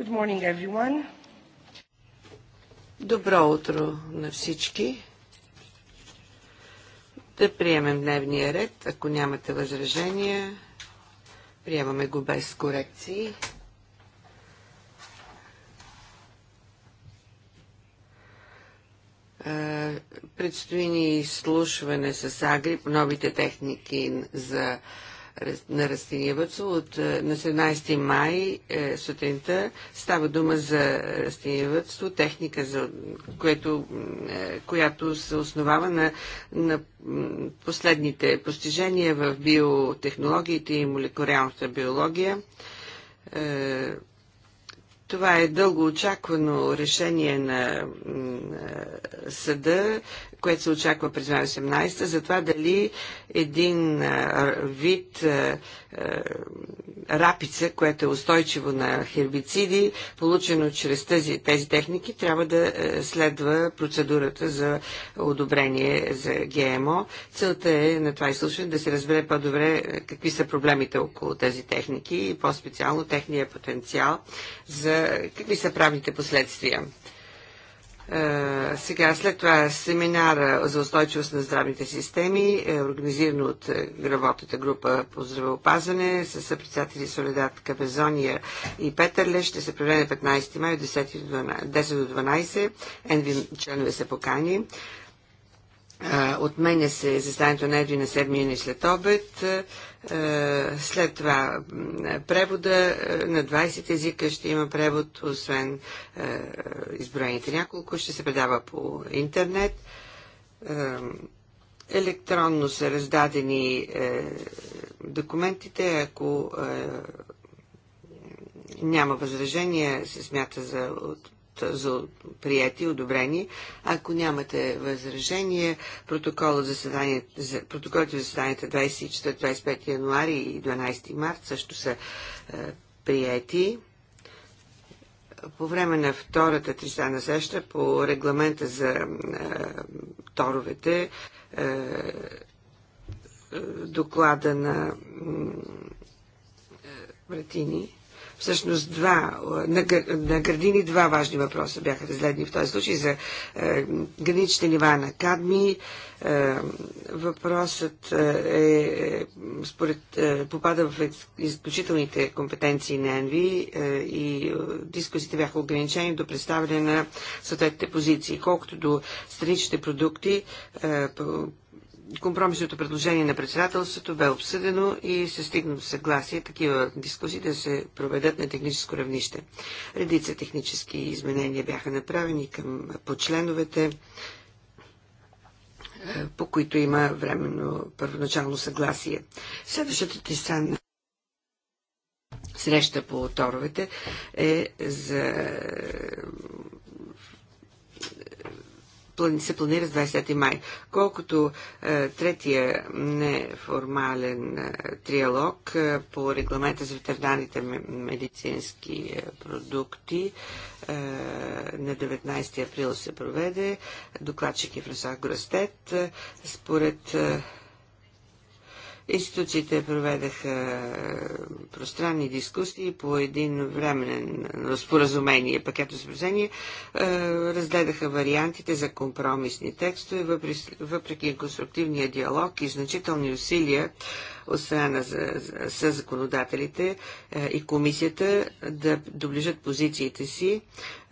Good morning, everyone. Добро утро на всички. Да приемем дневния ред. Ако нямате възражения, приемаме го без корекции. Предстои ни изслушване с Агрип, новите техники за на растениевътство от, е, на 17 май е, сутринта. Става дума за растениевътство, техника, за, което, е, която се основава на, на последните постижения в биотехнологиите и молекулярната биология. Е, това е дълго очаквано решение на, е, съда което се очаква през 2018, за това дали един вид рапица, което е устойчиво на хербициди, получено чрез тези, тези техники, трябва да следва процедурата за одобрение за ГМО. Целта е на това изслушване да се разбере по-добре какви са проблемите около тези техники и по-специално техния потенциал за какви са правните последствия. Е, сега, след това семинара за устойчивост на здравните системи, е организиран от е, работната група по здравеопазване с председатели Соледат Кабезония и Петърле. Ще се проведе на 15 май от 10 до 12. Енви членове са покани. Отменя се заседанието на Едви на 7 след обед. След това превода на 20 езика ще има превод, освен изброените няколко. Ще се предава по интернет. Електронно са раздадени документите. Ако няма възражения, се смята за за прияти, одобрени. Ако нямате възражение, протоколът за за, протоколите за заседанията 24-25 януари и 12 март също са е, прияти. По време на втората тристана сеща по регламента за е, торовете е, доклада на Братини всъщност два, градини два важни въпроса бяха разгледани в този случай за е, граничните нива на кадми. Е, въпросът е, е според, е, попада в изключителните компетенции на ЕНВИ е, и е, дискусите бяха ограничени до представяне на съответните позиции. Колкото до страничните продукти, е, компромисното предложение на председателството бе обсъдено и се стигна до съгласие такива дискусии да се проведат на техническо равнище. Редица технически изменения бяха направени към по членовете, е, по които има временно първоначално съгласие. Следващата тисан среща по торовете е за се планира с 20 май. Колкото е, третия неформален е, триалог е, по регламента за ветерданите медицински е, продукти е, на 19 април се проведе. Докладчик е Франсак Гростет. Е, според е, Институциите проведаха е, пространни дискусии по един временен споразумение, пакетно споразумение, е, разгледаха вариантите за компромисни текстове, въпреки конструктивния диалог и значителни усилия от страна на със законодателите е, и комисията да доближат позициите си.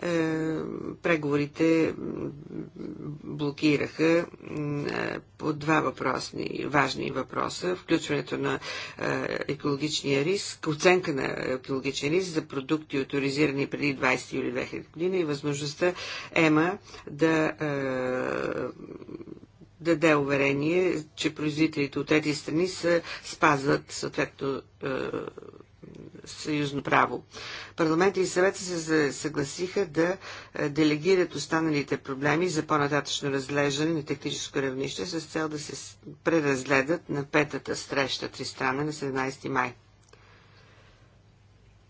Е, преговорите блокираха е, по два въпросни, важни въпроса. Включването на екологичния риск, оценка на екологичния риск за продукти, авторизирани преди 20 юли 2000 година и възможността ЕМА да даде уверение, че производителите от тези страни са, спазват съответно е, съюзно право. Парламент и съвета се съгласиха да е, делегират останалите проблеми за по-нататъчно разглеждане на техническо равнище с цел да се преразгледат на петата среща тристрана на 17 май.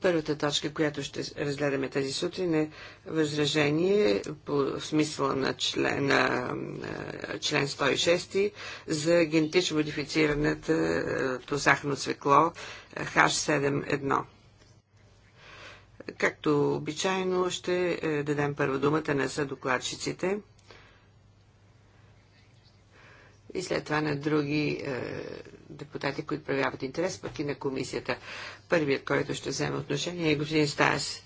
Първата точка, която ще разгледаме тази сутрин е възражение по смисъла на член, на, член 106 за генетично модифицираната е, тозахно свекло H7.1. Е, Както обичайно ще е, дадем първо думата на съдокладчиците и след това на други е, депутати, които проявяват интерес, пък и на комисията. Първият, който ще вземе отношение е господин Стас.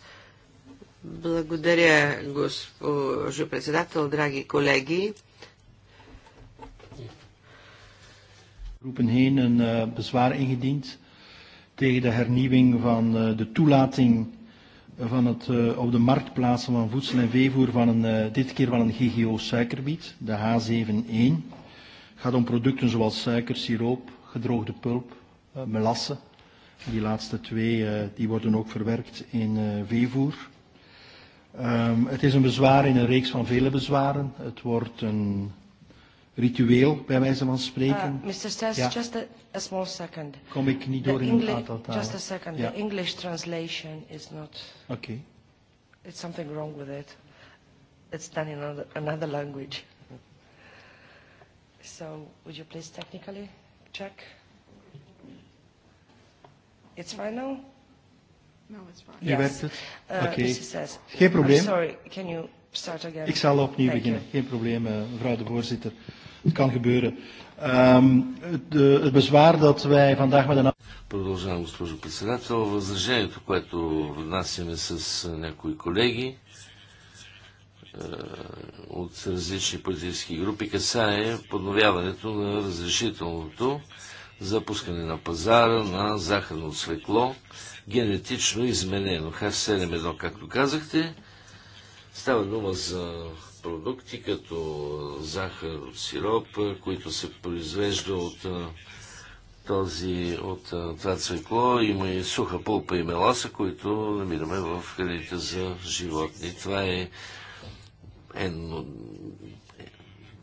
Благодаря, госпожо председател, драги колеги. Roepen heen een uh, bezwaar ingediend tegen de hernieuwing van uh, de toelating van het uh, op de markt plaatsen van voedsel en veevoer van een, uh, dit keer van een GGO suikerbiet, de H71 gaat om producten zoals suiker, siroop, gedroogde pulp, uh, melassen. Die laatste twee uh, die worden ook verwerkt in uh, veevoer. Um, het is een bezwaar in een reeks van vele bezwaren. Het wordt een ritueel, bij wijze van spreken. Uh, Mr. Stas, ja. just a, a small second. Kom ik niet door the in een aantal talen. Just a second. Ja. The English translation is not... Oké. Okay. It's something wrong with it. It's done in another, another language. So would you please technically check? It's fine now? No, it's fine. Yes. Uh, okay. says, Geen probleem. sorry, can you start again? Ik zal opnieuw Thank beginnen. You. Geen probleem, mevrouw de voorzitter. Het kan gebeuren. Um, de, het bezwaar dat wij vandaag met een... Продължавам, госпожо председател. Възражението, което внасяме с някои колеги, е, от различни политически групи касае подновяването на разрешителното запускане на пазара на захарно свекло, генетично изменено. Х7-1, както казахте, става дума за продукти като захар от сироп, които се произвежда от е, този, от е, това цвекло. Има и суха пулпа и меласа, които намираме в храните за животни. Това е едно, е,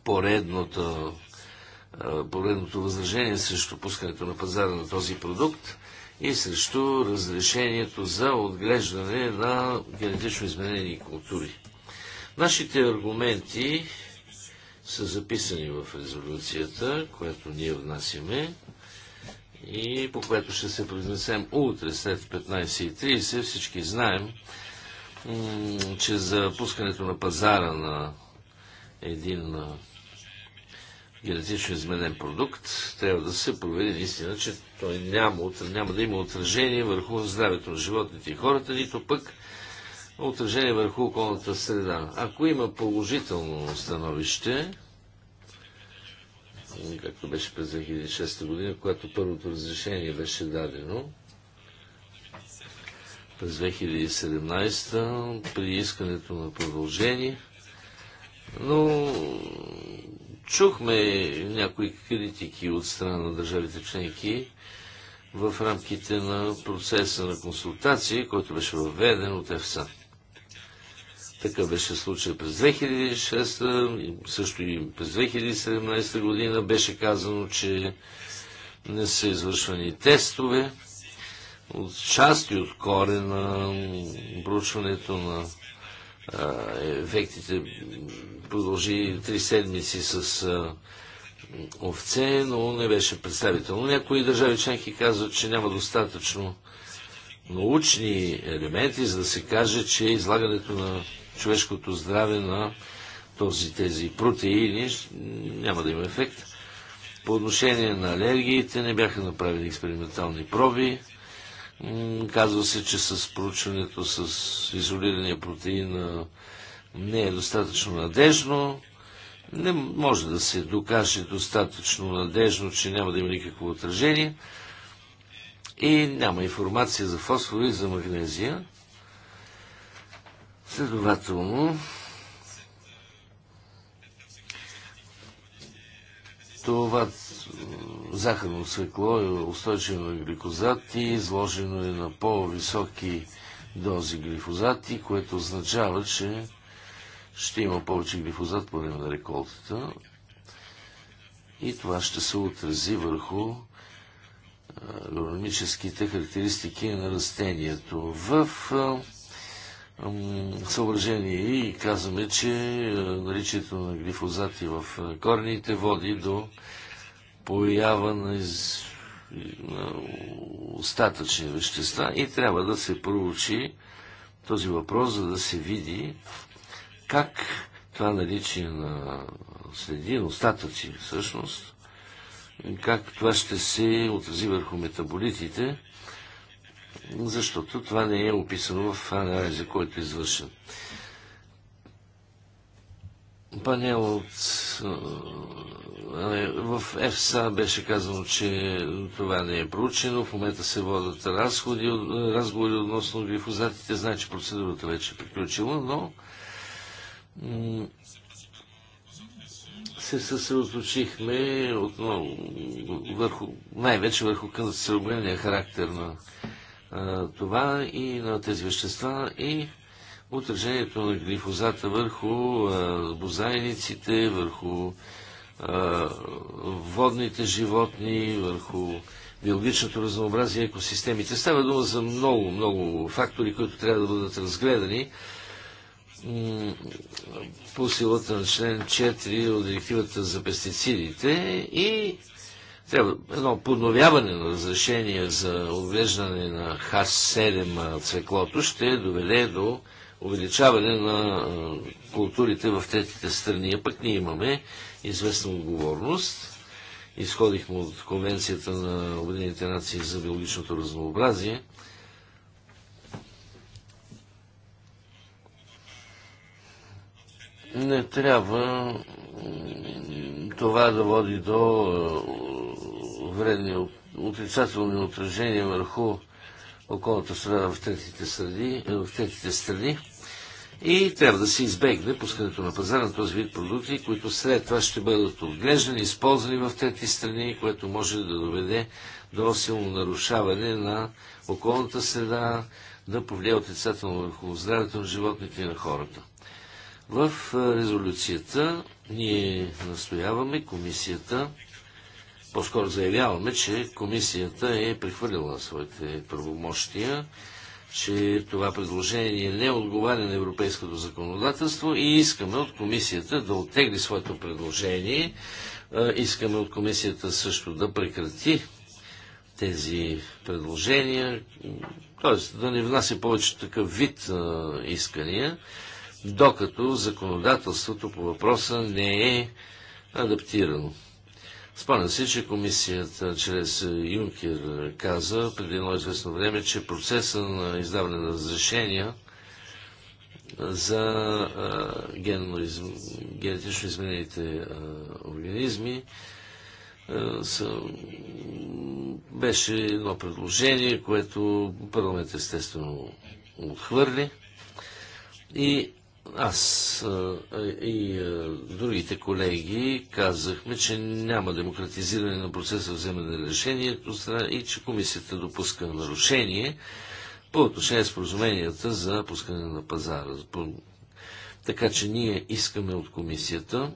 поредното, е, поредното възражение срещу пускането на пазара на този продукт и срещу разрешението за отглеждане на генетично изменени култури. Нашите аргументи са записани в резолюцията, която ние внасяме и по което ще се произнесем утре след 15.30. Всички знаем, че за пускането на пазара на един генетично изменен продукт, трябва да се провери наистина, че той няма, няма да има отражение върху здравето на животните и хората, нито пък отражение върху околната среда. Ако има положително становище, както беше през 2006 година, когато първото разрешение беше дадено, през 2017 при искането на продължение. Но чухме някои критики от страна на държавите членки в рамките на процеса на консултации, който беше въведен от ЕФСА. Така беше случай през 2006, също и през 2017 година беше казано, че не са извършвани тестове от части от корена, проучването на ефектите продължи три седмици с а, овце, но не беше представително. Някои държави членки казват, че няма достатъчно научни елементи, за да се каже, че излагането на човешкото здраве на този, тези протеини няма да има ефект. По отношение на алергиите не бяха направени експериментални проби. Казва се, че с проучването с изолирания протеин не е достатъчно надежно. Не може да се докаже достатъчно надежно, че няма да има никакво отражение. И няма информация за фосфор и за магнезия. Следователно, това захарно свекло е устойчиво на гликозат и изложено е на по-високи дози глифозати, което означава, че ще има повече глифозат по време на реколтата и това ще се отрази върху агрономическите характеристики на растението. В съображение и казваме, че наличието на глифозати в корните води до поява на, из... на остатъчни вещества и трябва да се проучи този въпрос, за да се види как това наличие на следи, остатъци всъщност, как това ще се отрази върху метаболитите, защото това не е описано в анализа, който е извършен панел от... В ЕФСА беше казано, че това не е проучено. В момента се водят разходи, разговори относно глифозатите. Значи че процедурата вече е приключила, но се съсредоточихме отново върху, най-вече върху канцерогенния характер на а, това и на тези вещества и отражението на глифозата върху бозайниците, върху водните животни, върху биологичното разнообразие и екосистемите. Става дума за много, много фактори, които трябва да бъдат разгледани по силата на член 4 от директивата за пестицидите и трябва едно подновяване на разрешение за отглеждане на Х7 цвеклото ще доведе до увеличаване на културите в третите страни. А пък ние имаме известна отговорност. Изходихме от Конвенцията на Обединените нации за биологичното разнообразие. Не трябва това да води до вредни отрицателни отражения върху околната среда в третите, среди, е, в третите страни и трябва да се избегне пускането на пазара на този вид продукти, които след това ще бъдат отглеждани, използвани в трети страни, което може да доведе до силно нарушаване на околната среда, да повлия отрицателно върху здравето на животните и на хората. В е, резолюцията ние настояваме комисията по-скоро заявяваме, че комисията е прехвърлила своите правомощия, че това предложение не отговаря на европейското законодателство и искаме от комисията да оттегли своето предложение. Искаме от комисията също да прекрати тези предложения, т.е. да не внася повече такъв вид а, искания, докато законодателството по въпроса не е адаптирано. Спомням си, че комисията чрез Юнкер каза преди едно известно време, че процеса на издаване на разрешения за из, генетично изменените организми са, беше едно предложение, което парламент естествено отхвърли. И аз и другите колеги казахме, че няма демократизиране на процеса вземане на решението и че комисията допуска нарушение по отношение с поразуменията за пускане на пазара. Така че ние искаме от комисията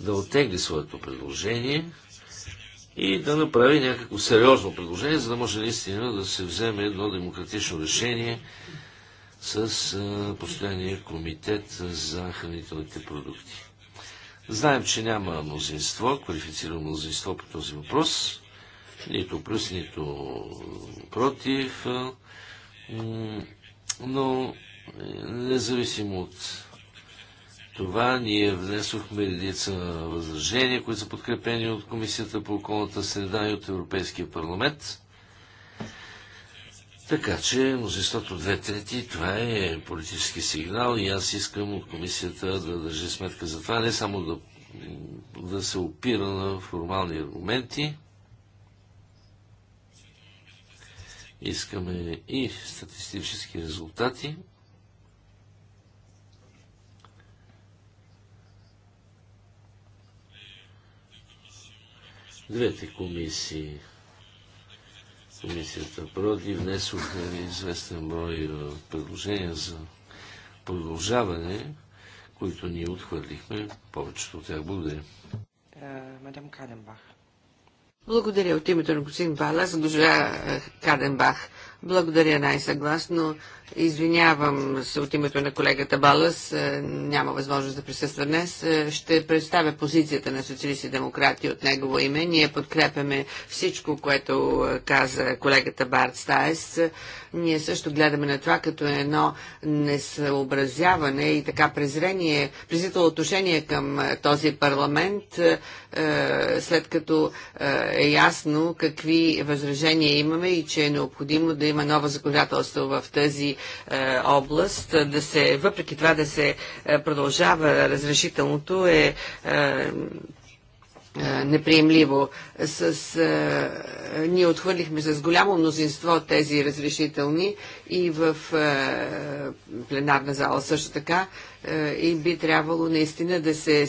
да отегли своето предложение и да направи някакво сериозно предложение, за да може наистина да се вземе едно демократично решение с а, постоянния комитет за хранителните продукти. Знаем, че няма мнозинство, квалифицирано мнозинство по този въпрос, нито плюс, нито против, но независимо от това, ние внесохме редица възражения, които са подкрепени от Комисията по околната среда и от Европейския парламент. Така че мнозинството две трети, това е политически сигнал и аз искам от комисията да държи сметка за това, не само да, да се опира на формални аргументи. Искаме и статистически резултати. Двете комисии комисията против. Внесохме известен брой предложения за продължаване, които ние отхвърлихме. Повечето от тях благодаря. Е, мадам Каденбах. Благодаря от името на господин Балас, госпожа е, Каденбах. Благодаря най-съгласно. Извинявам се от името на колегата Балас, е, няма възможност да присъства днес. Е, ще представя позицията на социалисти демократи от негово име. Ние подкрепяме всичко, което е, каза колегата Барт Стайс. Ние също гледаме на това като едно несъобразяване и така презрение, презрително отношение към този парламент, след като е ясно какви възражения имаме и че е необходимо да има нова законодателство в тази е, област, е, да се, въпреки това да се е, продължава разрешителното е, е неприемливо. С, а, ние отхвърлихме с голямо мнозинство тези разрешителни и в а, пленарна зала също така а, и би трябвало наистина да се,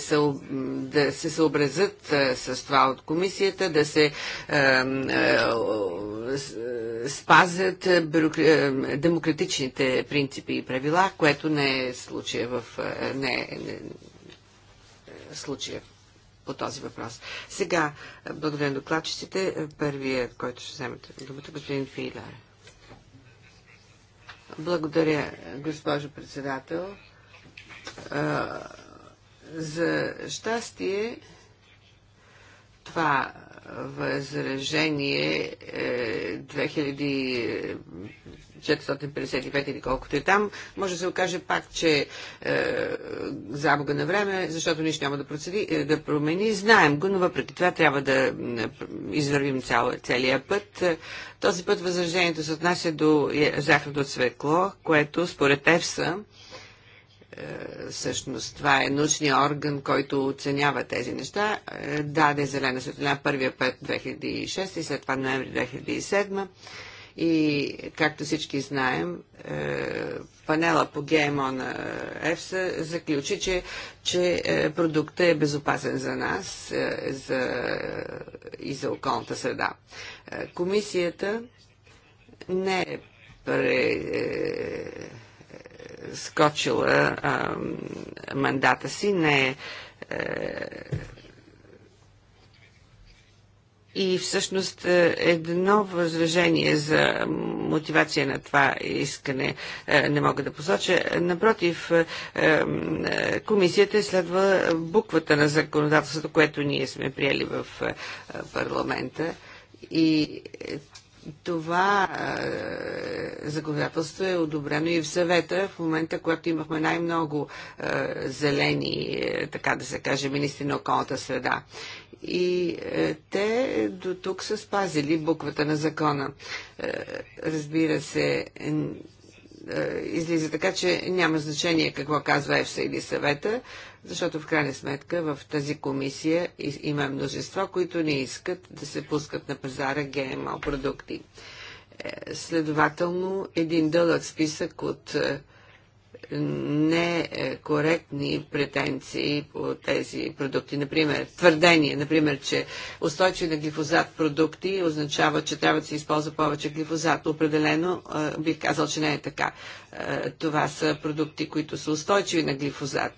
да се съобразят а, с това от комисията, да се а, а, спазят демократичните принципи и правила, което не е случая в... не е, не е, случая по този въпрос. Сега, благодаря на докладчиците, първият, който ще вземете думата, господин Филар. Благодаря, госпожо председател. За щастие, това възражение е, 455 или колкото е там, може да се окаже пак, че е, забуга на време, защото нищо няма да, процеди, е, да промени. Знаем го, но въпреки това трябва да е, извървим цял, целия път. Е, този път възражението се отнася до е, захарното светло, което според ЕФСА всъщност това е научния орган, който оценява тези неща, даде зелена светлина първия път 2006 и след това ноември 2007 и, както всички знаем, е, панела по ГМО на ЕФСА заключи, че, че е, продукта е безопасен за нас е, за, и за околната среда. Комисията не е а, мандата си, не е и всъщност е, едно възражение за мотивация на това искане е, не мога да посоча. Напротив, е, комисията е следва буквата на законодателството, което ние сме приели в парламента. И това е, законодателство е одобрено и в съвета в момента, когато имахме най-много е, зелени, е, така да се каже, министри на околната среда. И е, те до тук са спазили буквата на закона. Е, разбира се, е, излиза така, че няма значение какво казва ЕФСА или съвета защото в крайна сметка в тази комисия има множество, които не искат да се пускат на пазара ГМО продукти. Е, следователно, един дълъг списък от е, некоректни претенции по тези продукти. Например, твърдение, например, че устойчив на глифозат продукти означава, че трябва да се използва повече глифозат. Определено е, бих казал, че не е така. Това са продукти, които са устойчиви на глифозат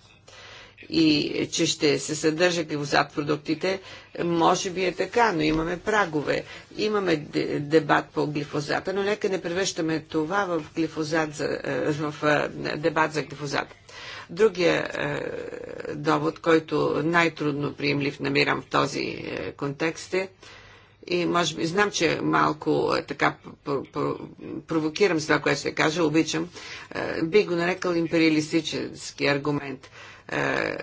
и че ще се съдържа глифозат в продуктите, може би е така, но имаме прагове. Имаме дебат по глифозата, но нека не превръщаме това в, глифозат за, е, в е, дебат за глифозат. Другия е, довод, който най-трудно приемлив намирам в този контекст е, и може би, знам, че малко така провокирам с това, което ще кажа, обичам, бих би го нарекал империалистически аргумент. Е,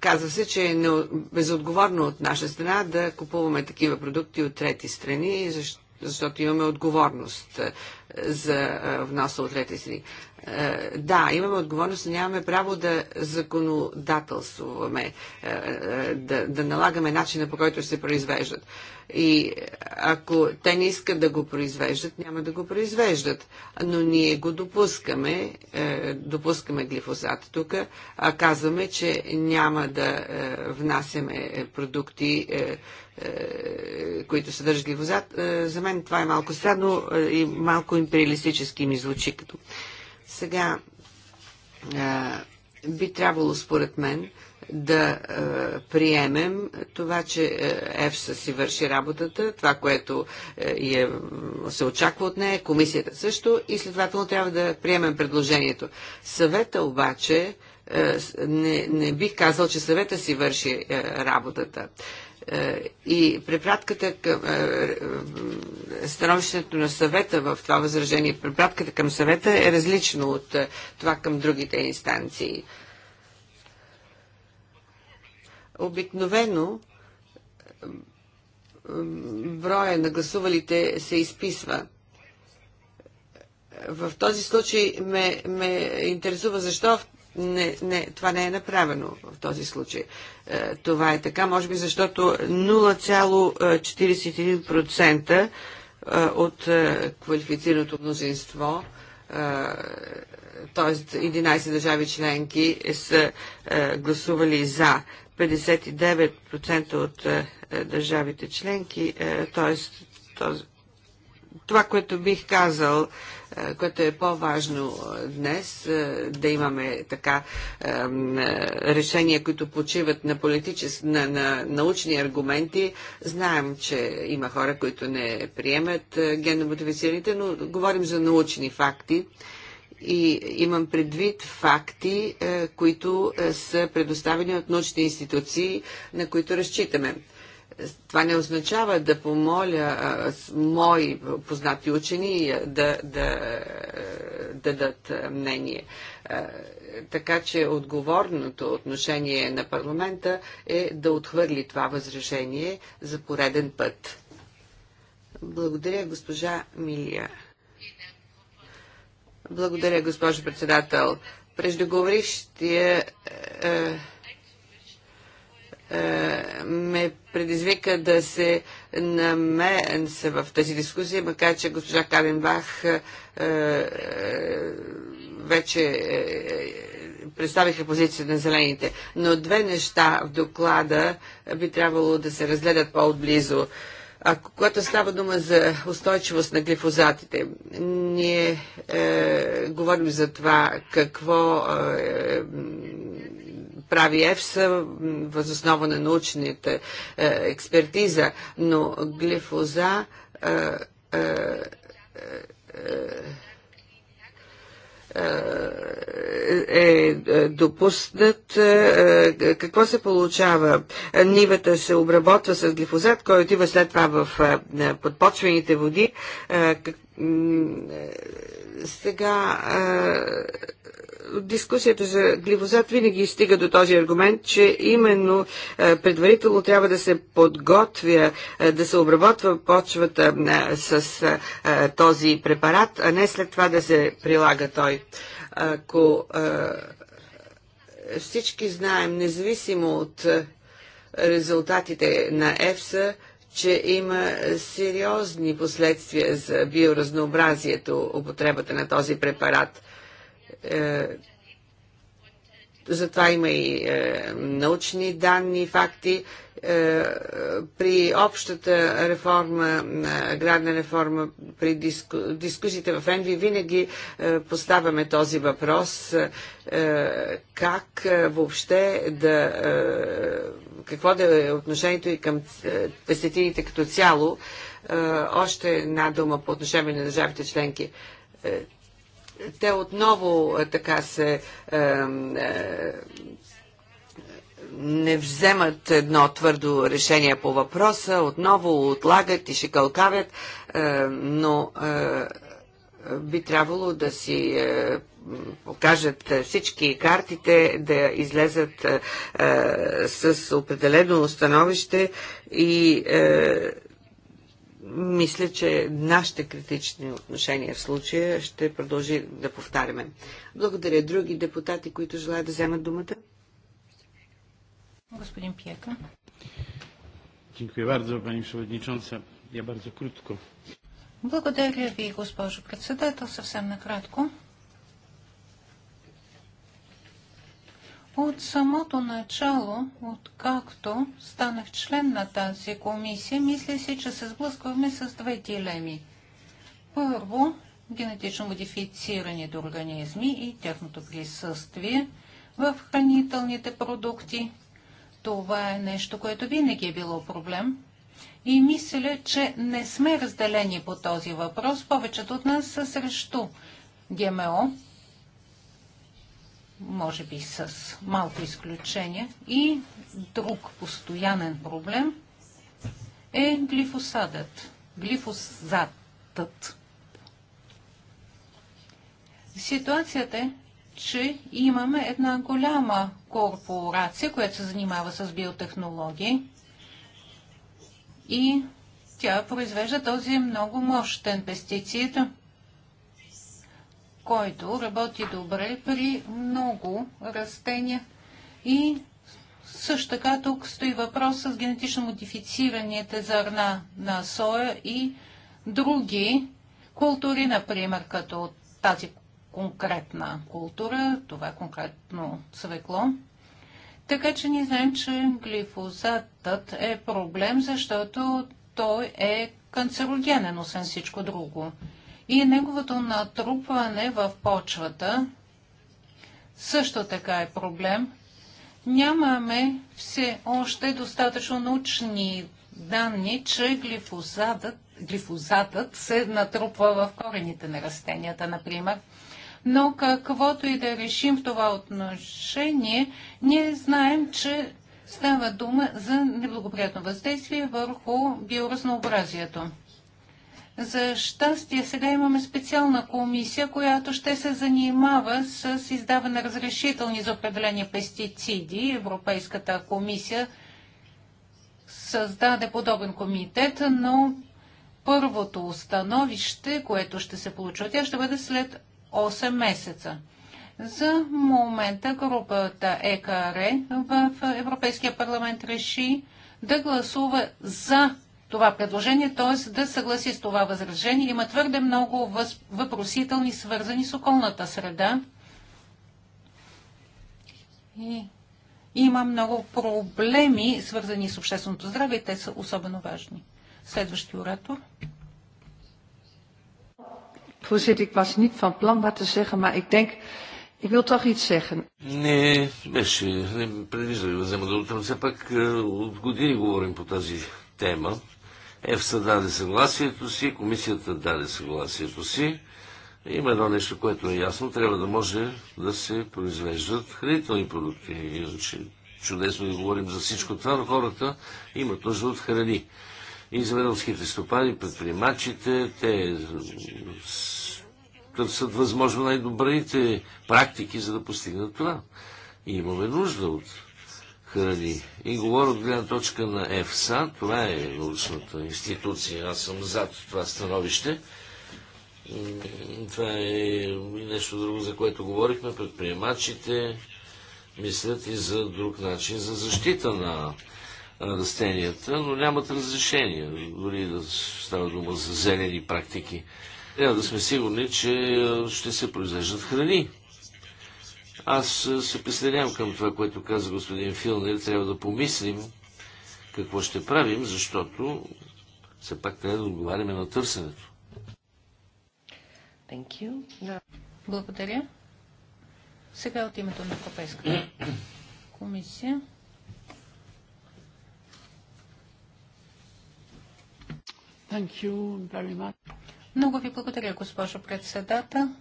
казва се, че е безотговорно от наша страна да купуваме такива продукти от трети страни, защото защото имаме отговорност е, за е, вноса от трети страни. Е, да, имаме отговорност, но нямаме право да законодателстваме, да, да налагаме начина по който се произвеждат. И ако те не искат да го произвеждат, няма да го произвеждат. Но ние го допускаме, допускаме глифосат тук, а казваме, че няма да внасяме продукти, е, които държали возат. Е, за мен това е малко странно е, и малко империалистически ми звучи като. Сега би трябвало, според мен, да приемем това, че ЕФСА си върши работата, това, което е, се очаква от нея, комисията също и следователно трябва да приемем предложението. Съвета обаче, не, не бих казал, че съвета си върши работата. Е, е, и препратката към е, е, становището на съвета в това възражение, препратката към съвета е различно от това към другите инстанции. Обикновено броя на гласувалите се изписва. В този случай ме, ме интересува защо не, не, това не е направено в този случай. Е, това е така, може би защото 0,41% е, е, от квалифицираното мнозинство, т.е. 11 държави членки са гласували за 59% от държавите членки, т.е. това, което бих казал, е, което е по-важно е, днес, е, да имаме така решения, които почиват на, политичес, на, на научни аргументи. Знаем, че има хора, които не приемат генномодифицираните, но говорим за научни факти и имам предвид факти, които са предоставени от научни институции, на които разчитаме това не означава да помоля а, с мои познати учени да, да, да дадат мнение. А, така че отговорното отношение на парламента е да отхвърли това възражение за пореден път. Благодаря, госпожа Милия. Благодаря, госпожо председател. Преждеговорищия. е, е, е, ме предизвика да се намеса в тази дискусия, макар че госпожа Каленбах е, е, вече представиха позицията на зелените. Но две неща в доклада би трябвало да се разгледат по-отблизо. А когато става дума за устойчивост на глифозатите, ние е, говорим за това какво е, прави ЕФСА възоснова на научните е, експертиза, но глифоза е, е, е допуснат. Какво се получава? Нивата се обработва с глифозат, който отива след това в подпочвените води. Сега дискусията за глифозат винаги стига до този аргумент, че именно е, предварително трябва да се подготвя, е, да се обработва почвата е, с този препарат, а не след това да се прилага той. Ако всички знаем, независимо от резултатите на ЕФСА, че има сериозни последствия за биоразнообразието, употребата на този препарат. Е, Затова има и е, научни данни, факти. Е, при общата реформа, аграрна реформа, при диску, дискусиите в Енви винаги поставяме този въпрос как въобще да какво да е отношението и към пестетините като цяло. Още една дума по отношение на държавите членки те отново е, така се е, не вземат едно твърдо решение по въпроса, отново отлагат и шикалкавят, е, но би трябвало да си покажат всички картите, да излезат с определено становище и мисля, че нашите критични отношения в случая ще продължи да повтаряме. Благодаря. Други депутати, които желаят да вземат думата? Господин Пиека. Дякую bardzo, пани Przewodnicząca. Я bardzo кратко. Благодаря ви, госпожо председател. Съвсем накратко. От самото начало, откакто станах член на тази комисия, мисля си, че се сблъскваме с две дилеми. Първо, генетично модифицираните организми и тяхното присъствие в хранителните продукти. Това е нещо, което винаги е било проблем. И мисля, че не сме разделени по този въпрос. Повечето от нас са срещу ГМО, може би с малко изключение. И друг постоянен проблем е глифосадът. Глифосадът. Ситуацията е, че имаме една голяма корпорация, която се занимава с биотехнологии и тя произвежда този много мощен пестицид, който работи добре при много растения и също така тук стои въпрос с генетично модифицираните зърна на соя и други култури, например, като тази конкретна култура, това е конкретно свекло. Така че ние знаем, че глифозатът е проблем, защото той е канцерогенен, освен всичко друго и неговото натрупване в почвата също така е проблем. Нямаме все още достатъчно научни данни, че глифозатът, глифозатът се натрупва в корените на растенията, например. Но каквото и да решим в това отношение, ние знаем, че става дума за неблагоприятно въздействие върху биоразнообразието. За щастие, сега имаме специална комисия, която ще се занимава с издаване на разрешителни за определени пестициди. Европейската комисия създаде подобен комитет, но първото установище, което ще се получи от тя, ще бъде след 8 месеца. За момента групата ЕКР в Европейския парламент реши да гласува за това предложение, т.е. да съгласи с това възражение. Има твърде много въз... въпросителни, свързани с околната среда. И има много проблеми, свързани с общественото здраве и те са особено важни. Следващи оратор. Voorzitter, ik was niet van plan wat te zeggen, maar ik denk, ik wil toch iets zeggen. Не, беше, не да взема да утрам. все пак е, от години говорим по тази тема. ЕФСА даде съгласието си, комисията даде съгласието си. Има едно нещо, което е ясно. Трябва да може да се произвеждат хранителни продукти. Иначе чудесно да говорим за всичко това, но хората имат нужда от храни. И земеделските стопани, предприемачите, те търсят възможно най-добрите практики, за да постигнат това. И имаме нужда от храни. И говоря от гледна точка на ЕФСА, това е научната институция, аз съм зад това становище. Това е нещо друго, за което говорихме. Предприемачите мислят и за друг начин за защита на растенията, но нямат разрешение, дори да става дума за зелени практики. Трябва да сме сигурни, че ще се произвеждат храни аз се присъединявам към това, което каза господин Филнер. Трябва да помислим какво ще правим, защото все пак трябва да отговаряме на търсенето. Благодаря. Сега от името на Европейската комисия. Много ви благодаря, госпожо председател.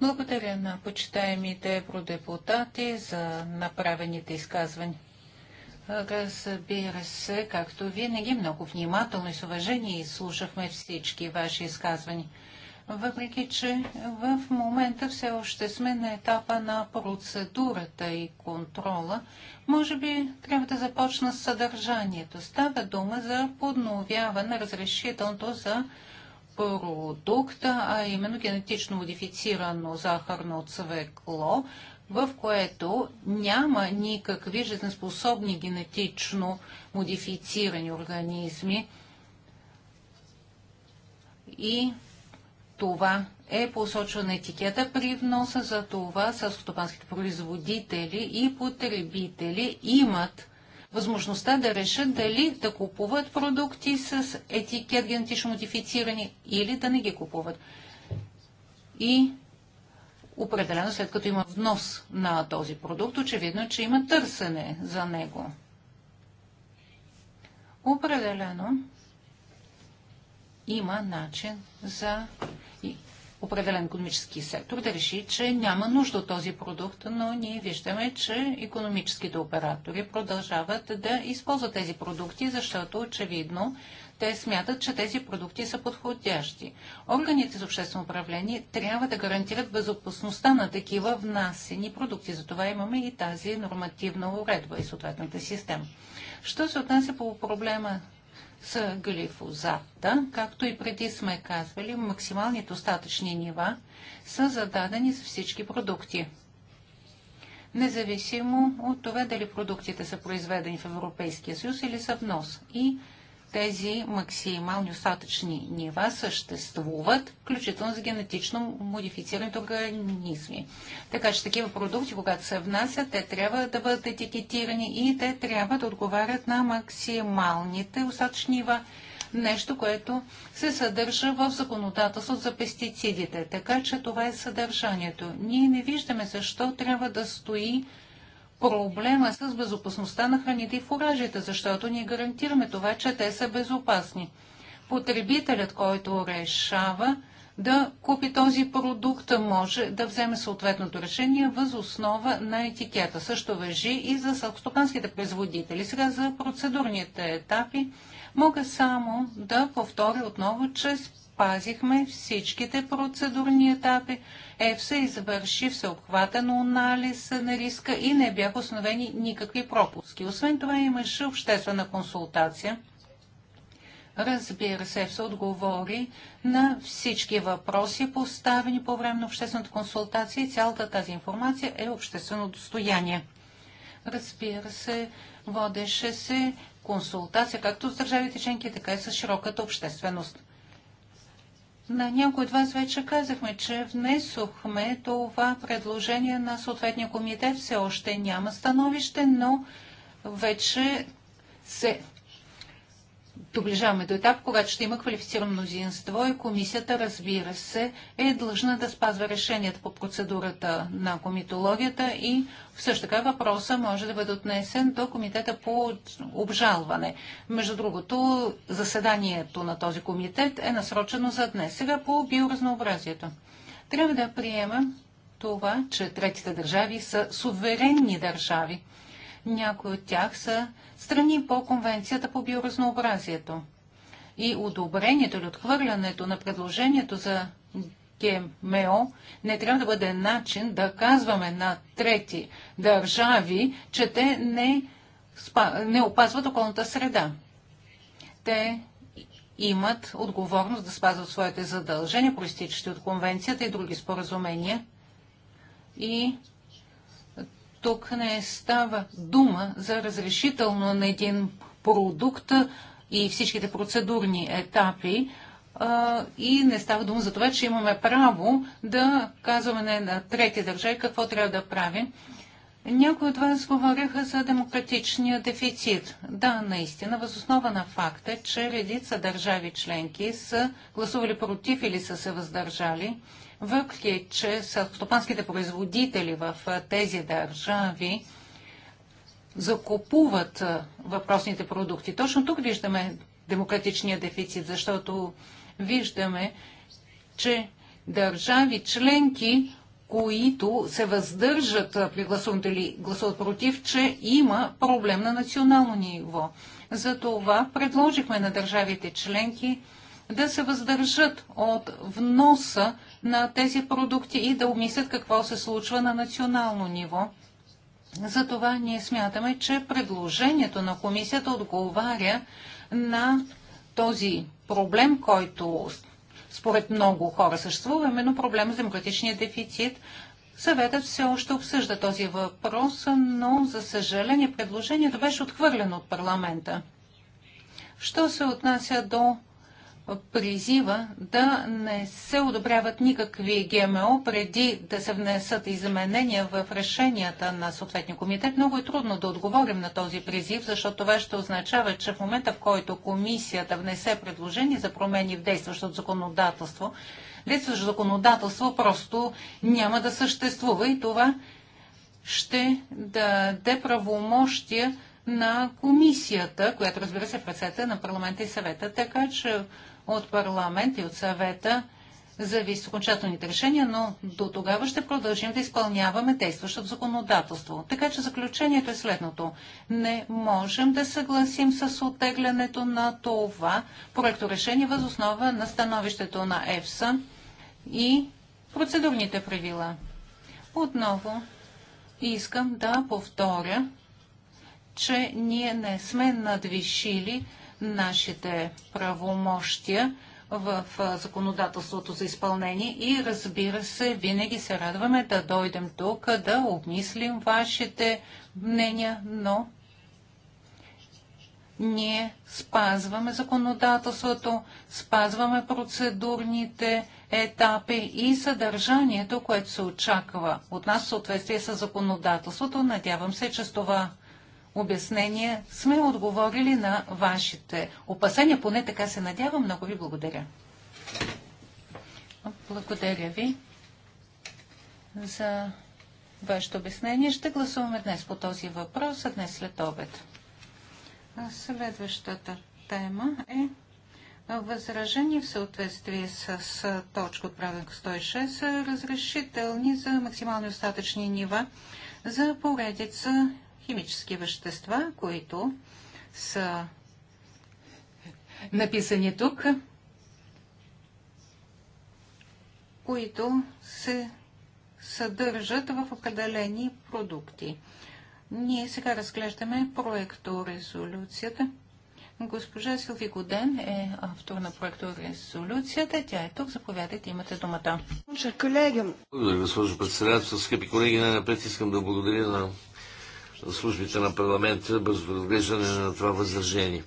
Благодаря на почитаемите евродепутати за направените изказвания. Разбира се, както винаги, много внимателно и с уважение слушахме всички ваши изказвания. Въпреки, че в момента все още сме на етапа на процедурата и контрола, може би трябва да започна с съдържанието. Става дума за подновяване на разрешителното за продукта, а именно генетично модифицирано захарно цвекло, в което няма никакви жизнеспособни генетично модифицирани организми. И това е посочен етикета при вноса, за това селскостопанските производители и потребители имат възможността да решат дали да купуват продукти с етикет генетично модифицирани или да не ги купуват. И определено след като има внос на този продукт, очевидно, че има търсене за него. Определено има начин за определен економически сектор да реши, че няма нужда от този продукт, но ние виждаме, че економическите оператори продължават да използват тези продукти, защото очевидно те смятат, че тези продукти са подходящи. Органите за обществено управление трябва да гарантират безопасността на такива внасени продукти. Затова имаме и тази нормативна уредба и съответната система. Що се отнася по проблема с глифозата, както и преди сме казвали, максимални достатъчни нива са зададени за всички продукти. Независимо от това дали продуктите са произведени в Европейския съюз или са внос. И тези максимални остатъчни нива съществуват, включително за генетично модифицираните организми. Така че такива продукти, когато се внасят, те трябва да бъдат етикетирани и те трябва да отговарят на максималните остатъчни нива. Нещо, което се съдържа в законодателството за пестицидите. Така че това е съдържанието. Ние не виждаме защо трябва да стои проблема е с безопасността на храните и фуражите, защото ние гарантираме това, че те са безопасни. Потребителят, който решава да купи този продукт, може да вземе съответното решение въз основа на етикета. Също въжи и за селскостопанските производители. Сега за процедурните етапи мога само да повторя отново, че спазихме всичките процедурни етапи. ЕФСА извърши всеобхватен анализ на риска и не бяха основени никакви пропуски. Освен това имаше обществена консултация. Разбира се, ЕФСА отговори на всички въпроси, поставени по време на обществената консултация и цялата тази информация е обществено достояние. Разбира се, водеше се консултация както с държавите членки, така и с широката общественост. На някои от вас вече казахме, че внесохме това предложение на съответния комитет. Все още няма становище, но вече се доближаваме до етап, когато ще има квалифицирано мнозинство и комисията, разбира се, е длъжна да спазва решенията по процедурата на комитологията и също така въпроса може да бъде отнесен до комитета по обжалване. Между другото, заседанието на този комитет е насрочено за днес. Сега по биоразнообразието. Трябва да приема това, че третите държави са суверенни държави. Някои от тях са страни по Конвенцията по биоразнообразието. И одобрението или отхвърлянето на предложението за ГМО не трябва да бъде начин да казваме на трети държави, че те не, спа, не опазват околната среда. Те имат отговорност да спазват своите задължения, проистичащи от конвенцията и други споразумения. И тук не става дума за разрешително на един продукт и всичките процедурни етапи, и не става дума за това, че имаме право да казваме на трети държави какво трябва да правим. Някои от вас говориха за демократичния дефицит. Да, наистина, възоснова на факта, че редица държави членки са гласували против или са се въздържали въпреки че селскостопанските производители в тези държави закупуват въпросните продукти. Точно тук виждаме демократичния дефицит, защото виждаме, че държави членки, които се въздържат при гласуването или гласуват против, че има проблем на национално ниво. Затова предложихме на държавите членки да се въздържат от вноса на тези продукти и да обмислят какво се случва на национално ниво. Затова ние смятаме, че предложението на комисията отговаря на този проблем, който според много хора съществува, именно проблем с демократичния дефицит. Съветът все още обсъжда този въпрос, но за съжаление предложението беше отхвърлено от парламента. Що се отнася до призива да не се одобряват никакви ГМО преди да се внесат изменения в решенията на съответния комитет. Много е трудно да отговорим на този призив, защото това ще означава, че в момента в който комисията внесе предложение за промени в действащото законодателство, действащото законодателство просто няма да съществува и това ще даде правомощия на комисията, която разбира се е в на парламента и съвета. Така че от парламент и от съвета зависи окончателните решения, но до тогава ще продължим да изпълняваме действащото законодателство. Така че заключението е следното. Не можем да съгласим с оттеглянето на това проекто решение възоснова на становището на ЕФСА и процедурните правила. Отново искам да повторя, че ние не сме надвишили нашите правомощия в законодателството за изпълнение и разбира се, винаги се радваме да дойдем тук, да обмислим вашите мнения, но ние спазваме законодателството, спазваме процедурните етапи и съдържанието, което се очаква от нас в съответствие с законодателството. Надявам се, че с това обяснения сме отговорили на вашите опасения, поне така се надявам. Много ви благодаря. Благодаря ви за вашето обяснение. Ще гласуваме днес по този въпрос, а днес след обед. Следващата тема е възражение в съответствие с, с точка от правилник 106 разрешителни за максимални остатъчни нива за поредица химически вещества, които са написани тук, които се съдържат в определени продукти. Ние сега разглеждаме проекторезолюцията. Госпожа Силви Годен е автор на проекторезолюцията. Тя е тук. Заповядайте, имате думата. Благодаря, госпожо председател. Скъпи колеги, най-напред искам да благодаря на службите на парламента без разглеждане на това възражение.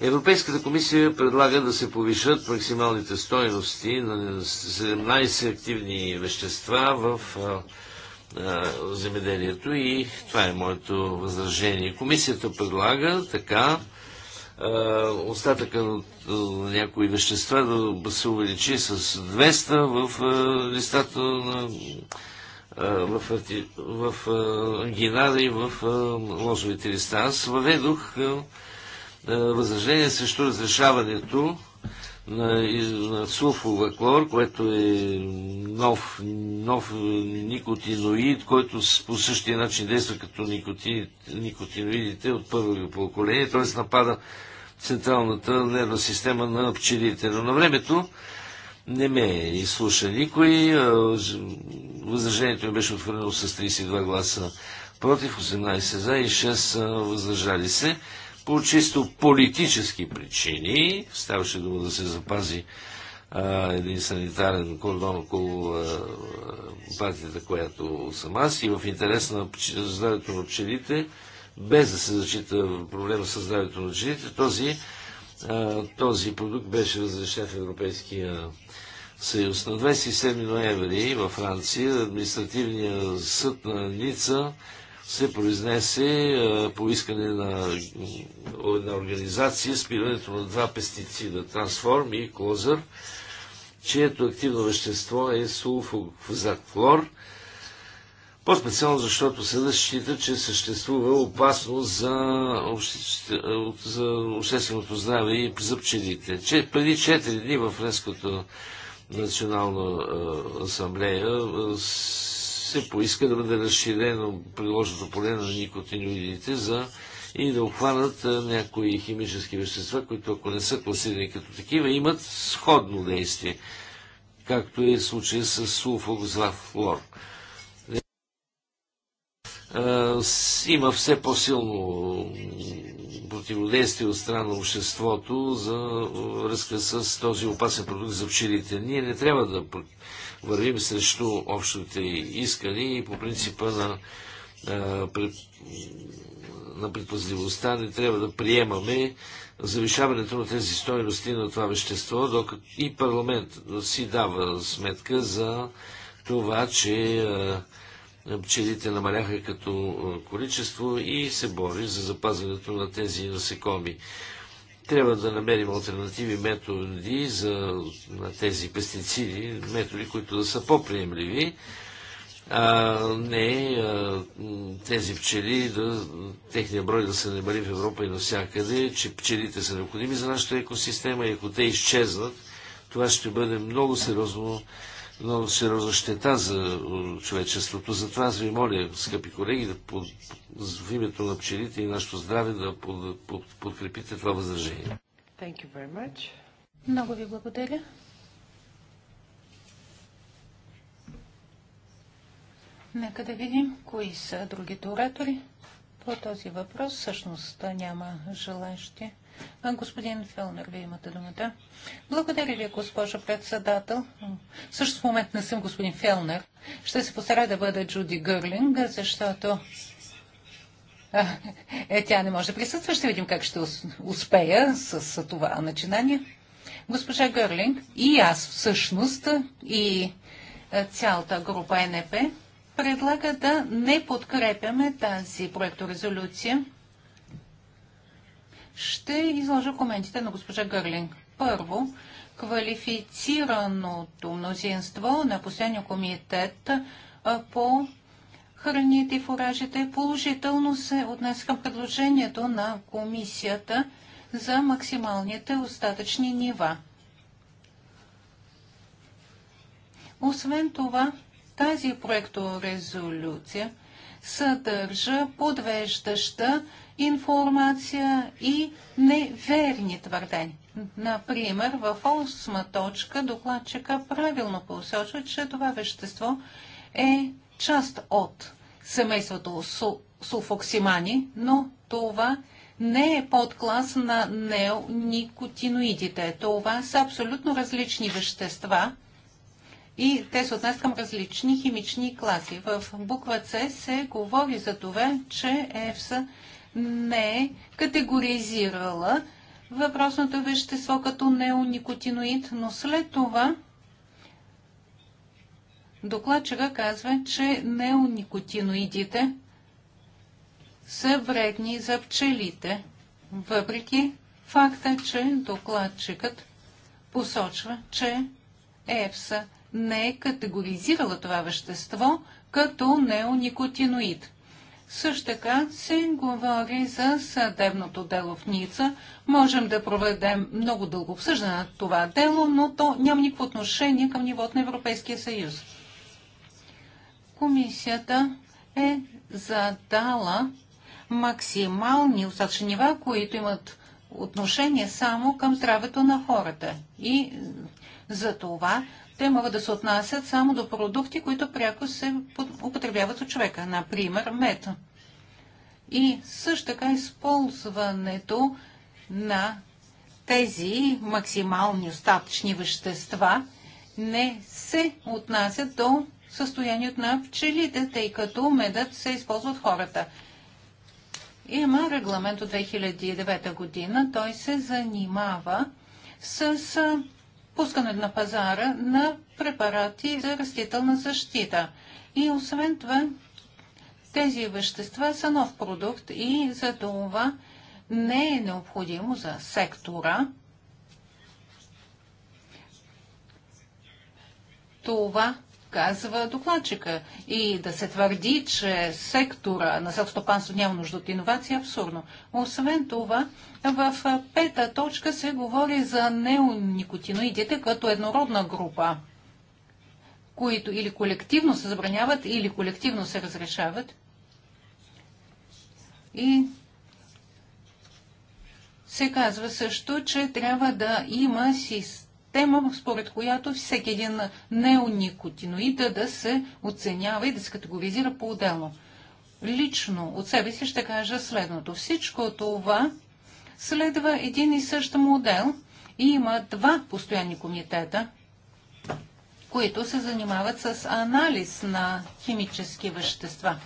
Европейската комисия предлага да се повишат максималните стоености на 17 активни вещества в земеделието и това е моето възражение. Комисията предлага така остатъка от някои вещества да се увеличи с 200 в листата на в, Гинада и в лозовите листа. Аз въведох възражение срещу разрешаването на, на сулфова клор, което е нов, нов никотиноид, който по същия начин действа като никотиноидите от първо поколение, т.е. напада централната нервна система на пчелите. Но на времето не ме изслуша никой. Възражението ми беше отхвърлено с 32 гласа против, 18 за и 6 въздържали се. По чисто политически причини ставаше дума да се запази а, един санитарен кордон около а, партията, която съм аз и в интерес на здравето на пчелите, без да се зачита проблема с здравето на пчелите, този, а, този продукт беше разрешен в Европейския съюз. На 27 ноември във Франция административният съд на Ница се произнесе по искане на една организация спирането на два пестицида Трансформ и Клозър, чието активно вещество е сулфозаклор, по-специално защото съдът счита, че съществува опасност за, обще... за общественото здраве и за пчелите. Че, преди 4 дни в френското национална асамблея се поиска да бъде разширено приложното поле на никотиноидите за и да обхванат някои химически вещества, които ако не са класирани като такива, имат сходно действие, както е случай с сулфоглазвлор има все по-силно противодействие от страна на обществото за връзка с този опасен продукт за пчелите. Ние не трябва да вървим срещу общите искани и по принципа на, на предпазливостта не трябва да приемаме завишаването на тези стоености на това вещество, докато и парламент си дава сметка за това, че е, пчелите намаляха като е, количество и се бори за запазването на тези насекоми. Трябва да намерим альтернативи методи за, на тези пестициди, методи, които да са по-приемливи, а не а, е, тези пчели, да, техния брой да се намали в Европа и навсякъде, че пчелите са необходими за нашата екосистема и ако те изчезнат, това ще бъде много сериозно много сериозна щета за човечеството. Затова аз ви моля, скъпи колеги, да под, в името на пчелите и нашето здраве да под, под, подкрепите това възражение. Thank you very much. Много ви благодаря. Нека да видим кои са другите оратори по този въпрос. Всъщност няма желащи. Господин Фелнер, вие имате думата. Благодаря ви, госпожо председател. Също в момент не съм господин Фелнер. Ще се постарая да бъда Джуди Гърлинг, защото а, е, тя не може да присъства. Ще видим как ще успея с, с това начинание. Госпожа Гърлинг и аз всъщност и цялата група НП предлага да не подкрепяме тази проекторезолюция. Ще изложа коментите на госпожа Гърлинг. Първо, квалифицираното мнозинство на последния комитет по храните и фуражите положително се отнес към предложението на комисията за максималните остатъчни нива. Освен това, тази проекторезолюция съдържа подвеждаща информация и неверни твърдения. Например, в 8 точка докладчика правилно посочва, че това вещество е част от семейството суфоксимани, но това не е подклас на неоникотиноидите. Това са абсолютно различни вещества – и те се отнес към различни химични класи. В буква С се говори за това, че ЕФСА не е категоризирала въпросното вещество като неоникотиноид, но след това докладчика казва, че неоникотиноидите са вредни за пчелите, въпреки факта, че докладчикът посочва, че ЕФСА не е категоризирала това вещество като неоникотиноид. Също така се говори за съдебното дело в Ница. Можем да проведем много дълго обсъждане на това дело, но то няма никакво отношение към нивото на Европейския съюз. Комисията е задала максимални остатъчни нива, които имат отношение само към здравето на хората. И за това те могат да се отнасят само до продукти, които пряко се употребяват от човека, например мед. И също така използването на тези максимални остатъчни вещества не се отнасят до състоянието на пчелите, тъй като медът се използва от хората. Има регламент от 2009 година. Той се занимава с пускането на пазара на препарати за растителна защита. И освен това, тези вещества са нов продукт и за това не е необходимо за сектора това казва докладчика. И да се твърди, че сектора на селстопанство няма нужда от иновации, е абсурдно. Освен това, в пета точка се говори за неоникотиноидите като еднородна група, които или колективно се забраняват, или колективно се разрешават. И се казва също, че трябва да има система тема, според която всеки един неоникотиноид да се оценява и да се категоризира по-отделно. Лично от себе си ще кажа следното. Всичко това следва един и същ модел и има два постоянни комитета, които се занимават с анализ на химически вещества.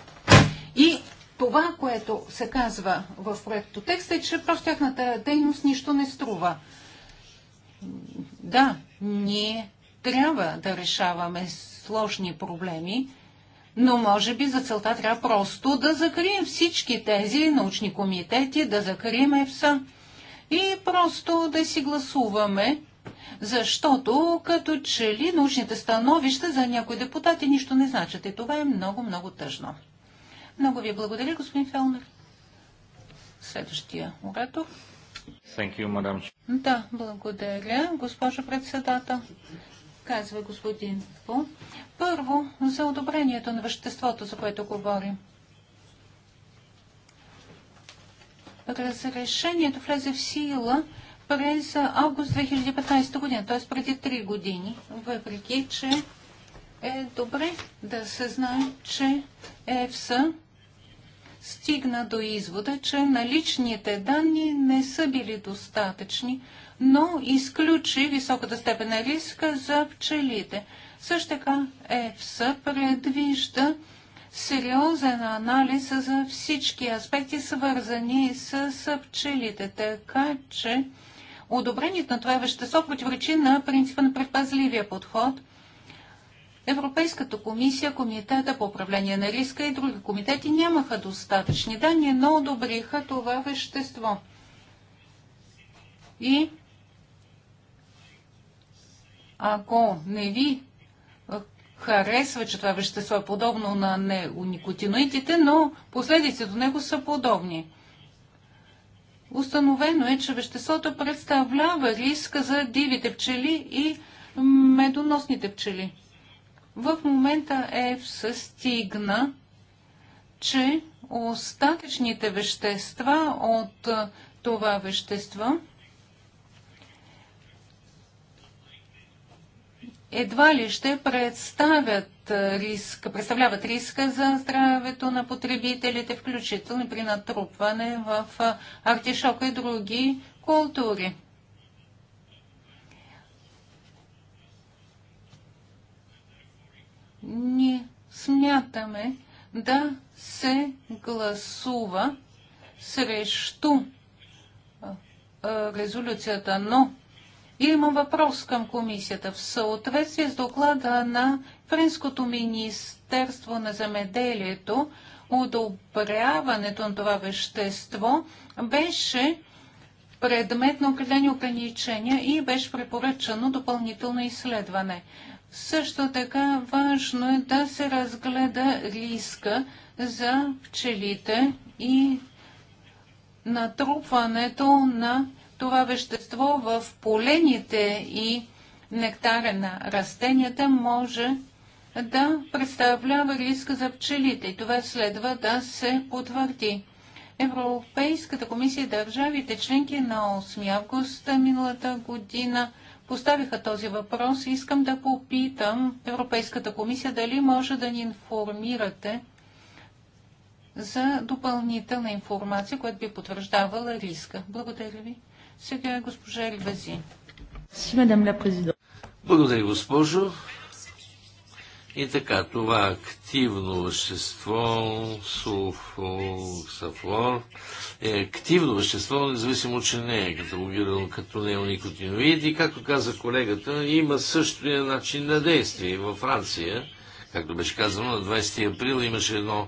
И това, което се казва в проекто текста е, че просто тяхната дейност нищо не струва. Да, ние трябва да решаваме сложни проблеми, но може би за целта трябва просто да закрием всички тези научни комитети, да закрием ЕФСА и просто да си гласуваме, защото като че ли научните становища за някои депутати нищо не значат. И това е много, много тъжно. Много ви благодаря, господин Фелнер. Следващия оратор. Thank you, madam. Да, благодаря, госпожо председател. Казва господин Фу. Първо, за одобрението на веществото, за което говорим. Разрешението влезе в сила през август 2015 година, т.е. преди 3 години, въпреки че е добре да се знае, че ЕФСА стигна до извода, че наличните данни не са били достатъчни, но изключи високата степен на риска за пчелите. Също така ЕФС предвижда сериозен анализ за всички аспекти, свързани с, с пчелите, така че одобрението на това вещество противоречи на принципа на предпазливия подход – Европейската комисия, Комитета по управление на риска и други комитети нямаха достатъчни данни, но одобриха това вещество. И ако не ви харесва, че това вещество е подобно на неоникотиноидите, но последиците до него са подобни. Установено е, че веществото представлява риска за дивите пчели и медоносните пчели. В момента в състигна, че остатъчните вещества от това вещество едва ли ще представят риск, представляват риска за здравето на потребителите, включително при натрупване в артишока и други култури. Ни смятаме да се гласува срещу резолюцията, но има въпрос към комисията. В съответствие с доклада на Френското министерство на земеделието, одобряването на това вещество беше предмет на определени ограничения и беше препоръчано допълнително изследване. Също така важно е да се разгледа риска за пчелите и натрупването на това вещество в полените и нектара на растенията може да представлява риска за пчелите. това следва да се потвърди. Европейската комисия и държавите членки на 8 август миналата година – поставиха този въпрос. Искам да попитам Европейската комисия дали може да ни информирате за допълнителна информация, която би потвърждавала риска. Благодаря ви. Сега е госпожа Ривази. Благодаря, госпожо. И така, това активно вещество, сулфосафлор, е активно вещество, независимо, че не е каталогирано като неоникотиноид. И както каза колегата, има същия начин на действие. Във Франция, както беше казано, на 20 април имаше едно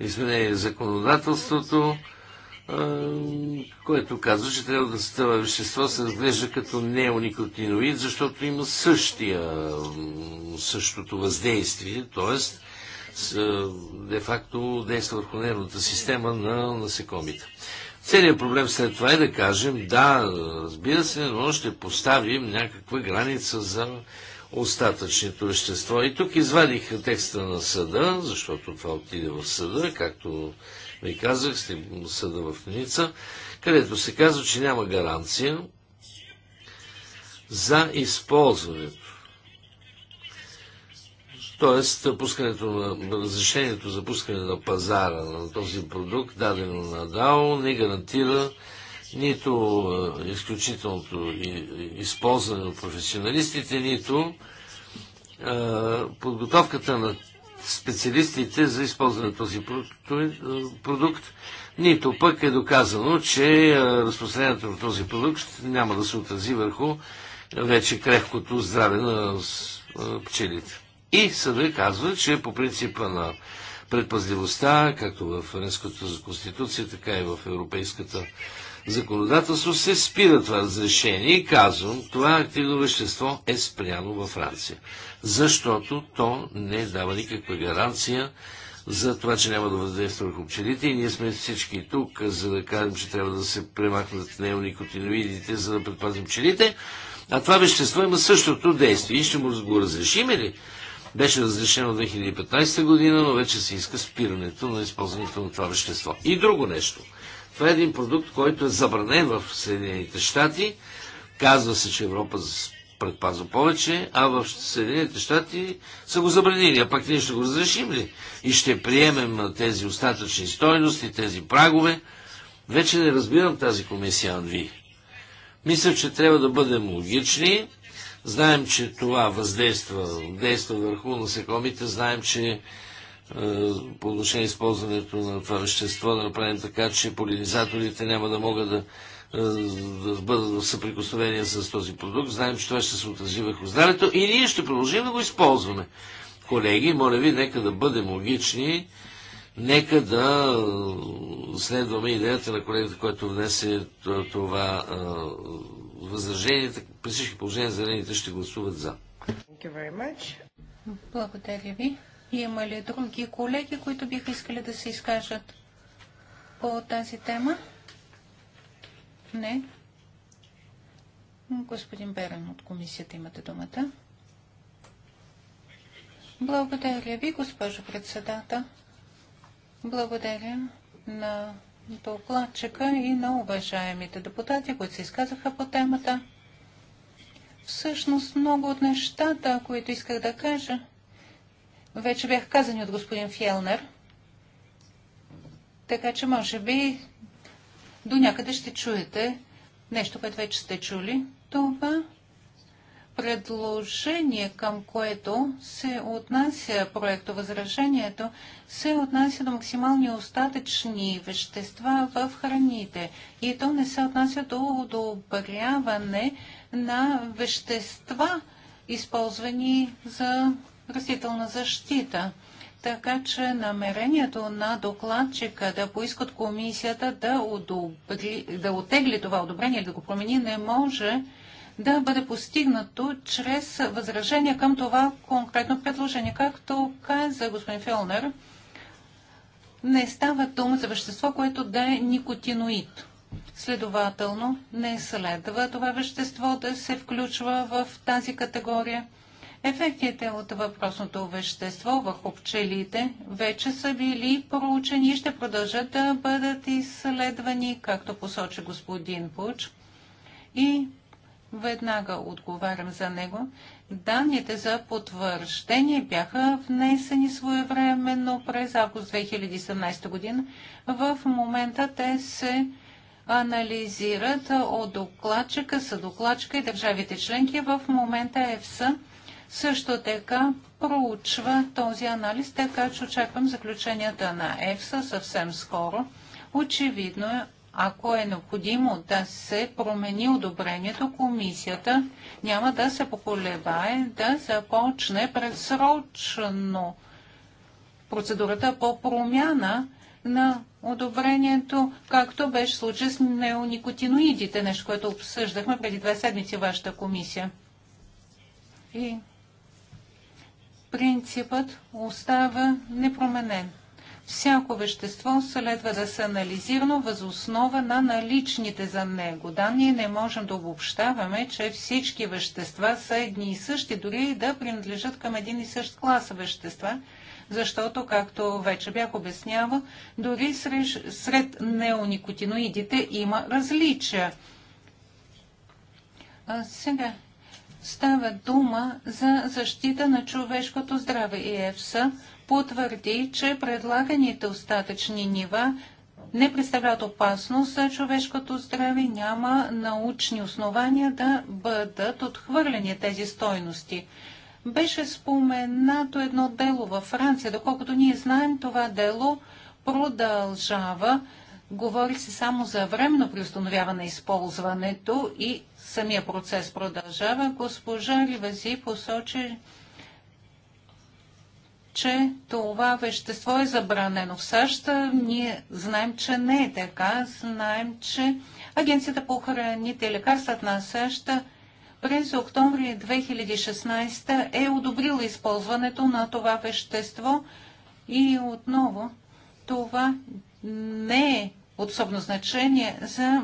изменение в законодателството, което казва, че трябва да това вещество се разглежда като неоникотиноид, защото има същия, същото въздействие, т.е. де-факто действа върху нервната система на насекомите. Целият проблем след това е да кажем, да, разбира се, но ще поставим някаква граница за остатъчното вещество. И тук извадих текста на съда, защото това отиде в съда, както ви казах, сте съда в Ница, където се казва, че няма гаранция за използването. Тоест, пускането на разрешението за пускане на пазара на този продукт, дадено на ДАО, не гарантира нито е, изключителното използване от професионалистите, нито е, подготовката на специалистите за използване на този продукт, е, нито пък е доказано, че е, разпространението на този продукт няма да се отрази върху вече крехкото здраве на е, пчелите. И съда казва, че по принципа на предпазливостта, както в Френската конституция, така и в Европейската законодателство се спира това разрешение и казвам, това активно вещество е спряно във Франция. Защото то не дава никаква гаранция за това, че няма да въздейства върху пчелите и ние сме всички тук, за да кажем, че трябва да се премахнат неоникотиновидите, за да предпазим пчелите. А това вещество има същото действие. И ще му го разрешим ли? Беше разрешено 2015 година, но вече се иска спирането на използването на това вещество. И друго нещо – това е един продукт, който е забранен в Съединените щати. Казва се, че Европа предпазва повече, а в Съединените щати са го забранили. А пак ние ще го разрешим ли? И ще приемем тези остатъчни стойности, тези прагове. Вече не разбирам тази комисия Анви. Мисля, че трябва да бъдем логични. Знаем, че това въздейства, действа върху насекомите. Знаем, че е, по отношение използването на това вещество, да направим така, че полинизаторите няма да могат да, е, да бъдат в съприкосновение с този продукт. Знаем, че това ще се отрази върху здравето и ние ще продължим да го използваме. Колеги, моля ви, нека да бъдем логични, нека да е, следваме идеята на колегата, който внесе това възражение. При всички положения зелените ще гласуват за. Благодаря ви. Има ли други колеги, които биха искали да се изкажат по тази тема? Не. Господин Берен от комисията имате думата. Благодаря ви, госпожо председател. Благодаря на докладчика и на уважаемите депутати, които се изказаха по темата. Всъщност много от нещата, които исках да кажа, вече бях казани от господин Фелнер. Така че, може би, до някъде ще чуете нещо, което вече сте чули. Това предложение, към което се отнася проекто възражението, се отнася до максимални остатъчни вещества в храните. И то не се отнася до одобряване на вещества, използвани за растителна защита. Така че намерението на докладчика да поискат комисията да, одобри, да отегли това одобрение или да го промени не може да бъде постигнато чрез възражение към това конкретно предложение. Както каза господин Фелнер, не става дума за вещество, което да е никотиноид. Следователно, не следва това вещество да се включва в тази категория – Ефектите от въпросното вещество върху пчелите вече са били проучени и ще продължат да бъдат изследвани, както посочи господин Пуч. И веднага отговарям за него. Данните за потвърждение бяха внесени своевременно през август 2017 година. В момента те се анализират от докладчика, съдокладчика и държавите членки. В момента ЕФСА също така проучва този анализ, така че очаквам заключенията на ЕФСА съвсем скоро. Очевидно е, ако е необходимо да се промени одобрението, комисията няма да се поколебае да започне предсрочно процедурата по промяна на одобрението, както беше случай с неоникотиноидите, нещо, което обсъждахме преди две седмици вашата комисия. И принципът остава непроменен. Всяко вещество следва да се анализирано въз основа на наличните за него Да ние Не можем да обобщаваме, че всички вещества са едни и същи, дори и да принадлежат към един и същ клас вещества, защото, както вече бях обяснява, дори сред, сред неоникотиноидите има различия. А сега става дума за защита на човешкото здраве и ЕФСА потвърди, че предлаганите остатъчни нива не представляват опасност за човешкото здраве, няма научни основания да бъдат отхвърлени тези стойности. Беше споменато едно дело във Франция. Доколкото ние знаем, това дело продължава. Говори се само за временно приустановяване използването и самия процес продължава. Госпожа Ливази посочи, че това вещество е забранено в САЩ. Ние знаем, че не е така. Знаем, че Агенцията по храните и лекарствата на САЩ през октомври 2016 е одобрила използването на това вещество и отново това не е от особено значение за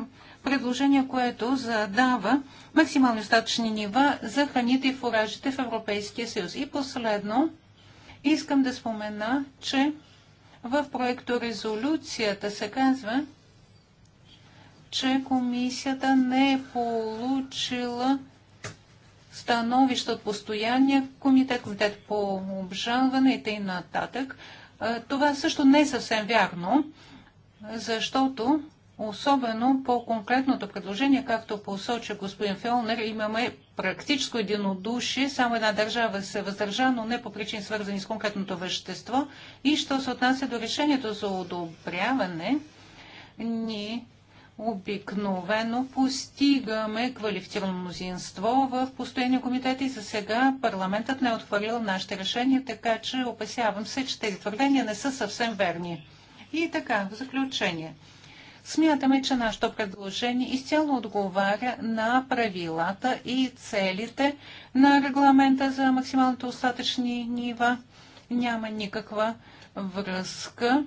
предложение, което задава максимални остатъчни нива за храните и фуражите в Европейския съюз. И последно, искам да спомена, че в проекто резолюцията се казва, че комисията не е получила становище от постоянния комитет, комитет по обжалване и т.н. Това също не е съвсем вярно, защото Особено по конкретното предложение, както посочи господин Фелнер, имаме практическо единодушие. Само една държава се въздържа, но не по причини свързани с конкретното вещество. И що се отнася до решението за одобряване, ние обикновено постигаме квалифицирано мнозинство в постоянния комитет и за сега парламентът не е отхвърлил нашите решения, така че опасявам се, че тези твърдения не са съвсем верни. И така, в заключение – Смятаме, че нашето предложение изцяло отговаря на правилата и целите на регламента за максималните остатъчни нива. Няма никаква връзка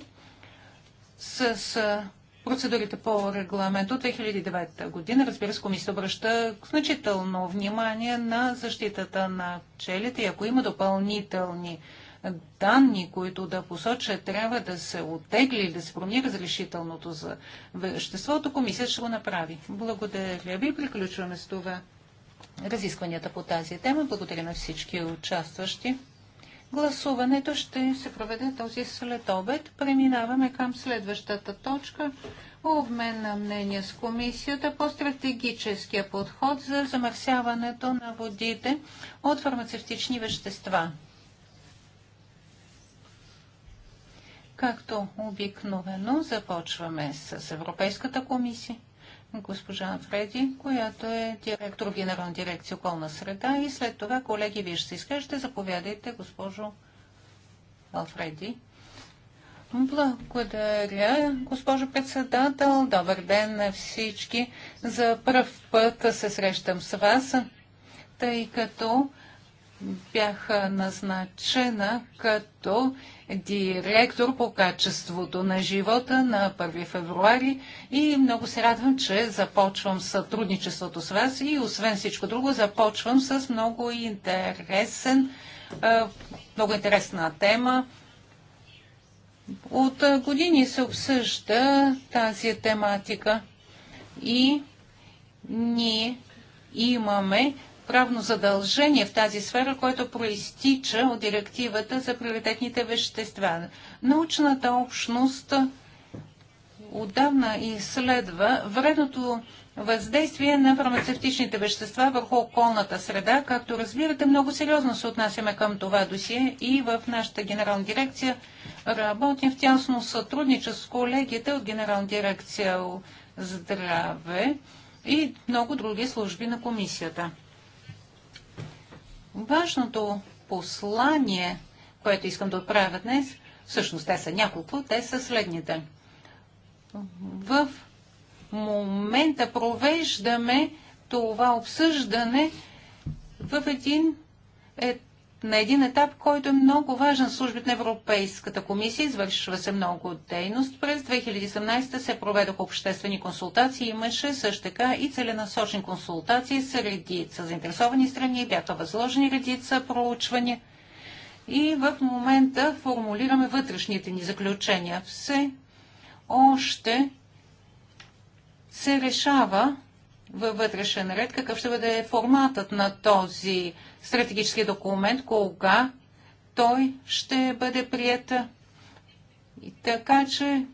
с процедурите по регламент от 2009 година. Разбира се, комисията обръща значително внимание на защитата на пчелите и ако има допълнителни данни, които да посочат, трябва да се отегли или да се промени разрешителното за веществото, комисията ще го направи. Благодаря ви. Приключваме с това разискванията по тази тема. Благодаря на всички участващи. Гласуването ще се проведе този след обед. Преминаваме към следващата точка. Обмен на мнение с комисията по стратегическия подход за замърсяването на водите от фармацевтични вещества. Както обикновено, започваме с Европейската комисия. Госпожа Фреди, която е директор Генерална дирекция околна среда. И след това, колеги, вие ще се изкажете. Заповядайте, госпожо Алфреди. Благодаря, госпожо председател. Добър ден на всички. За първ път се срещам с вас, тъй като бях назначена като директор по качеството на живота на 1 февруари и много се радвам, че започвам сътрудничеството с вас и освен всичко друго започвам с много интересен, много интересна тема. От години се обсъжда тази тематика и ние имаме правно задължение в тази сфера, което проистича от директивата за приоритетните вещества. Научната общност отдавна изследва вредното въздействие на фармацевтичните вещества върху околната среда. Както разбирате, много сериозно се отнасяме към това досие и в нашата генерална дирекция работим в тясно сътрудничество с колегите от генерална дирекция здраве и много други служби на комисията. Важното послание, което искам да отправя днес, всъщност те са няколко, те са следните. В момента провеждаме това обсъждане в един етап на един етап, който е много важен. Службите на Европейската комисия извършва се много дейност. През 2017 се проведоха обществени консултации. Имаше също така и целенасочни консултации с редица заинтересовани страни. Бяха възложени редица проучвания. И в момента формулираме вътрешните ни заключения. Все още се решава във вътрешен ред, какъв ще бъде форматът на този стратегически документ, кога той ще бъде прият. И така че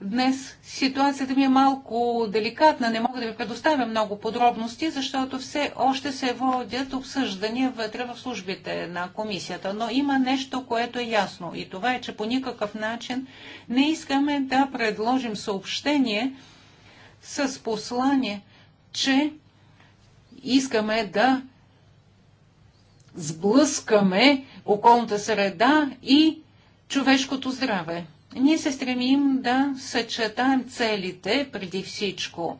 днес ситуацията ми е малко деликатна. Не мога да ви предоставя много подробности, защото все още се водят обсъждания вътре в службите на комисията. Но има нещо, което е ясно. И това е, че по никакъв начин не искаме да предложим съобщение с послание, че искаме да сблъскаме околната среда и човешкото здраве. Ние се стремим да съчетаем целите преди всичко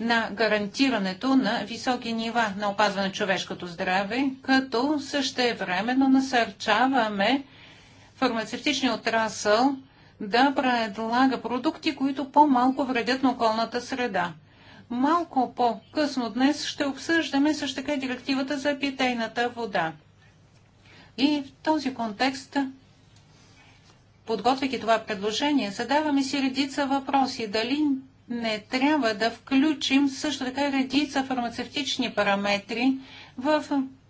на гарантирането на високи нива на опазване на човешкото здраве, като същевременно насърчаваме фармацевтичния отрасъл да предлага продукти, които по-малко вредят на околната среда. Малко по-късно днес ще обсъждаме също така директивата за питейната вода. И в този контекст, подготвяйки това предложение, задаваме си редица въпроси. Дали не трябва да включим също така редица фармацевтични параметри в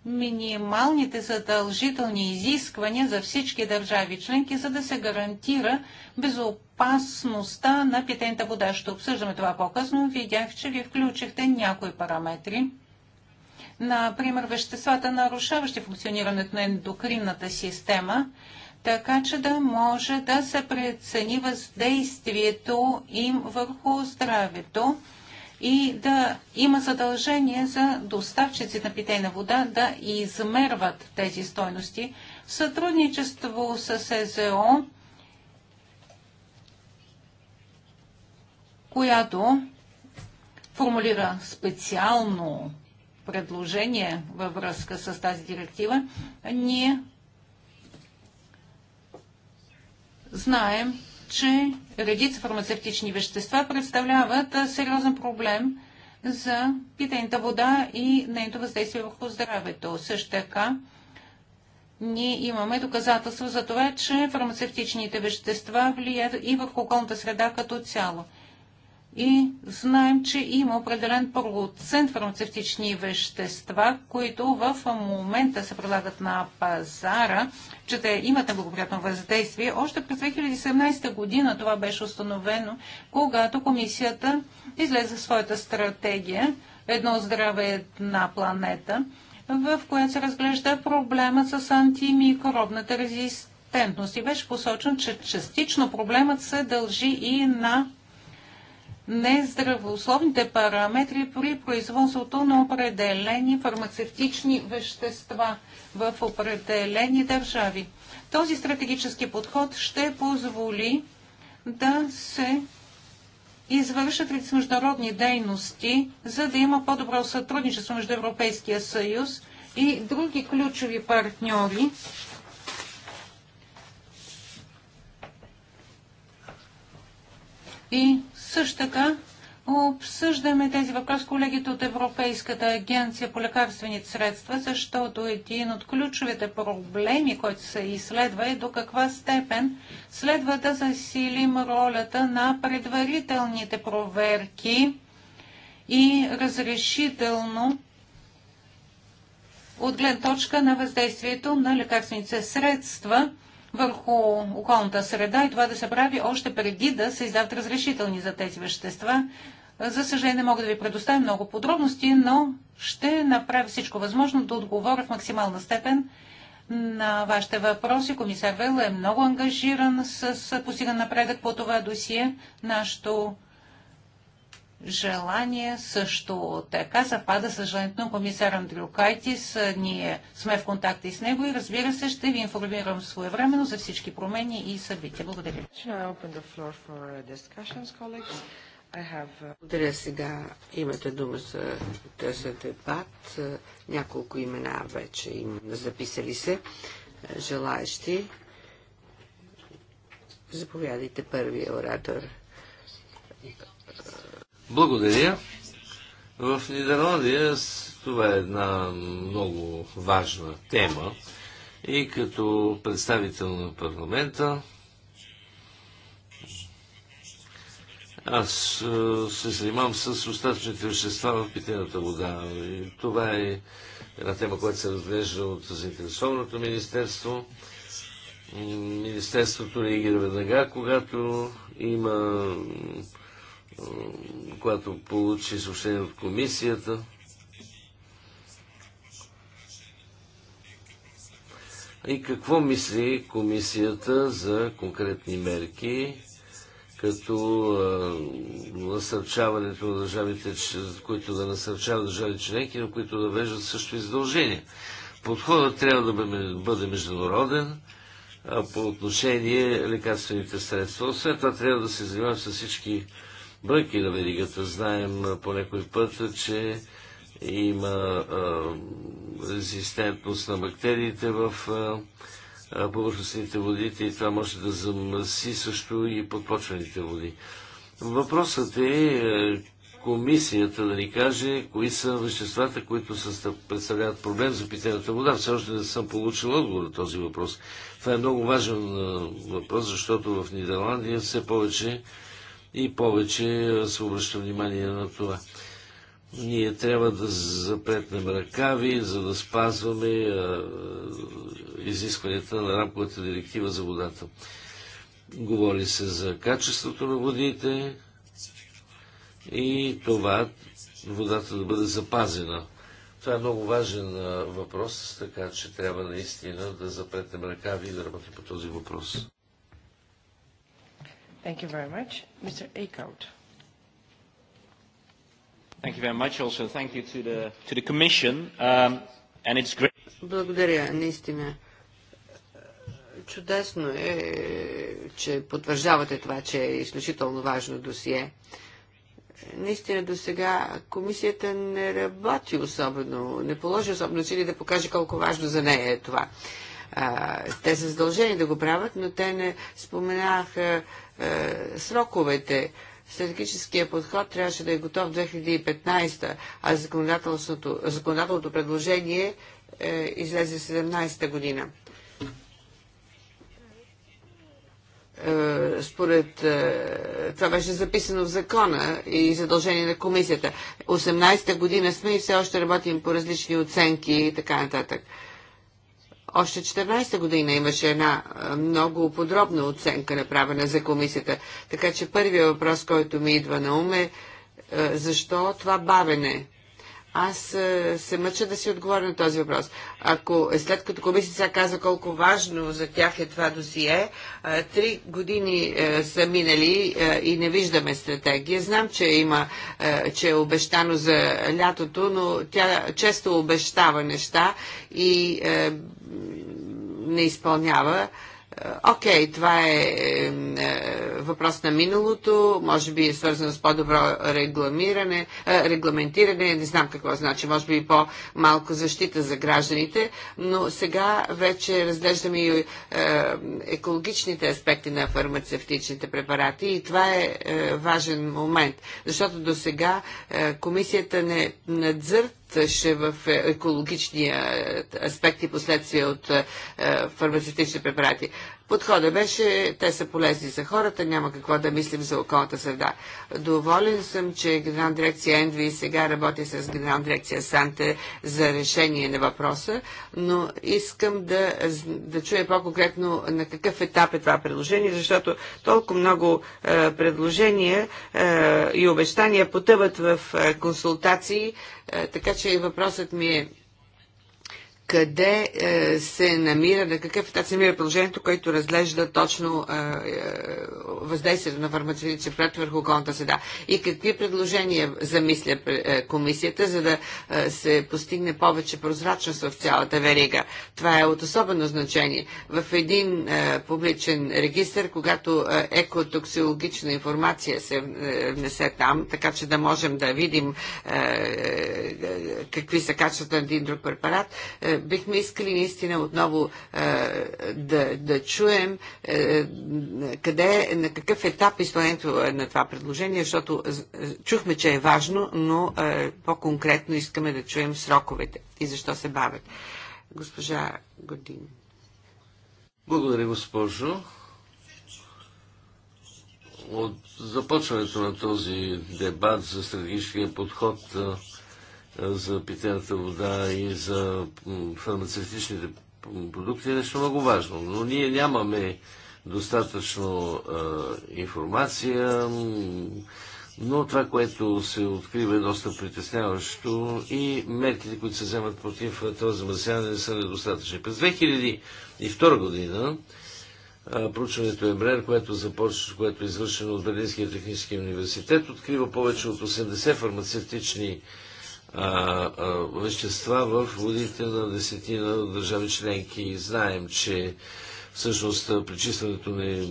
минималните задължителни изисквания за всички държави членки, за да се гарантира безопасността на питейната вода. Ще обсъждаме това по-късно. Видях, че ви включихте някои параметри. Например, веществата, нарушаващи функционирането на ендокринната система, така че да може да се прецени въздействието им върху здравето и да има задължение за доставчици на питейна вода да измерват тези стойности. В сътрудничество с ЕЗО, която формулира специално предложение във връзка с тази директива, ние знаем, че редица фармацевтични вещества представляват сериозен проблем за питейната вода и нейното въздействие върху здравето. Също така, ние имаме доказателства за това, че фармацевтичните вещества влияят и върху околната среда като цяло. И знаем, че има определен процент фармацевтични вещества, които в момента се предлагат на пазара че те имат неблагоприятно въздействие. Още през 2017 година това беше установено, когато комисията излезе своята стратегия Едно здраве, една планета, в която се разглежда проблема с антимикробната резистентност. И беше посочен, че частично проблемът се дължи и на нездравословните параметри при производството на определени фармацевтични вещества в определени държави. Този стратегически подход ще позволи да се извършат ли международни дейности, за да има по-добро сътрудничество между Европейския съюз и други ключови партньори. И също така обсъждаме тези въпроси колегите от Европейската агенция по лекарствените средства, защото един от ключовите проблеми, който се изследва е до каква степен следва да засилим ролята на предварителните проверки и разрешително от гледна точка на въздействието на лекарствените средства – върху околната среда и това да се прави още преди да се издават разрешителни за тези вещества. За съжаление не мога да ви предоставя много подробности, но ще направя всичко възможно да отговоря в максимална степен на вашите въпроси. Комисар Вел е много ангажиран с постиган напредък по това досие. Нашето желание също така съвпада с желанието на комисар Кайтис. Ние сме в контакт и с него и разбира се ще ви информирам своевременно за всички промени и събития. Благодаря. Uh, Благодаря сега. Имате дума за този дебат. Няколко имена вече им записали се. Е, желаещи. Заповядайте първия оратор. Благодаря. В Нидерландия това е една много важна тема и като представител на парламента аз е, се занимавам с остатъчните вещества в питената вода. И това е една тема, която се разглежда от заинтересованото министерство. Министерството реагира веднага, когато има която получи съобщение от комисията. И какво мисли комисията за конкретни мерки, като насърчаването на държавите, които да насърчават държави членки, но които да веждат също и задължения. Подходът трябва да бъде международен по отношение лекарствените средства. Освен това трябва да се занимава с всички бръки на веригата. Знаем по някой път, че има а, резистентност на бактериите в а, повърхностните водите и това може да замъси също и подпочваните води. Въпросът е, е комисията да ни каже кои са веществата, които са, представляват проблем за питената вода. Все още не съм получил отговор на този въпрос. Това е много важен въпрос, защото в Нидерландия все повече и повече се обръща внимание на това. Ние трябва да запретнем ръкави, за да спазваме изискванията на рамковата директива за водата. Говори се за качеството на водите и това водата да бъде запазена. Това е много важен въпрос, така че трябва наистина да запретнем ръкави и да работим по този въпрос. Thank you very much. Mr. Eekhout. Thank you very much. Also, thank you to the, to the Commission. Um, and it's great. Благодаря, наистина. Чудесно е, че потвърждавате това, че е изключително важно досие. Наистина до сега комисията не работи особено, не положи особено сили да покаже колко важно за нея е това те са задължени да го правят, но те не споменаха е, сроковете. Стратегическия подход трябваше да е готов в 2015, а законодателното, законодателното предложение е, излезе 17 година. Е, според е, това беше записано в закона и задължение на комисията. 18-та година сме и все още работим по различни оценки и така нататък. Още 14-та година имаше една много подробна оценка направена за комисията. Така че първият въпрос, който ми идва на ум е защо това бавене? Аз е, се мъча да си отговоря на този въпрос. Ако е след като комисията каза колко важно за тях е това досие, е, три години са минали и не виждаме стратегия. Знам, че има, че е обещано за лятото, но тя често обещава неща и не изпълнява. Е, окей, okay, това е, е въпрос на миналото, може би е свързано с по-добро регламиране, е, регламентиране, не знам какво значи, може би по-малко защита за гражданите, но сега вече разглеждаме и е, екологичните аспекти на фармацевтичните препарати и това е, е важен момент, защото до сега е, комисията не надзърт в е, екологичния е, аспект и последствия от е, фармацевтични препарати. Подходът беше, те са полезни за хората, няма какво да мислим за околната среда. Доволен съм, че Генерална дирекция Енви сега работи с Генерална дирекция Санте за решение на въпроса, но искам да, да чуя по-конкретно на какъв етап е това предложение, защото толкова много е, предложения е, и обещания потъват в е, консултации, е, така че въпросът ми е къде е, се намира, на какъв етап се намира положението, което разглежда точно е, е въздействието на фармацевтичен препарат върху околната седа. И какви предложения замисля е, комисията, за да е, се постигне повече прозрачност в цялата верига. Това е от особено значение. В един е, публичен регистр, когато е, екотоксиологична информация се е, внесе там, така че да можем да видим е, е, какви са качествата на един друг препарат, е, бихме искали наистина отново е, да, да чуем е, къде, на какъв етап е изпълнението на това предложение, защото чухме, че е важно, но по-конкретно искаме да чуем сроковете и защо се бавят. Госпожа Годин. Благодаря, госпожо. От започването на този дебат за стратегическия подход за питената вода и за фармацевтичните продукти е нещо много важно. Но ние нямаме достатъчно а, информация, но това, което се открива е доста притесняващо и мерките, които се вземат против това замърсяване не са недостатъчни. През 2002 година проучването Ембрер, което, започва, което е извършено от Берлинския технически университет, открива повече от 80 фармацевтични а, а, вещества в водите на десетина държави членки. И знаем, че всъщност причисването не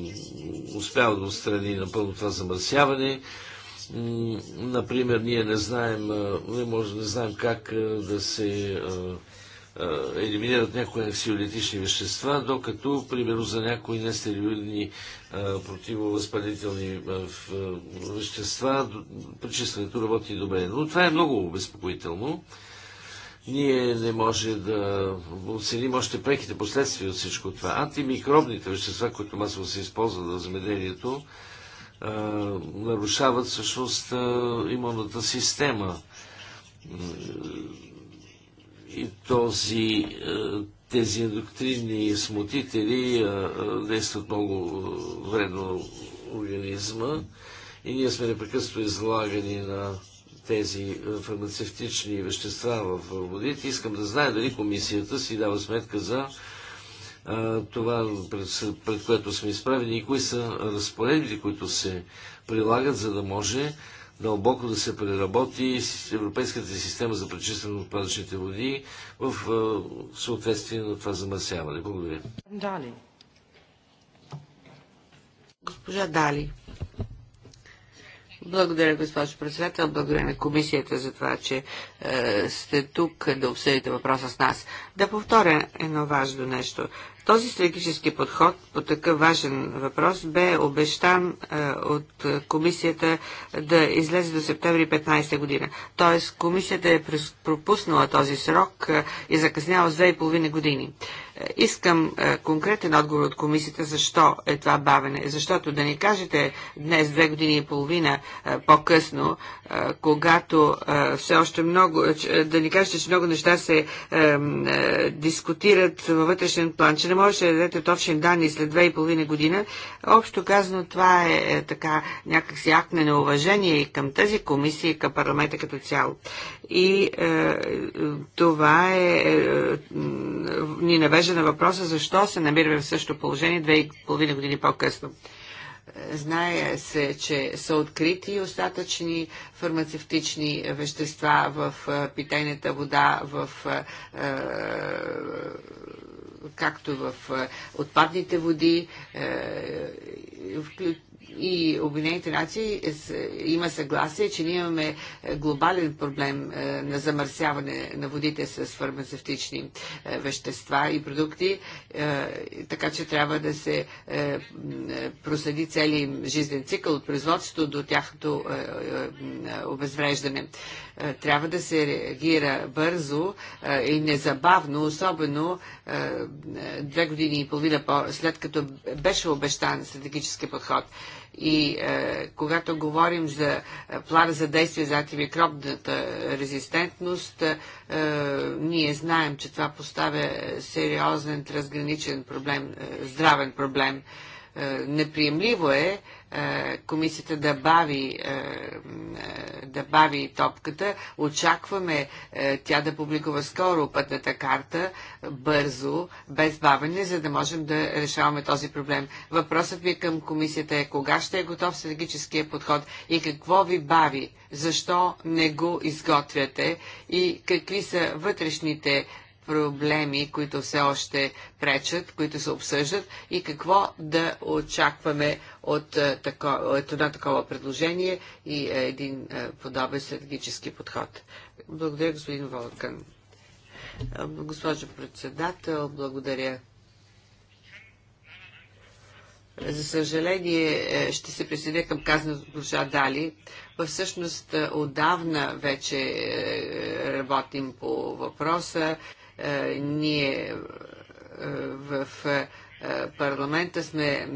успява да отстрани напълно това замърсяване. Например, ние не знаем, не може да знаем как да се елиминират някои аксиолитични вещества, докато, примерно, за някои нестериоидни противовъзпалителни вещества пречистването работи добре. Но това е много обезпокоително. Ние не може да оценим още преките последствия от всичко това. Антимикробните вещества, които масово се използват в замедението, нарушават всъщност имунната система и този, е, тези ендоктринни смутители е, е, действат много вредно организма и ние сме непрекъснато излагани на тези фармацевтични вещества в водите. Искам да знае дали комисията си дава сметка за това, пред, пред което сме изправени и кои са разпоредби, които се прилагат, за да може дълбоко да се преработи европейската система за пречистване на отпадъчните води в е, съответствие на това замърсяване. Благодаря. Дали. Госпожа Дали. Благодаря, госпожо председател. Благодаря на комисията за това, че е, сте тук да обсъдите въпроса с нас. Да повторя едно важно нещо. Този стратегически подход по такъв важен въпрос бе обещан е, от комисията да излезе до септември 15 година. Тоест комисията е пропуснала този срок е, и закъснява с 2,5 години. Искам е, конкретен отговор от комисията защо е това бавене. Защото да ни кажете днес, две години и половина е, по-късно, е, когато все още много, да ни кажете, че много неща се дискутират във вътрешен план, че не можете да дадете точни данни след две и половина година. Общо казано, това е така някакси акт на неуважение и към тази комисия, и към парламента като цяло. И това е, ни навежда разглеждане на въпроса защо се намираме в същото положение две и половина години по-късно. Знае се, че са открити остатъчни фармацевтични вещества в питейната вода, в, както в отпадните води, и Обединените нации има съгласие, че ние имаме е, глобален проблем е, на замърсяване на водите с фармацевтични е, вещества и продукти, така че трябва да се проследи цели жизнен цикъл от производството до тяхното обезвреждане. Трябва да се реагира бързо и незабавно, особено две години и половина след като беше обещан стратегически подход. И е, когато говорим за е, план за действие за антимикробната резистентност, е, ние знаем, че това поставя сериозен трансграничен проблем, е, здравен проблем. Е, неприемливо е е, комисията да бави, е, е, да бави топката. Очакваме тя да публикува скоро пътната карта, бързо, без бавене, за да можем да решаваме този проблем. Въпросът ви към комисията е кога ще е готов стратегическия подход и какво ви бави, защо не го изготвяте и какви са вътрешните проблеми, които все още пречат, които се обсъждат и какво да очакваме от, е, тако, от едно такова предложение и е, един е, подобен стратегически подход. Благодаря, господин Волкан. Госпожо председател, благодаря. За съжаление, ще се присъединя към казаното госпожа Дали. Всъщност, отдавна вече работим по въпроса. Е, ние е, в е, парламента сме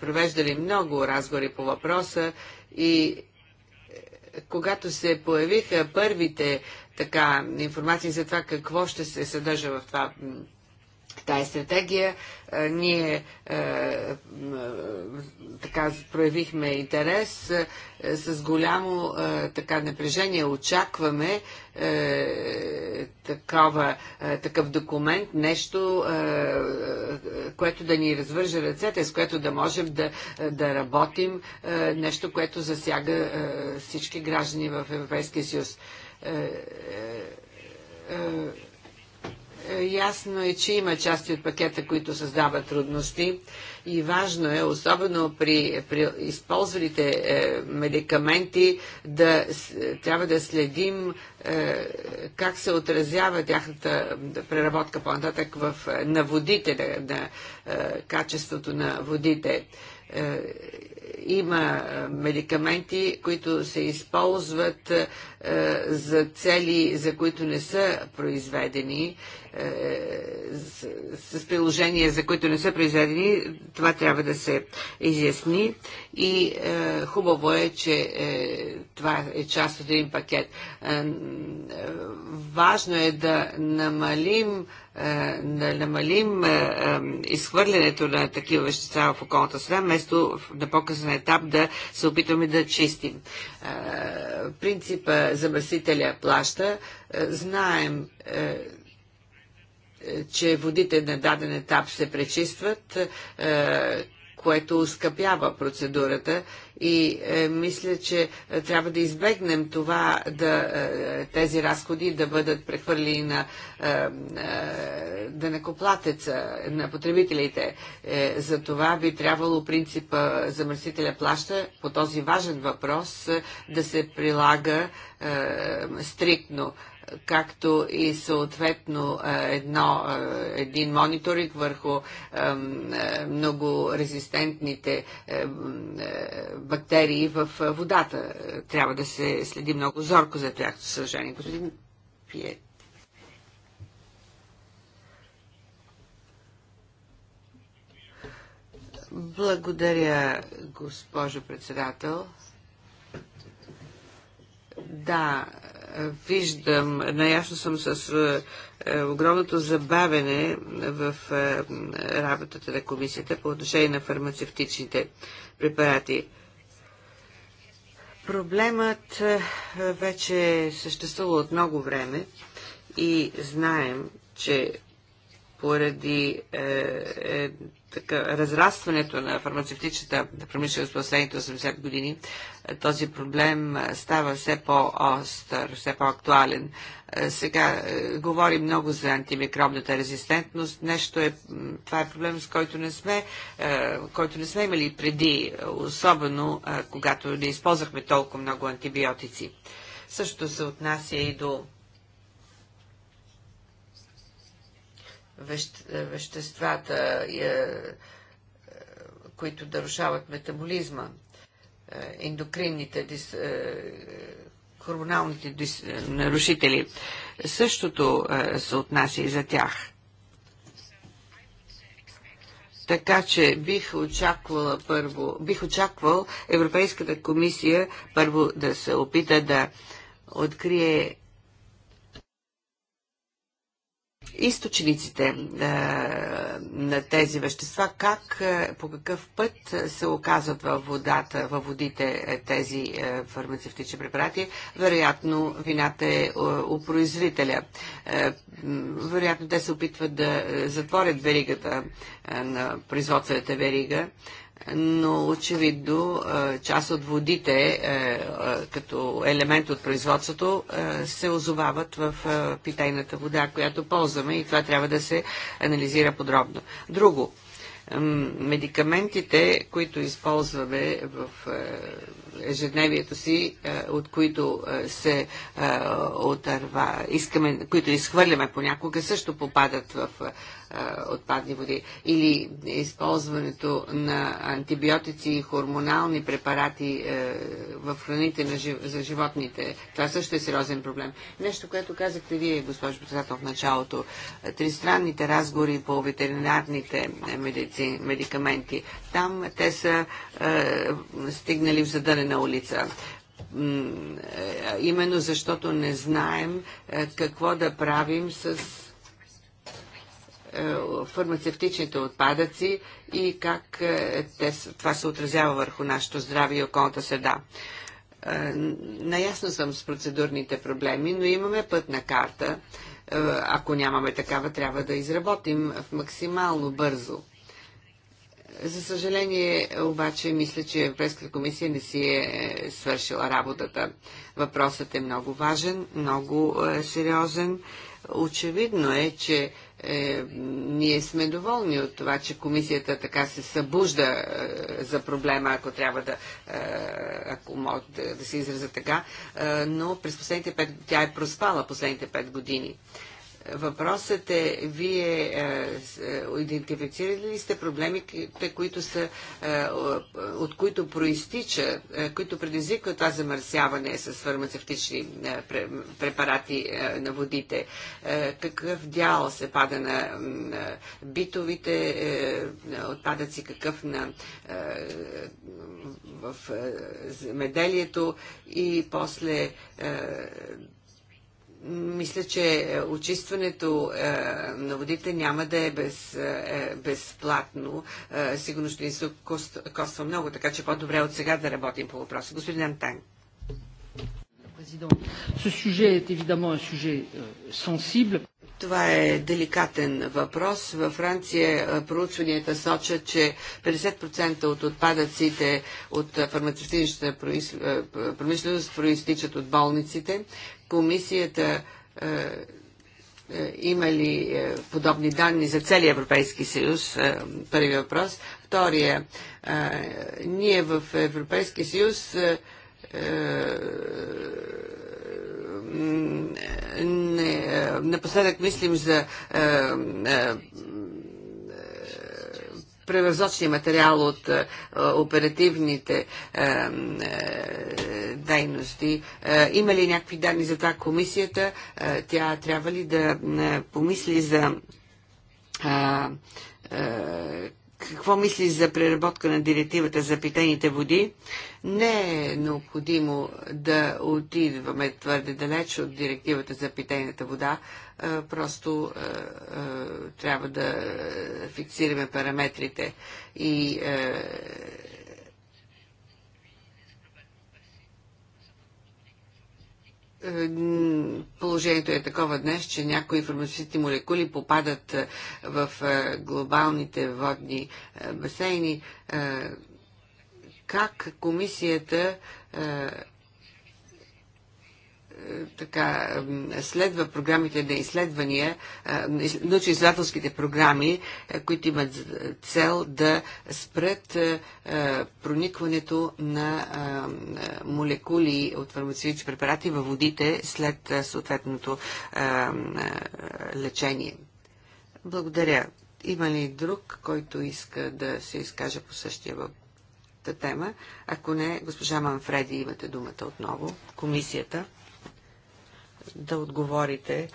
провеждали много разговори по въпроса и когато се появиха първите така информации за това какво ще се съдържа в това тази стратегия. Е, ние е, е, така проявихме интерес с голямо така напрежение. Очакваме такова, такъв документ, нещо, което да ни развърже ръцете, с което да можем да, да работим, нещо, което засяга всички граждани в Европейския съюз. Uh Ясно е, че има части от пакета, които създават трудности и важно е, особено при, при използваните е, медикаменти, да трябва да следим е, как се отразява тяхната преработка по-нататък в, на водите, на, на е, качеството на водите. Е, има е, медикаменти, които се използват е, за цели, за които не са произведени, е, с, приложения, за които не са произведени, това трябва да се изясни и хубаво е, че това е част от един пакет. Важно е да намалим е, да намалим е, е, изхвърлянето на такива вещества в околната среда, вместо на по-късен етап да се опитваме да чистим. Принципа замърсителя плаща. Знаем, че водите на даден етап се пречистват което ускъпява процедурата и е, мисля, че е, трябва да избегнем това, да, е, тези разходи да бъдат прехвърли на е, е, денекоплатеца, на потребителите. Е, за това би трябвало принципа замърсителя плаща по този важен въпрос да се прилага стриктно както и съответно е, едно, е, един мониторинг върху е, много резистентните бактерии в водата. Трябва да се следи много зорко за тяхното съжаление. Господин Пиет. Благодаря, госпожо председател. Да, виждам, наясно съм с е, е, огромното забавене в е, работата на комисията по отношение на фармацевтичните препарати. Проблемът вече съществува от много време и знаем, че поради е, така, разрастването на фармацевтичната промишленост в последните 80 години, е, този проблем е, става все по-остър, все по-актуален. Е, сега говори много за антимикробната резистентност. Нещо е, това е проблем, с който не сме, който не сме имали преди, особено когато не използвахме толкова много антибиотици. Също се отнася и до веще, веществата, е, е, които нарушават метаболизма, е, ендокринните, дис, хормоналните дис, нарушители. Същото се отнася и за тях. Така че бих очаквала първо, бих очаквал Европейската комисия първо да се опита да открие източниците е, на тези вещества, как, е, по какъв път се оказват във водата, във водите е, тези фармацевтични препарати, вероятно вината е у производителя. Вероятно те се опитват да затворят веригата на производствената верига, но очевидно част от водите е, е, като елемент от производството е, се озовават в питейната вода, която ползваме и това трябва да се анализира подробно. Друго, медикаментите, които използваме в ежедневието си, от които се отърва, искаме, които изхвърляме понякога, също попадат в отпадни води или използването на антибиотици и хормонални препарати е, в храните на жив... за животните. Това също е сериозен проблем. Нещо, което казахте вие, госпожо председател, в началото. Тристранните разговори по ветеринарните медици... медикаменти. Там те са е, стигнали в задънена улица е, именно защото не знаем е, какво да правим с е, фармацевтичните отпадъци и как е, те, това се отразява върху нашето здраве и околната среда. Е, наясно съм с процедурните проблеми, но имаме път на карта. Ако нямаме такава, трябва да изработим в максимално бързо. За съжаление, обаче, мисля, че Европейската комисия не си е свършила работата. Въпросът е много важен, много сериозен. Очевидно е, че е, ние сме доволни от това, че комисията така се събужда е, за проблема, ако трябва да, е, ако мога да, да се израза така, е, но през последните пет, тя е проспала последните пет години. Е, Въпросът е, вие е, е, идентифицирали ли сте проблемите, които са, е, от които проистича, които предизвикват това замърсяване с фармацевтични препарати на водите? Какъв дял се пада на битовите отпадъци, какъв на в земеделието и после мисля, че е, очистването е, на водите няма да е, без, е, е, безплатно. Е, сигурно ще ни се кост, коства много, така че по-добре от сега да работим по въпроса. Господин Антан. Ce sujet est évidemment un sujet euh, sensible. Това е деликатен въпрос. Във Франция проучванията сочат, че 50% от отпадъците от фармацевтичната промишленост проистичат от болниците. Комисията има ли подобни данни за целия Европейски съюз? Първи въпрос. Втория. Ние в Европейския съюз не, напоследък мислим за е, е, материал от е, оперативните е, е, дейности. Е, има ли някакви данни за това комисията? Е, тя трябва ли да е, помисли за е, е, какво мисли за преработка на директивата за питейните води, не е необходимо да отидваме твърде далеч от директивата за питейната вода. Е, просто е, е, трябва да фиксираме параметрите и Положението е такова днес, че някои фармацевтични молекули попадат е, в е, глобалните водни е, басейни. Как комисията така, следва програмите на изследвания, научно-изследователските програми, е, които имат цел да спрат е, е, проникването на молекули от фармацевтични препарати във водите след съответното лечение. Благодаря. Има ли друг, който иска да се изкаже по същия въпрос? тема. Ако не, госпожа Манфреди, имате думата отново. Комисията да отговорите,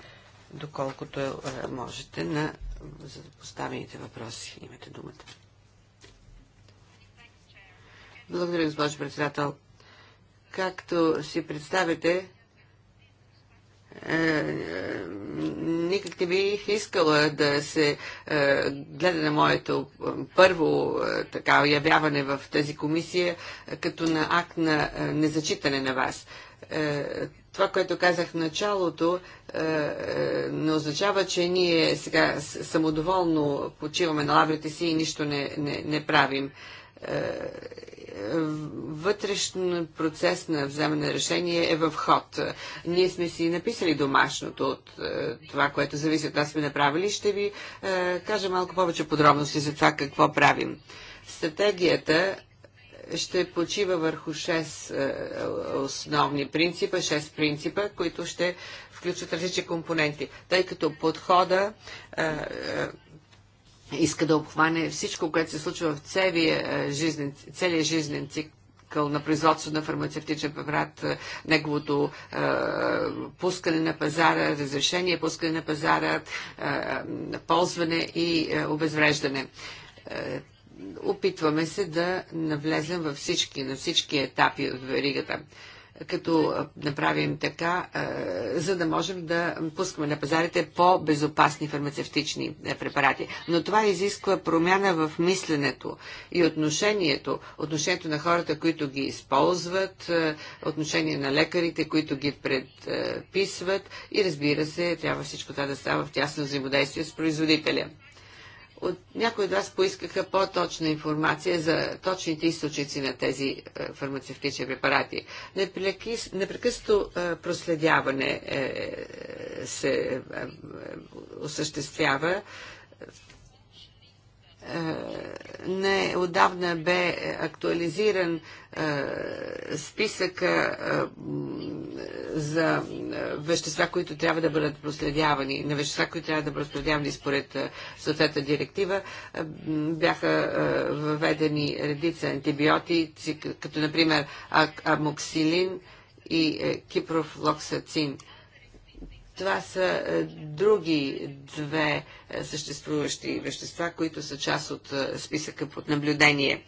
доколкото е, можете, на за поставените въпроси. Имате думата. Благодаря, госпожо председател. Както си представите, е, е, никак не бих искала да се гледа на моето първо така явяване в тази комисия като на акт на незачитане на вас това, което казах в началото, е, е, не означава, че ние сега самодоволно почиваме на лаврите си и нищо не, не, не правим. Е, вътрешен процес на вземане на решение е в ход. Ние сме си написали домашното от това, което зависи от нас сме направили. Ще ви кажа малко повече подробности за това какво правим. Стратегията ще почива върху 6 е, основни принципа, 6 принципа, които ще включват различни компоненти. Тъй като подхода е, е, иска да обхване всичко, което се случва в целия жизнен, целия жизнен цикъл на производство на фармацевтичен препарат, неговото е, пускане на пазара, разрешение, пускане на пазара, е, ползване и е, обезвреждане опитваме се да навлезем във всички, на всички етапи от веригата като направим така, е, за да можем да пускаме на пазарите по-безопасни фармацевтични е, препарати. Но това изисква промяна в мисленето и отношението, отношението на хората, които ги използват, е, отношение на лекарите, които ги предписват и разбира се, трябва всичко това да става в тясно взаимодействие с производителя. От някои от вас поискаха по-точна информация за точните източници на тези е, фармацевтични препарати. Непрекъснато е, проследяване е, се осъществява е, не отдавна бе актуализиран е, списъка е, за вещества, които трябва да бъдат проследявани, на вещества, които трябва да бъдат проследявани според съответна директива. Бяха въведени редица антибиотици, като например амоксилин и кипрофлоксацин. Това са е, други две е, съществуващи вещества, които са част от е, списъка под наблюдение.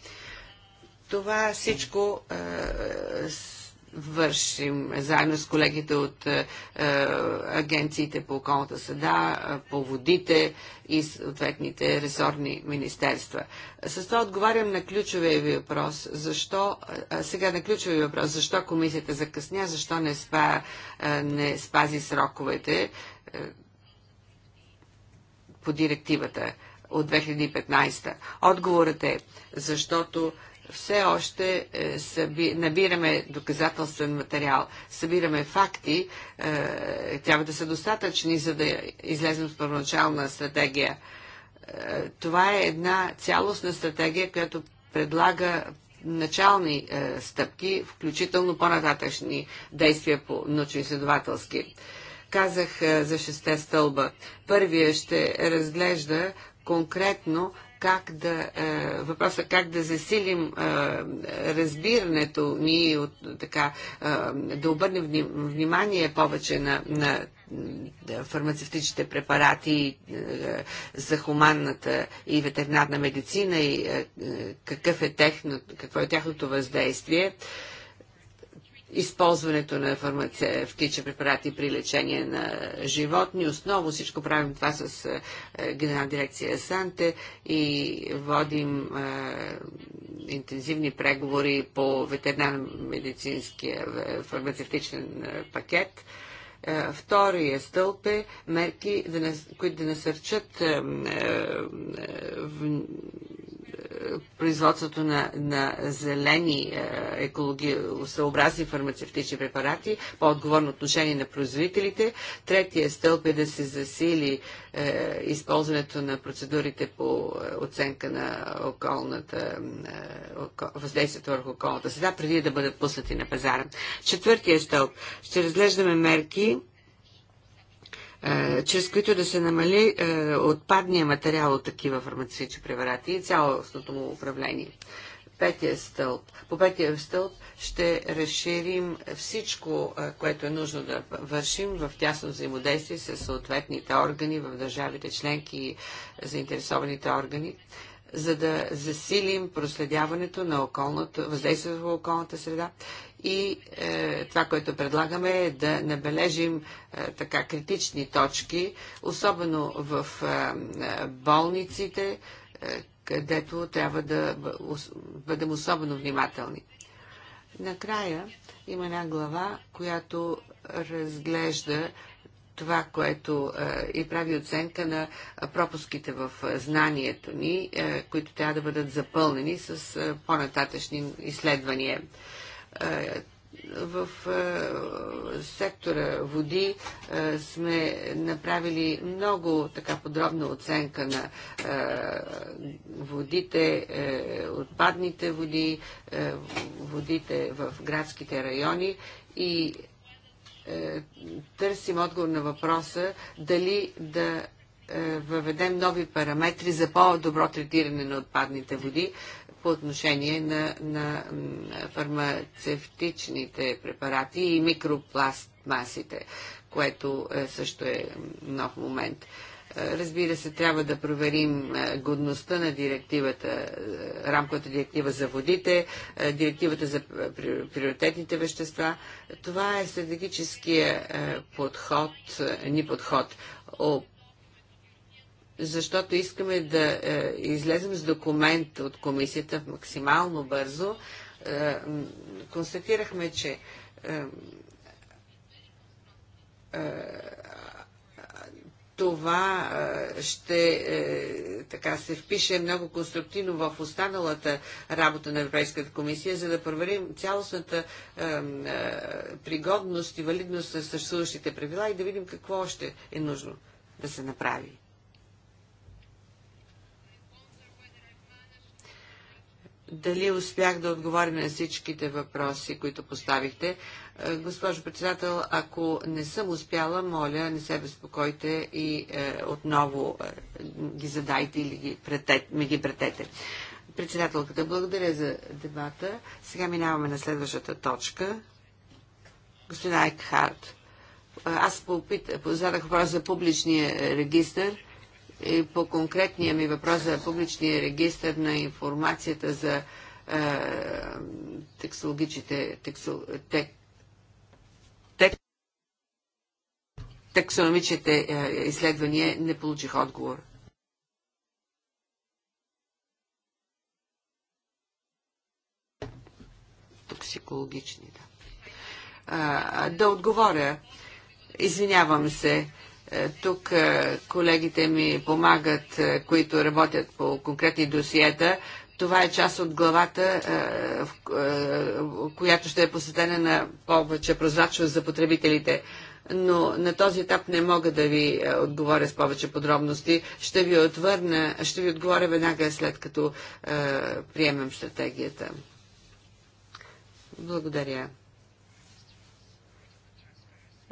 Това всичко вършим заедно с колегите от е, е агенциите по околната среда, е, по водите и съответните ресорни министерства. С това отговарям на ключовия ви въпрос. Защо, е, сега на ключовия въпрос, защо комисията закъсня, защо не, спа, не спази сроковете е, по директивата от 2015. Отговорът е, защото все още е, набираме доказателствен материал, събираме факти, е, трябва да са достатъчни, за да излезем с първоначална стратегия. Е, това е една цялостна стратегия, която предлага начални стъпки, включително по-нататъчни действия по научно-изследователски. Казах за шесте стълба. Първия ще разглежда конкретно как да, е, въпроса е как да засилим е, разбирането ни, от, така, да обърнем внимание повече на, на фармацевтичните препарати за хуманната и ветеринарна медицина и какъв е техно, какво е тяхното въздействие използването на фармацевтични препарати при лечение на животни. Основно всичко правим това с е, Генерална дирекция Санте и водим е, интензивни преговори по ветеринарно-медицинския е, фармацевтичен пакет. Втория стълб е мерки, които да насърчат производството на, на зелени е, съобразни фармацевтични препарати, по-отговорно отношение на производителите. Третия стълб е да се засили е, използването на процедурите по е, оценка на околната, е, въздействието върху околната среда, преди да бъдат пуснати на пазара. Четвъртия стълб. Ще разглеждаме мерки, е, чрез които да се намали е, отпадния материал от такива фармацевтични препарати и цялостното му управление. Петия стълб. По петия стълб ще разширим всичко, е, което е нужно да вършим в тясно взаимодействие с съответните органи в държавите членки и заинтересованите органи, за да засилим проследяването на околната, въздействието в околната среда и е, това, което предлагаме е да набележим е, така критични точки, особено в е, е болниците, е, където трябва да бъдем особено внимателни. Накрая има една глава, която разглежда това, което е, и прави оценка на пропуските в е, знанието ни, е, които трябва да бъдат запълнени с е, по-нататъчни изследвания. Е, в е, сектора води е, сме направили много така подробна оценка на водите, отпадните води, водите в градските райони и търсим отговор на въпроса дали да въведем нови параметри за по-добро третиране на отпадните води, по отношение на, на фармацевтичните препарати и микропластмасите, което е, също е нов момент. Е, разбира се, трябва да проверим е, годността на директивата, рамковата директива за водите, директивата за приоритетните вещества. Това е стратегическия подход, ни подход защото искаме да е, излезем с документ от комисията максимално бързо. Е, констатирахме, че е, това ще така се впише много конструктивно в останалата работа на Европейската комисия, за да проверим цялостната е, е, пригодност и валидност на съществуващите правила и да видим какво още е нужно да се направи. дали успях да отговоря на всичките въпроси, които поставихте. Е, госпожо председател, ако не съм успяла, моля, не се безпокойте и е, отново е, ги задайте или ги претет, ми ги претете. Председателката, благодаря за дебата. Сега минаваме на следващата точка. Господин Айкхарт, е, аз попит, задах въпрос за публичния регистр и по конкретния ми въпрос за публичния регистр на информацията за е, тексологичните тек, тек, е, изследвания, не получих отговор. Токсикологични, да. да отговоря. Извинявам се. Е, тук е, колегите ми помагат, е, които работят по конкретни досиета. Това е част от главата, която ще е посветена на повече прозрачност за потребителите но на този етап не мога да ви отговоря с повече подробности. Ще ви, отвърна, ще ви отговоря веднага след като приемем стратегията. Благодаря.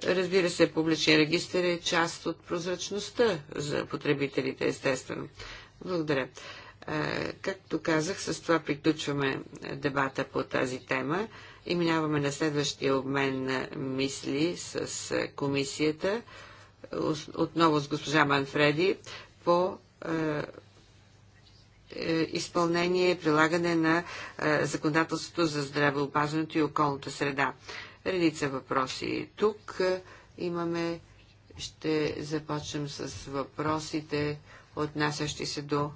Разбира се, публичен регистр е част от прозрачността за потребителите, естествено. Благодаря. Е, както казах, с това приключваме дебата по тази тема и минаваме на следващия обмен на мисли с комисията, отново с госпожа Манфреди, по е, е, изпълнение и прилагане на законодателството за здравеопазването и околната среда редица въпроси. Тук имаме, ще започнем с въпросите, отнасящи се до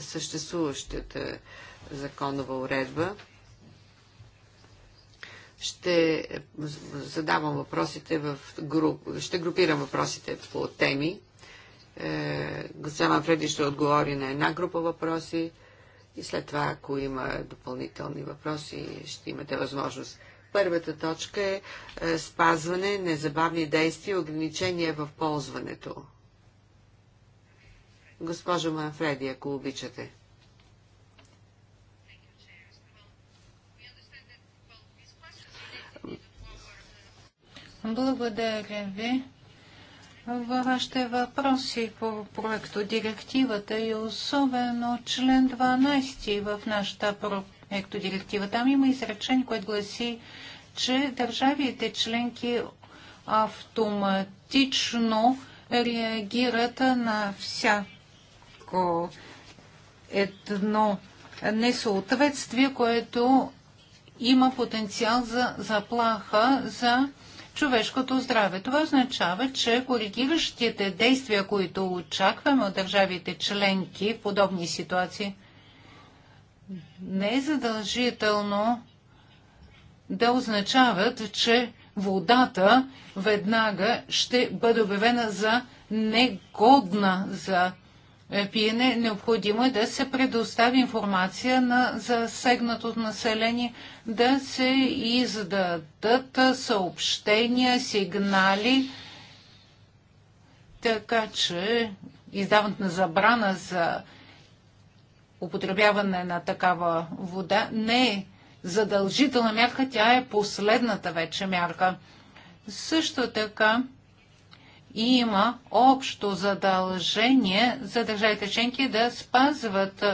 съществуващата законова уредба. Ще задавам въпросите в груп, ще групирам въпросите по теми. Е, госпожа Манфреди ще отговори на една група въпроси, и след това, ако има допълнителни въпроси, ще имате възможност. Първата точка е, е спазване, незабавни действия, ограничения в ползването. Госпожо Манфреди, ако обичате. Благодаря ви вашите въпроси по проекто директивата и особено член 12 в нашата проекто директива. Там има изречение, което гласи, че държавите членки автоматично реагират на всяко едно несъответствие, което има потенциал за заплаха за човешкото здраве. Това означава, че коригиращите действия, които очакваме от държавите членки в подобни ситуации, не е задължително да означават, че водата веднага ще бъде обявена за негодна за е, пиене, необходимо е да се предостави информация на засегнатото население, да се издадат съобщения, сигнали, така че издаването на забрана за употребяване на такава вода не е задължителна мярка, тя е последната вече мярка. Също така има общо задължение за държавите членки да спазват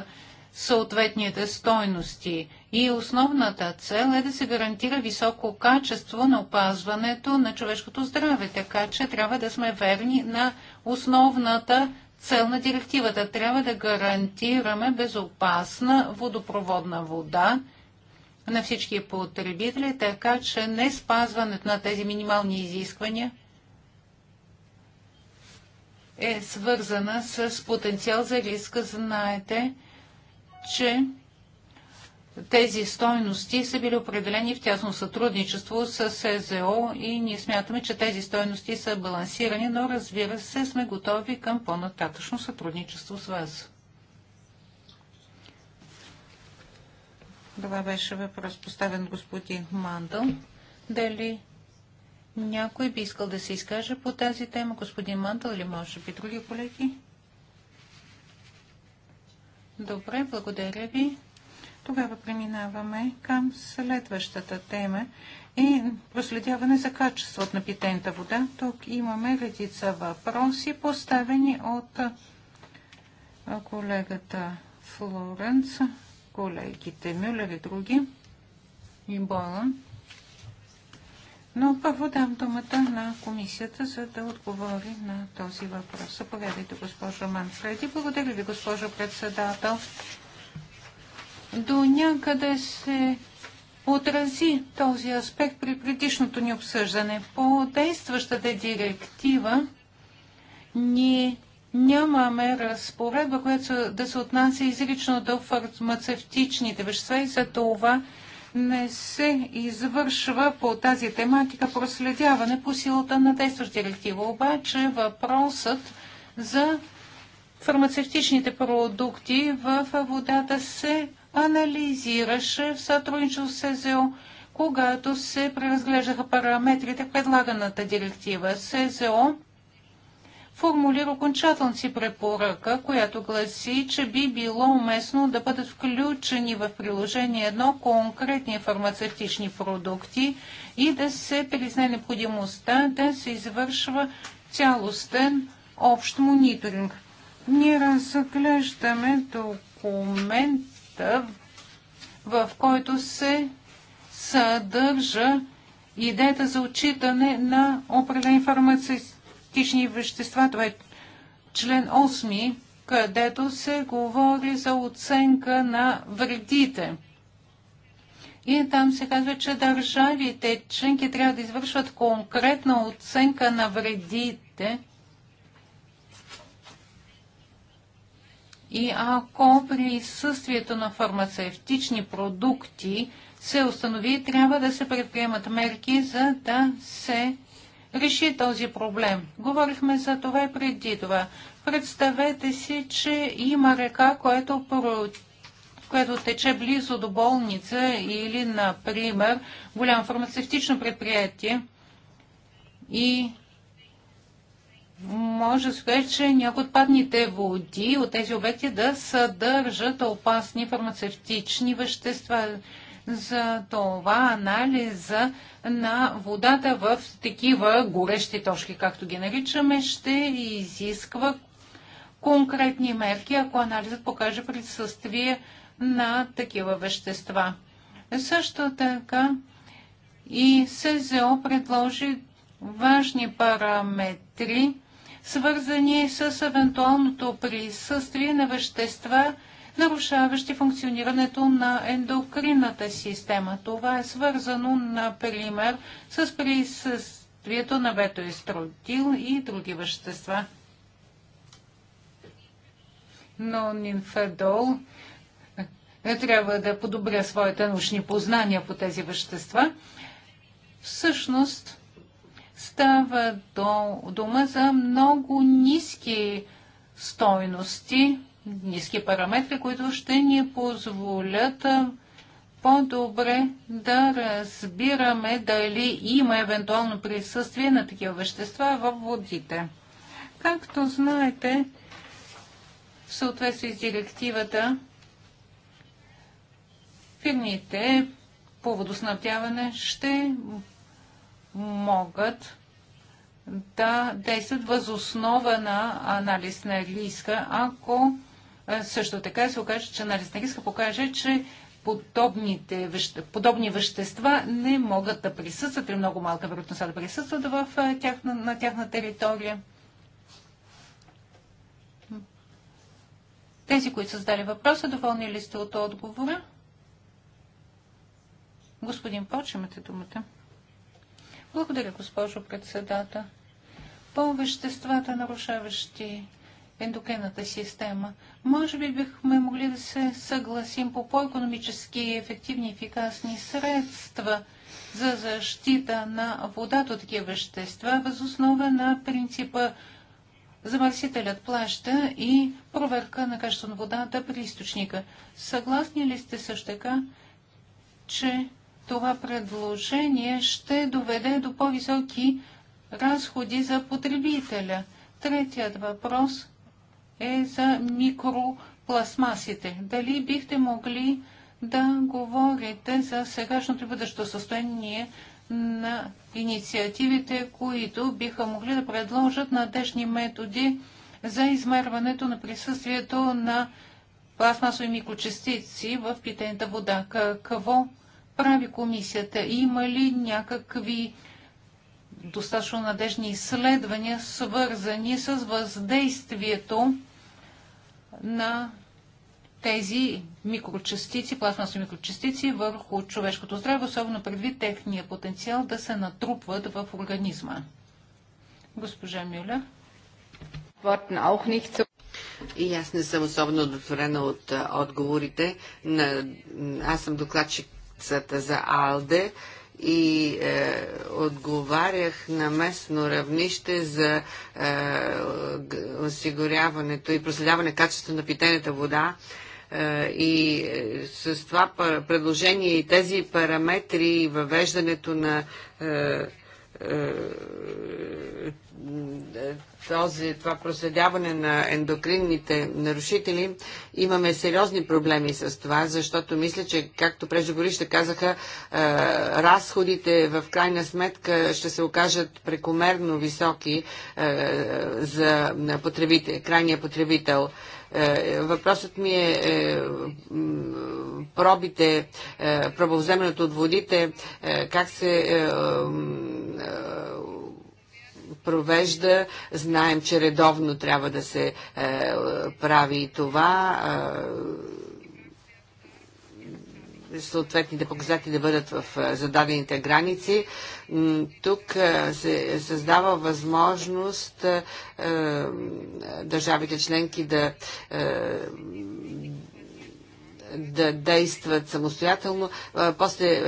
съответните стойности. И основната цел е да се гарантира високо качество на опазването на човешкото здраве, така че трябва да сме верни на основната цел на директивата. Трябва да гарантираме безопасна водопроводна вода на всички потребители, така че не спазването на тези минимални изисквания е свързана с потенциал за риска. Знаете, че тези стойности са били определени в тясно сътрудничество с СЗО и ние смятаме, че тези стойности са балансирани, но разбира се, сме готови към по-нататъчно сътрудничество с вас. Това беше въпрос поставен господин Мандъл. Дали някой би искал да се изкаже по тази тема? Господин Мантъл или може би други колеги? Добре, благодаря ви. Тогава преминаваме към следващата тема и проследяване за качеството на питейната вода. Тук имаме редица въпроси, поставени от колегата Флоренц, колегите Мюллер и други и Бойланд. Но първо дам думата на комисията, за да отговори на този въпрос. Съповядайте, госпожо Манфреди. Благодаря ви, госпожо председател. До някъде се отрази този аспект при предишното ни обсъждане. По действащата директива ние нямаме разпоредба, която да се отнася изрично до фармацевтичните вещества и за това не се извършва по тази тематика проследяване по силата на действащ директива. Обаче въпросът за фармацевтичните продукти в водата се анализираше в сътрудничество с СЗО, когато се преразглеждаха параметрите в предлаганата директива. СЗО формулира окончателна си препоръка, която гласи, че би било уместно да бъдат включени в приложение едно конкретни фармацевтични продукти и да се признае необходимостта да се извършва цялостен общ мониторинг. Ние разглеждаме документа, в който се съдържа идеята за отчитане на определени фармацевтични наркотични вещества. Това е член 8, където се говори за оценка на вредите. И там се казва, че държавите членки трябва да извършват конкретна оценка на вредите. И ако присъствието на фармацевтични продукти се установи, трябва да се предприемат мерки, за да се реши този проблем. Говорихме за това и преди това. Представете си, че има река, която, която тече близо до болница или, например, голямо фармацевтично предприятие и може да се каже, че някои отпадните води от тези обекти да съдържат опасни фармацевтични вещества за това анализа на водата в такива горещи точки, както ги наричаме, ще изисква конкретни мерки, ако анализът покаже присъствие на такива вещества. Също така и СЗО предложи важни параметри, свързани с евентуалното присъствие на вещества, нарушаващи функционирането на ендокринната система. Това е свързано, например, с присъствието на бетоестродил и други вещества. Но Нинфедол е, трябва да подобря своите научни познания по тези вещества. Всъщност, става дума за много ниски стойности ниски параметри, които ще ни позволят по-добре да разбираме дали има евентуално присъствие на такива вещества в водите. Както знаете, в съответствие с директивата, фирмите по водоснабдяване ще могат да действат възоснова на анализ на риска, ако също така се окаже, че анализ на риска покаже, че подобните веще, подобни вещества не могат да присъстват или много малка вероятността да присъстват в тяхна, на тяхна територия. Тези, които задали въпроса, доволни ли сте от отговора? Господин Поч, имате думата. Благодаря, госпожо председател. По веществата, нарушаващи ендокринната система. Може би бихме могли да се съгласим по по-економически ефективни и ефикасни средства за защита на водата от такива вещества, възоснова на принципа замърсителят плаща и проверка на качеството на водата при източника. Съгласни ли сте също така, че това предложение ще доведе до по-високи разходи за потребителя? Третият въпрос е за микропластмасите. Дали бихте могли да говорите за сегашното и бъдещо състояние на инициативите, които биха могли да предложат надежни методи за измерването на присъствието на пластмасови микрочастици в питейната вода. Какво прави комисията? Има ли някакви достатъчно надежни изследвания, свързани с въздействието на тези микрочастици, пластмасови микрочастици върху човешкото здраве, особено предвид техния потенциал да се натрупват в организма. Госпожа Мюля. И аз не съм особено удовлетворена от отговорите. На... Аз съм докладчицата за АЛДЕ и е, отговарях на местно равнище за е, осигуряването и проследяване качеството на питената вода. Е, и е, с това предложение и тези параметри и въвеждането на е, е, е, този, това проследяване на ендокринните нарушители, имаме сериозни проблеми с това, защото мисля, че, както преждеговорище казаха, е, разходите в крайна сметка ще се окажат прекомерно високи за потребите, крайния потребител. Е, въпросът ми е, е пробите, е, пробовземането от водите, как се провежда. Знаем, че редовно трябва да се прави и това съответните показатели да бъдат в зададените граници. Тук се създава възможност държавите членки да да действат самостоятелно. После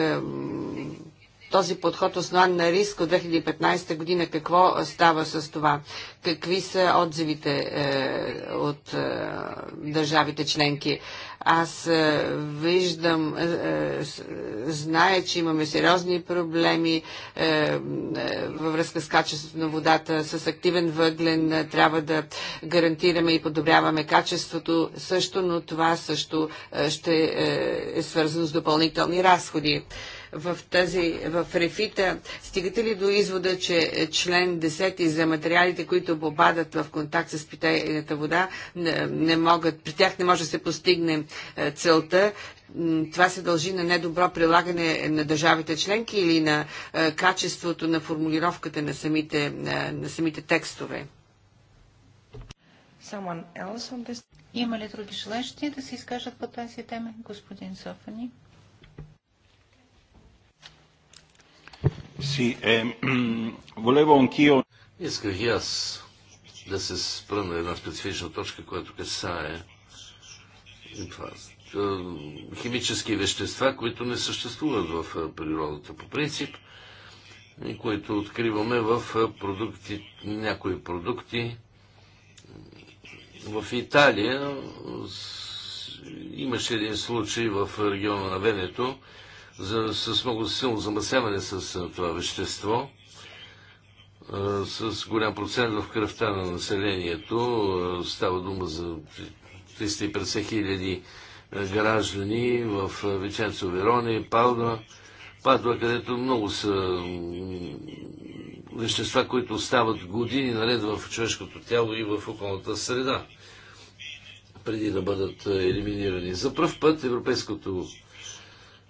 този подход основан на риск от 2015 година. Какво става с това? Какви са отзивите е, от е, държавите членки? Аз е, виждам, е, е, че имаме сериозни проблеми е, е, във връзка с качеството на водата, с активен въглен. Е, трябва да гарантираме и подобряваме качеството също, но това също е, ще е, е свързано с допълнителни разходи в, тази, в рефита, стигате ли до извода, че член 10 за материалите, които попадат в контакт с питейната вода, не, не могат, при тях не може да се постигне е, целта, това се дължи на недобро прилагане на държавите членки или на е, качеството на формулировката на самите, на, е, на самите текстове? Има ли други желащи да се изкажат по тази тема? Господин Софани. Си, е, волево Исках и аз да се спра на една специфична точка, която касае това, е, химически вещества, които не съществуват в е, природата по принцип и които откриваме в е, продукти, някои продукти. В Италия имаше един случай в региона на Венето, за, с много силно замърсяване с това вещество, с голям процент в кръвта на населението. Става дума за 350 хиляди граждани в Веченцо Вероне, Падва, Падва, където много са вещества, които остават години наред в човешкото тяло и в околната среда, преди да бъдат елиминирани. За първ път Европейското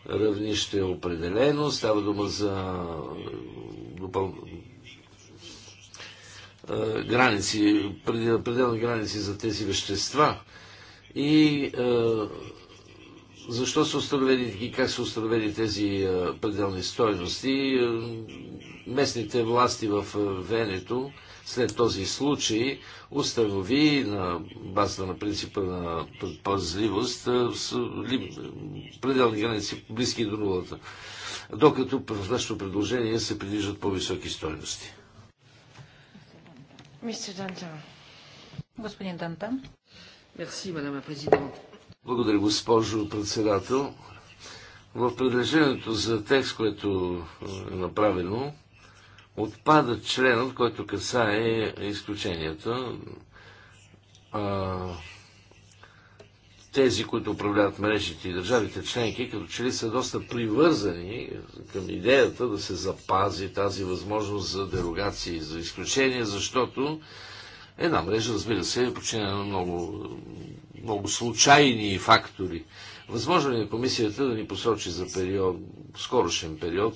равнище е определено. Става дума за е, допъл... Е, граници, пределни граници за тези вещества. И е, защо са установени и как са установени тези пределни стойности? Местните власти в Венето след този случай установи на базата на принципа на пазливост пределни граници близки до нулата, докато в нашето предложение се предвиждат по-високи стоености. Господин Дантан. Мерси, мадам президент. Благодаря, госпожо председател. В предложението за текст, което е направено, отпада членът, който касае изключенията. А, тези, които управляват мрежите и държавите членки, като че ли са доста привързани към идеята да се запази тази възможност за дерогации, за изключения, защото една мрежа, разбира се, е починена на много, много случайни фактори. Възможно ли е комисията да ни посочи за период, скорошен период,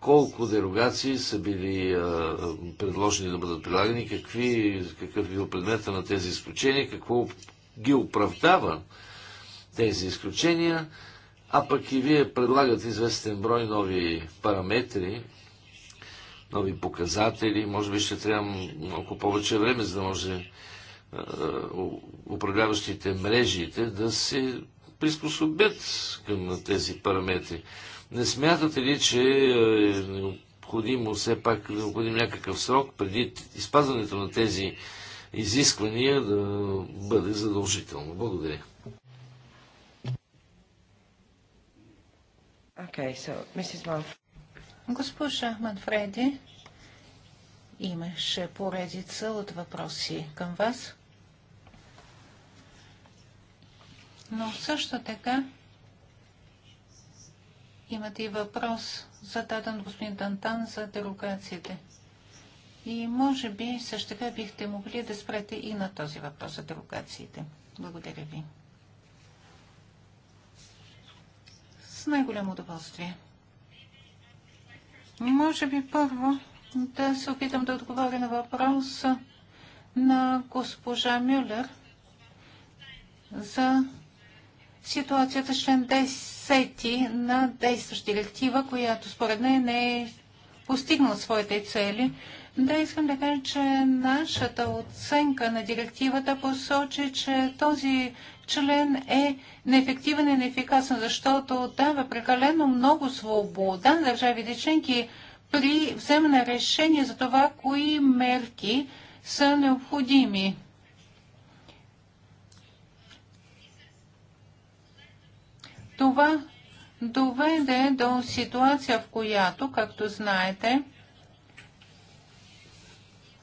колко дерогации са били а, предложени да бъдат прилагани, какви, какъв е бил предмета на тези изключения, какво ги оправдава тези изключения, а пък и вие предлагате известен брой нови параметри, нови показатели. Може би ще трябва малко повече време, за да може управляващите мрежите да се приспособят към тези параметри. Не смятате ли, че е необходимо все пак да необходим някакъв срок преди изпазването на тези изисквания да бъде задължително? Благодаря. Okay, so, Mrs. Госпожа Манфреди, имаше поредица от въпроси към вас. Но също така Имате и въпрос зададен господин Дантан за дерогациите. И може би също така бихте могли да спрете и на този въпрос за дерогациите. Благодаря ви. С най-голямо удоволствие. Може би първо да се опитам да отговоря на въпрос на госпожа Мюллер за ситуацията с член 10 на действаща директива, която според мен не е постигнала своите цели. Да, искам да кажа, че нашата оценка на директивата посочи, че този член е неефективен и неефикасен, защото дава прекалено много свобода на държавите членки при вземане решение за това, кои мерки са необходими. Това доведе до ситуация, в която, както знаете,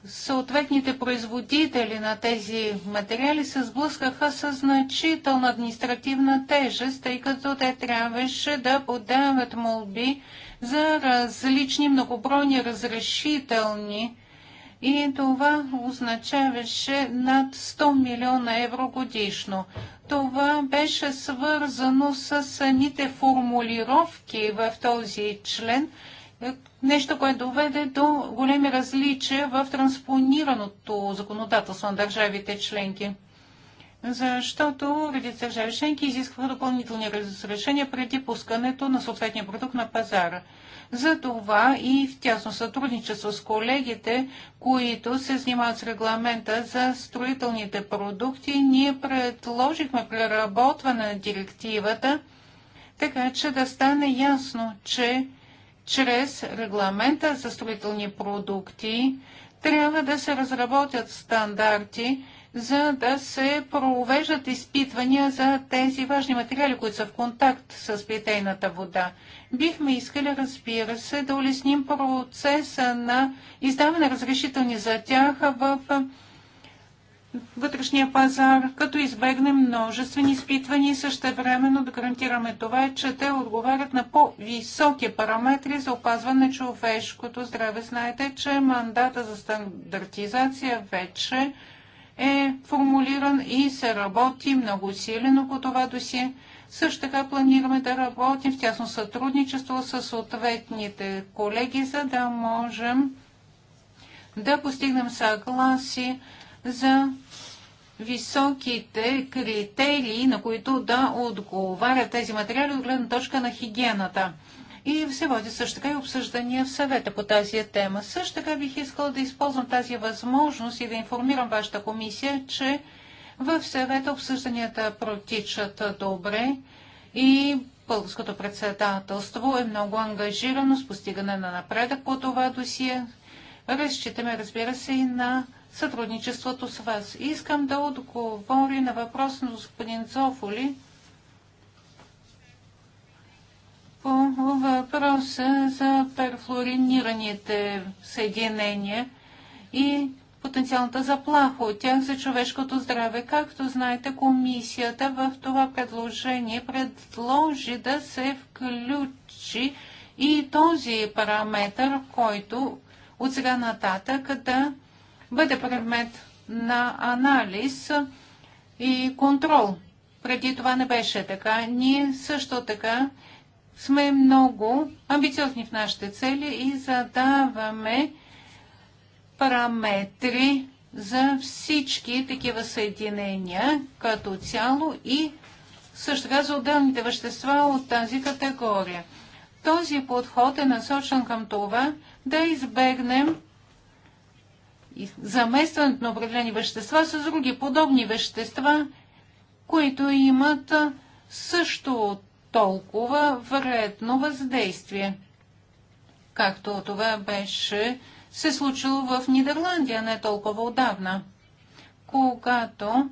съответните производители на тези материали се сблъскаха с значителна административна тежест, тъй като те трябваше да подават молби за различни многобройни разрешителни и това означаваше над 100 милиона евро годишно това беше свързано с самите формулировки в този член, е нещо, което доведе до големи различия в транспонираното законодателство на държавите членки. Защото редица държави членки изискваха допълнителни разрешения преди пускането на съответния продукт на пазара. За това и в тясно сътрудничество с колегите, които се занимават с регламента за строителните продукти, ние предложихме преработване на директивата, така че да стане ясно, че чрез регламента за строителни продукти трябва да се разработят стандарти, за да се провеждат изпитвания за тези важни материали, които са в контакт с питейната вода. Бихме искали, разбира се, да улесним процеса на издаване разрешителни за тях в вътрешния пазар, като избегнем множествени изпитвания и същевременно да гарантираме това, че те отговарят на по-високи параметри за опазване на човешкото здраве. Знаете, че мандата за стандартизация вече е формулиран и се работи много усилено по това досие. Също така планираме да работим в тясно сътрудничество с съответните колеги, за да можем да постигнем съгласие за високите критерии, на които да отговарят тези материали от гледна точка на хигиената и се води също така и обсъждания в съвета по тази тема. Също така бих искала да използвам тази възможност и да информирам вашата комисия, че в съвета обсъжданията протичат добре и българското председателство е много ангажирано с постигане на напредък по това досие. Разчитаме, разбира се, и на сътрудничеството с вас. Искам да отговоря на въпрос на господин Зофоли по въпроса за перфлоринираните съединения и потенциалната заплаха от тях за човешкото здраве. Както знаете, комисията в това предложение предложи да се включи и този параметр, който от сега нататък да бъде предмет на анализ и контрол. Преди това не беше така. Ние също така сме много амбициозни в нашите цели и задаваме параметри за всички такива съединения като цяло и също така за отделните вещества от тази категория. Този подход е насочен към това да избегнем заместването на определени вещества с други подобни вещества, които имат също толкова вредно въздействие, както това беше се случило в Нидерландия не толкова отдавна, когато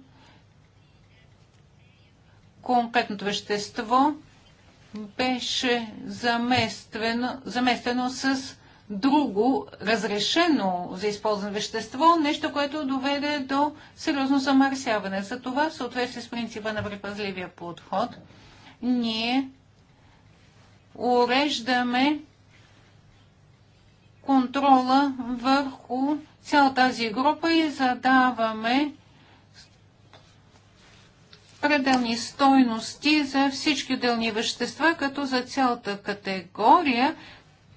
конкретното вещество беше заместено, заместено с друго разрешено за използване вещество, нещо, което доведе до сериозно замърсяване. За това, в съответствие с принципа на припазливия подход, ние уреждаме контрола върху цял тази група и задаваме пределни стойности за всички отделни вещества, като за цялата категория,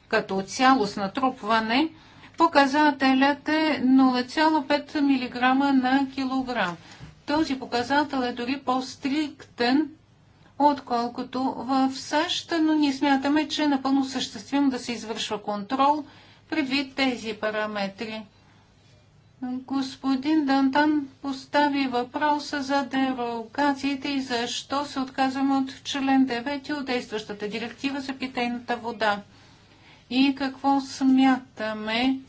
като цялост на трупване, показателят е 0,5 мг на килограм. Този показател е дори по-стриктен отколкото в САЩ, но ние смятаме, че е напълно съществим да се извършва контрол предвид тези параметри. Господин Дантан постави въпроса за дерогациите и защо се отказваме от член 9 от действащата директива за питейната вода. И какво смятаме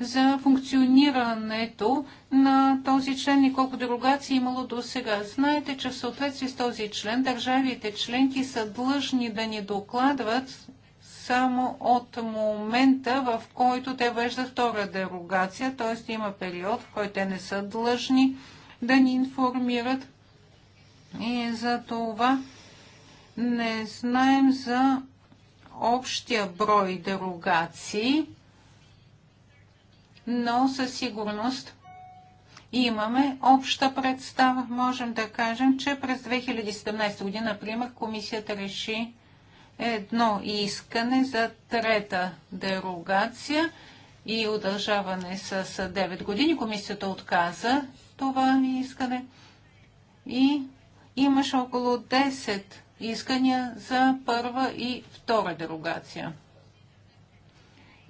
за функционирането на този член и колко дерогации е имало до сега. Знаете, че в съответствие с този член държавите членки са длъжни да ни докладват само от момента, в който те веждат втора дерогация, т.е. има период, в който те не са длъжни да ни информират. И за това не знаем за общия брой дерогации но със сигурност имаме обща представа. Можем да кажем, че през 2017 година, например, комисията реши едно искане за трета дерогация и удължаване с 9 години. Комисията отказа това искане и имаше около 10 искания за първа и втора дерогация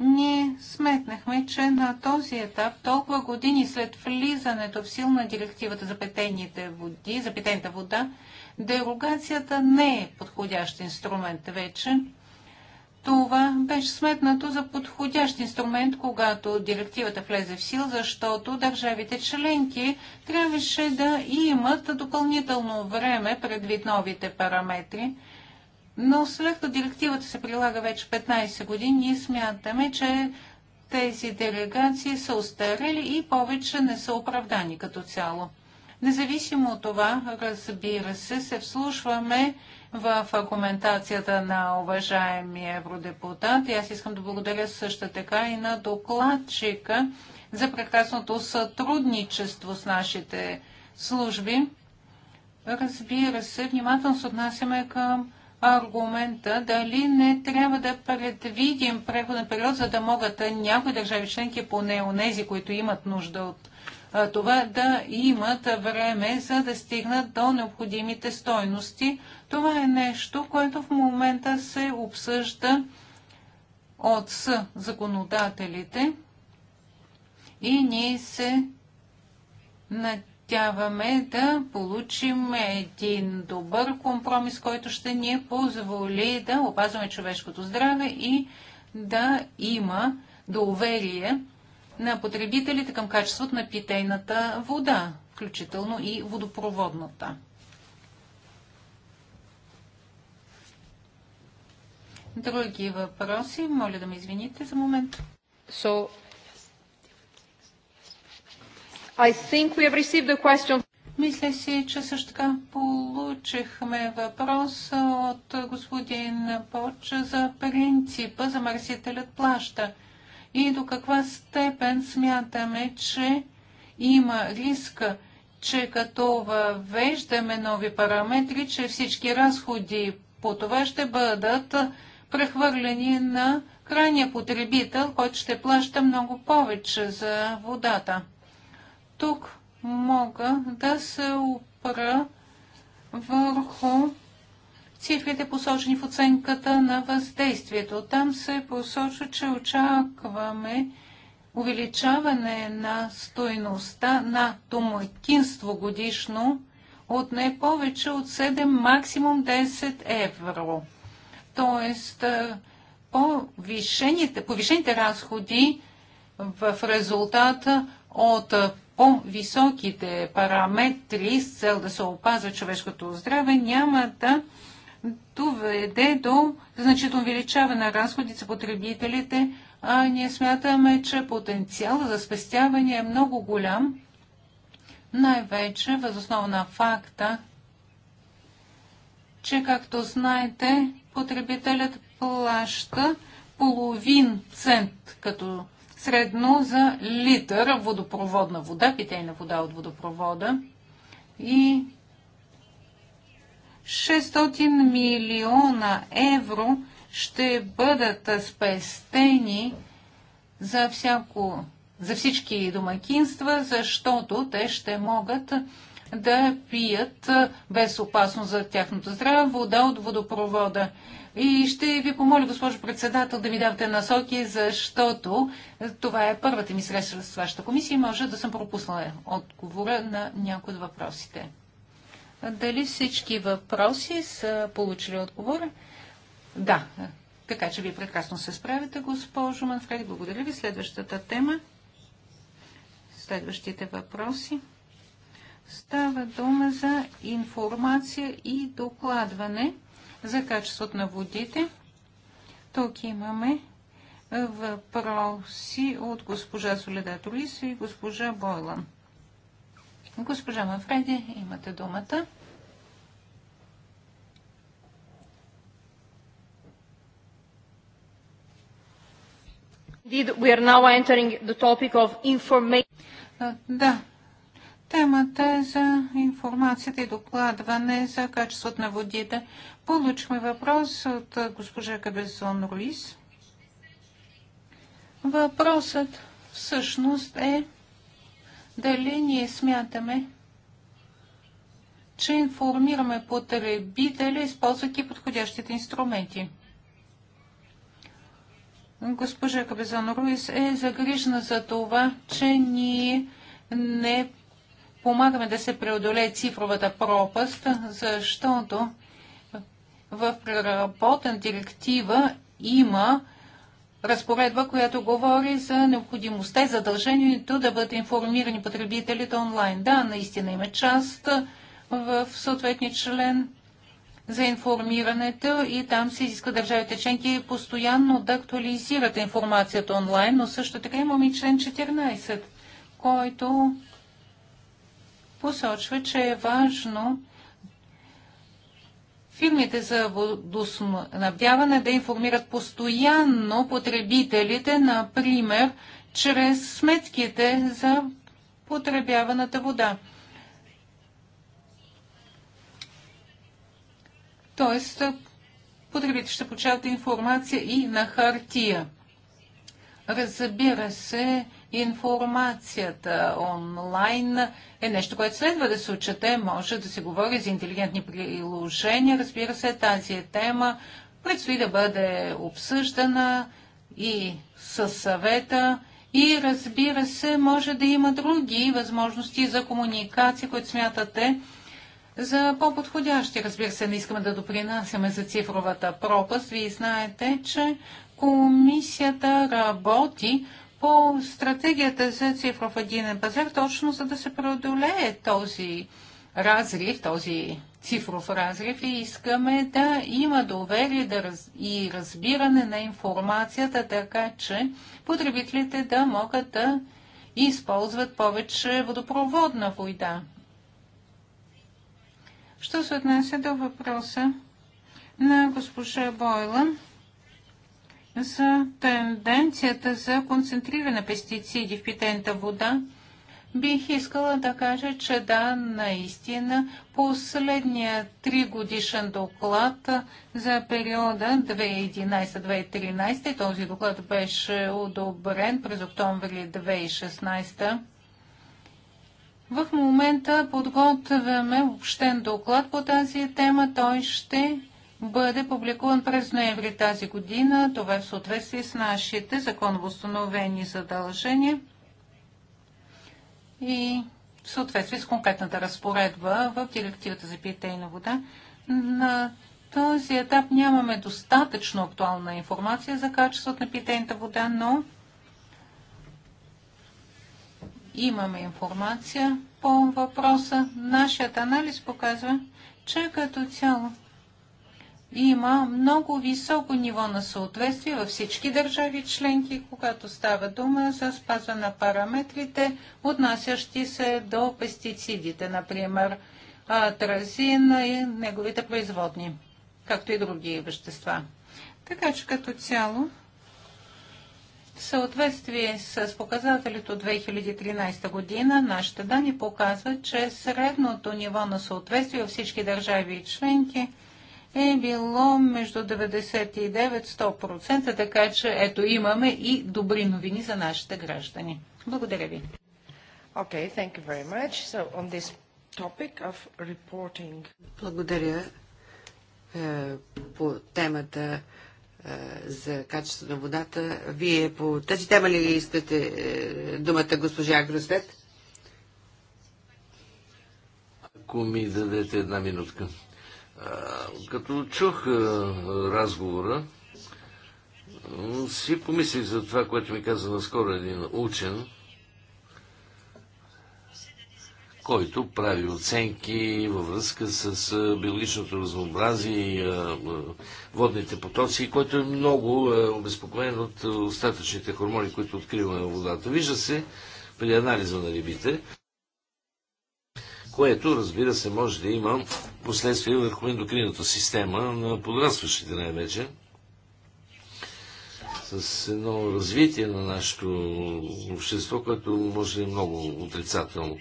ние сметнахме, че на този етап, толкова години след влизането в сил на директивата за питейните води, за питейната вода, дерогацията не е подходящ инструмент вече. Това беше сметнато за подходящ инструмент, когато директивата влезе в сил, защото държавите членки трябваше да имат допълнително време предвид новите параметри но след като директивата се прилага вече 15 години, ние смятаме, че тези делегации са устарели и повече не са оправдани като цяло. Независимо от това, разбира се, се вслушваме в аргументацията на уважаемия евродепутат. И аз искам да благодаря също така и на докладчика за прекрасното сътрудничество с нашите служби. Разбира се, внимателно се отнасяме към аргумента дали не трябва да предвидим преходен период, за да могат някои държави членки, поне у нези, които имат нужда от това да имат време, за да стигнат до необходимите стойности. Това е нещо, което в момента се обсъжда от с законодателите и ние се надяваме, успяваме да получим един добър компромис, който ще ни позволи да опазваме човешкото здраве и да има доверие на потребителите към качеството на питейната вода, включително и водопроводната. Други въпроси? Моля да ме извините за момент. So, I think we have received a question. Мисля си, че също така получихме въпрос от господин Поч за принципа замърсителят плаща и до каква степен смятаме, че има риска, че като въвеждаме нови параметри, че всички разходи по това ще бъдат прехвърлени на крайния потребител, който ще плаща много повече за водата. Тук мога да се опра върху цифрите, посочени в оценката на въздействието. Там се посочва, че очакваме увеличаване на стойността на домакинство годишно от не повече от 7, максимум 10 евро. Тоест, повишените, повишените разходи в резултата от по-високите параметри с цел да се опазва човешкото здраве, няма да доведе до значително увеличаване на разходите за потребителите, а ние смятаме, че потенциалът за спестяване е много голям, най-вече възоснова на факта, че, както знаете, потребителят плаща половин цент като средно за литър водопроводна вода, питейна вода от водопровода и 600 милиона евро ще бъдат спестени за, всяко, за всички домакинства, защото те ще могат да пият без опасност за тяхното здраве вода от водопровода. И ще ви помоля, госпожо председател, да ми давате насоки, защото това е първата ми среща с вашата комисия и може да съм пропуснала отговора на някои от въпросите. Дали всички въпроси са получили отговора? Да, така че вие прекрасно се справите, госпожо Манфред. Благодаря ви. Следващата тема. Следващите въпроси. Става дума за информация и докладване за качеството на водите. Тук имаме въпроси от госпожа Соледа Улис и госпожа Бойлан. Госпожа Мафреди, имате думата. Да, темата е за информацията и докладване за качеството на водите. Получихме въпрос от госпожа Кабесон Руис. Въпросът всъщност е дали ние смятаме, че информираме потребителя, използвайки подходящите инструменти. Госпожа Кабезон Руис е загрижена за това, че ние не помагаме да се преодолее цифровата пропаст, защото в преработен директива има разпоредба, която говори за необходимостта и задължението да бъдат информирани потребителите онлайн. Да, наистина има част в съответния член за информирането и там се изиска държавите членки постоянно да актуализират информацията онлайн, но също така имаме и член 14, който посочва, че е важно фирмите за водоснабдяване да информират постоянно потребителите, например, чрез сметките за потребяваната вода. Тоест, потребителите ще получават информация и на хартия. Разбира се, информацията онлайн е нещо, което следва да се отчете. Може да се говори за интелигентни приложения. Разбира се, тази е тема предстои да бъде обсъждана и със съвета. И разбира се, може да има други възможности за комуникация, които смятате за по-подходящи. Разбира се, не искаме да допринасяме за цифровата пропаст. Вие знаете, че комисията работи по стратегията за цифров единен пазар, точно за да се преодолее този разрив, този цифров разрив и искаме да има доверие да раз... и разбиране на информацията, така че потребителите да могат да използват повече водопроводна вода. Що се отнася до въпроса на госпожа Бойла, за тенденцията за концентриране на пестициди в питейната вода, бих искала да кажа, че да, наистина, последния тригодишен доклад за периода 2011-2013, този доклад беше одобрен през октомври 2016 в момента подготвяме общен доклад по тази тема. Той ще бъде публикуван през ноември тази година. Това е в съответствие с нашите законово установени задължения и в съответствие с конкретната разпоредба в директивата за питейна вода. На този етап нямаме достатъчно актуална информация за качеството на питейната вода, но имаме информация по въпроса. Нашият анализ показва, че като цяло има много високо ниво на съответствие във всички държави членки, когато става дума за спазване на параметрите, отнасящи се до пестицидите, например тразина и неговите производни, както и други вещества. Така че като цяло, в съответствие с показателите от 2013 година, нашите данни показват, че средното ниво на съответствие във всички държави и членки – е било между 99 100%, така че ето имаме и добри новини за нашите граждани. Благодаря ви. Okay, thank you very much. So on this topic of reporting... Благодаря е, по темата е, за качеството на водата. Вие по тази тема ли искате е, думата, госпожа Гростет? Ако ми дадете една минутка. Като чух разговора, си помислих за това, което ми каза наскоро един учен, който прави оценки във връзка с биологичното разнообразие и водните потоци, който е много обезпокоен от остатъчните хормони, които откриваме във водата. Вижда се при анализа на рибите, което, разбира се, може да има последствия върху ендокринната система на подрастващите най-вече. С едно развитие на нашето общество, което може да е много отрицателно.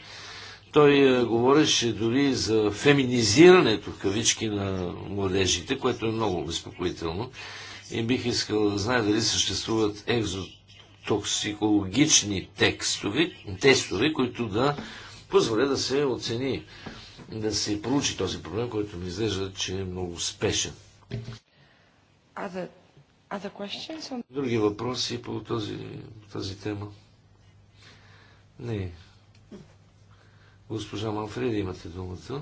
Той е, говореше дори за феминизирането в кавички на младежите, което е много безпокоително. И бих искал да знае дали съществуват екзотоксикологични текстове, тестове, които да позволя да се оцени, да се проучи този проблем, който ми изглежда, че е много спешен. Други въпроси по този, тази тема? Не. Госпожа Манфреди, имате думата.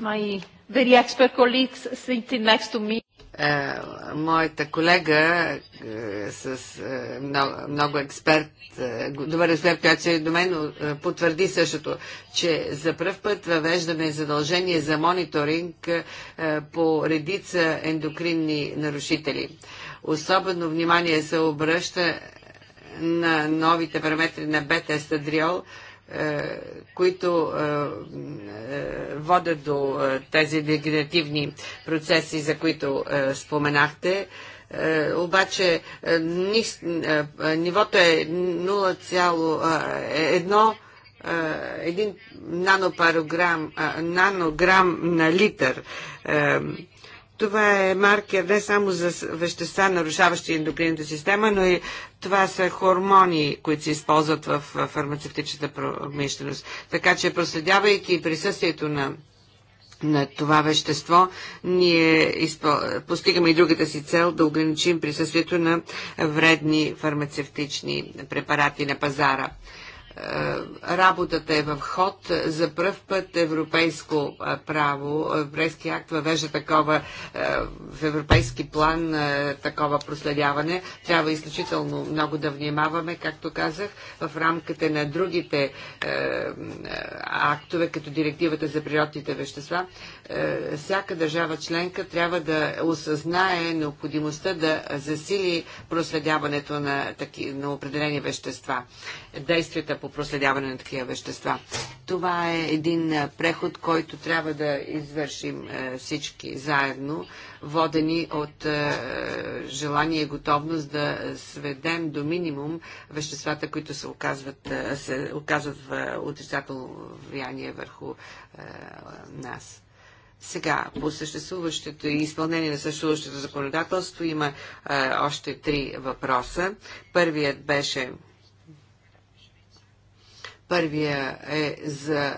My very expert colleagues sitting next to me. Е, моята колега е, с е, много, много експерт, добър експерт, която се до мен потвърди същото, че за първ път въвеждаме задължение за мониторинг по редица ендокринни нарушители. Особено внимание се обръща на новите параметри на бета-естадриол, е, които е, е, водят до тези дегенеративни процеси, за които споменахте. Обаче нивото е 0,1 нанопарограм, нанограм на литър. Това е маркер не само за вещества, нарушаващи ендокринната система, но и това са хормони, които се използват в фармацевтичната промишленост. Така че проследявайки присъствието на на това вещество, ние изпо... постигаме и другата си цел да ограничим присъствието на вредни фармацевтични препарати на пазара. Е, работата е в ход. За първ път европейско е, право, европейски акт въвежда такова е, в европейски план такова проследяване. Трябва изключително много да внимаваме, както казах, в рамките на другите актове, като директивата за природните вещества. Е, всяка държава членка трябва да осъзнае необходимостта да засили проследяването на, таки, на определени вещества, действията по проследяване на такива вещества. Това е един е, преход, който трябва да извършим е, всички заедно, водени от желание и готовност да сведем до минимум веществата, които се оказват, се оказват в отрицателно влияние върху нас. Сега, по съществуващото и изпълнение на съществуващото законодателство има а, е, още три въпроса. Първият беше Първия е за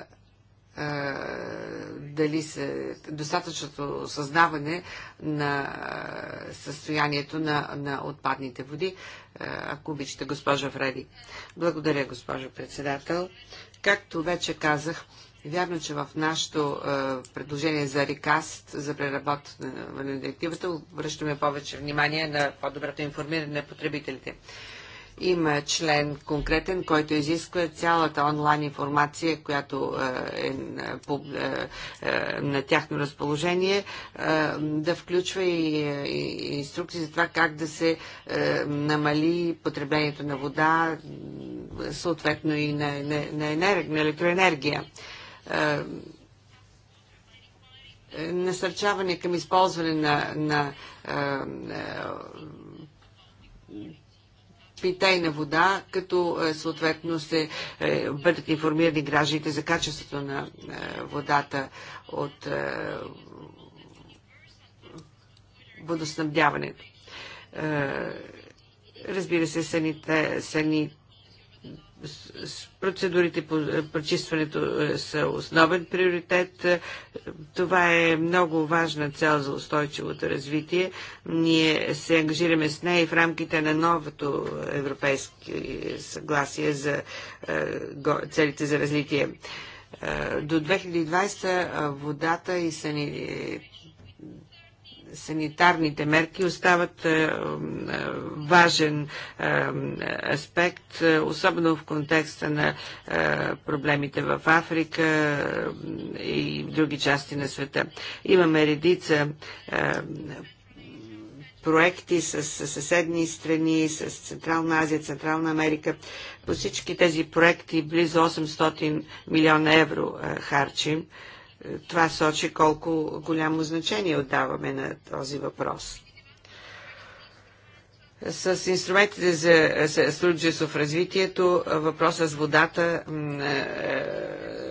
а, е, дали се достатъчното съзнаване на е, състоянието на, на отпадните води. Ако обичате, госпожа Фреди. Благодаря, госпожа председател. Както вече казах, е вярно, че в нашето е, предложение за рекаст, за преработване на директивата, обръщаме повече внимание на по-доброто информиране на потребителите. Има член конкретен, който изисква цялата онлайн информация, която е, е, е на тяхно разположение, да включва и, инструкции за това как да се намали потреблението на вода, съответно и на, на, на, на електроенергия. Е, насърчаване към използване на, на, а, е, а, е, питейна вода, като съответно се а, бъдат информирани гражданите за качеството на а, водата от а, водоснабдяването. Разбира се, саните, санит Процедурите по е, прочистването е, са основен приоритет. Е, това е много важна цел за устойчивото развитие. Ние се ангажираме с нея и в рамките на новото европейско съгласие за целите за развитие. До 2020 водата и сани санитарните мерки остават е, е, важен е, аспект, особено в контекста на проблемите в Африка и в други части на света. Имаме редица проекти с съседни страни, с Централна Азия, Централна Америка. По всички тези проекти близо 800 милиона евро харчим. Това сочи колко голямо значение отдаваме на този въпрос. С инструментите за сътрудничество в развитието въпросът с водата е,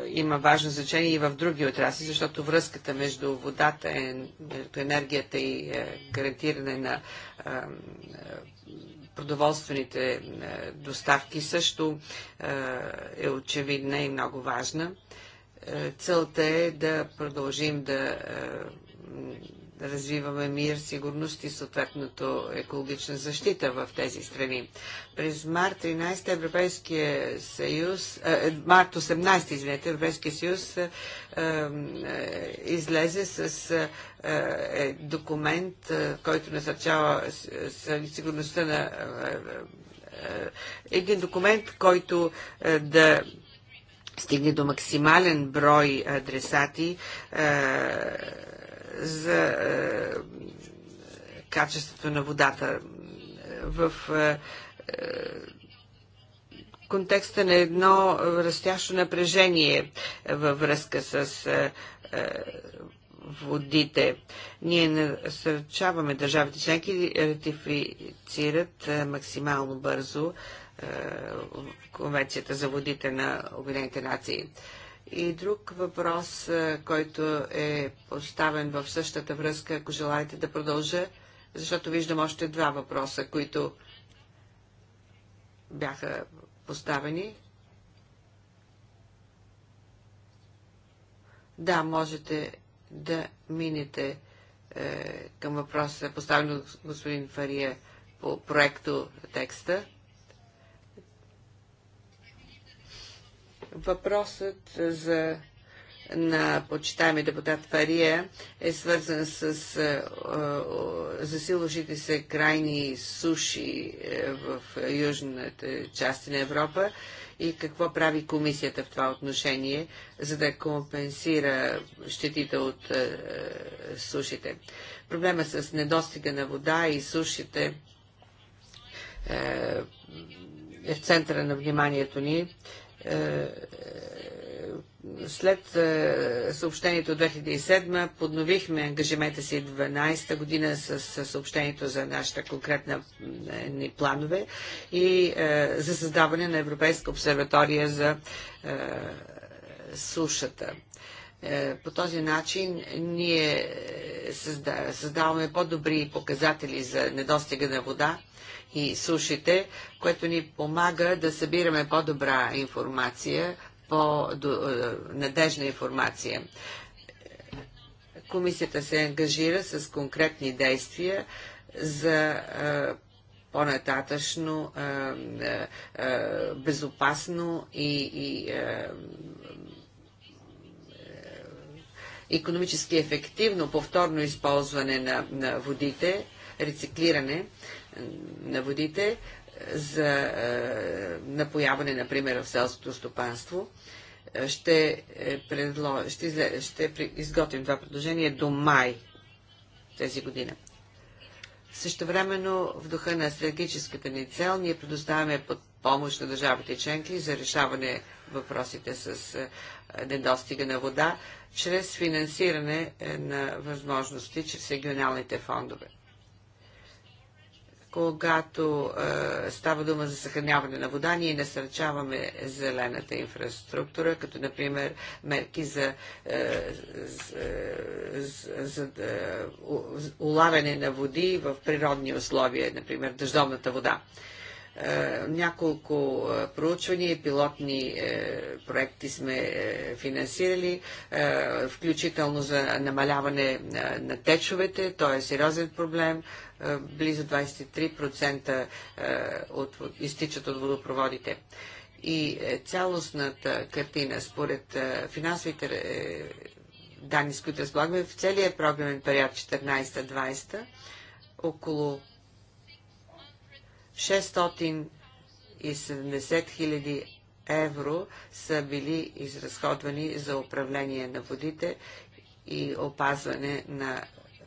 има важно значение и в други отрасли, защото връзката между водата, е, енергията и е, гарантиране на продоволствените доставки също е очевидна и много важна. Е, целта е да продължим да е, развиваме мир, сигурност и съответното екологична защита в тези страни. През март 13 Европейския съюз, е, е март 18, извинете, Европейския съюз е, е, излезе с е, документ, е, който насърчава сигурността на е, един документ, който да стигне до максимален брой адресати е, за е, качеството на водата. В е, контекста на едно растящо напрежение във връзка с водите. Ние насърчаваме държавите членки да ратифицират максимално бързо е, Конвенцията за водите на Обединените нации. И друг въпрос, е, който е поставен в същата връзка, ако желаете да продължа, защото виждам още два въпроса, които бяха поставени. Да, можете да минете е, към въпроса, поставен от господин Фария по проекто текста. Въпросът за на почитаеми депутат Фария е свързан с е, засилващите се крайни суши е, в южната част на Европа и какво прави комисията в това отношение, за да компенсира щетите от е, сушите. Проблема с недостига на вода и сушите е в центъра на вниманието ни е, след е, съобщението от 2007 подновихме ангажимента си 12-та година с съобщението за нашата конкретна ни планове и е, за създаване на Европейска обсерватория за сушата. По този начин ние създаваме по-добри показатели за недостига на вода и сушите, което ни помага да събираме по-добра информация, по-надежна е, информация. Комисията се ангажира с конкретни действия за е, по-нататъчно е, безопасно и, и економически ефективно повторно използване на, на водите, рециклиране – на водите е, за е, напояване, например, в селското стопанство. Е, ще, предло... ще, ще изготвим това предложение до май тази година. Също времено, в духа на стратегическата ни цел, ние предоставяме под помощ на държавите членки за решаване въпросите с недостига на вода, чрез финансиране на възможности, чрез регионалните фондове когато е, става дума за съхраняване на вода, ние насърчаваме зелената инфраструктура, като например мерки за, е, за, е, за е, улавяне на води в природни условия, например дъждовната вода. Е, е, няколко е, проучвания и пилотни е, проекти сме финансирали, включително за намаляване на течовете. То е сериозен проблем. Близо 23% от, изтичат от водопроводите. И цялостната картина, според финансовите данни, с които разполагаме, в целия програмен период 14-20, около 670 000 евро са били изразходвани за управление на водите и опазване на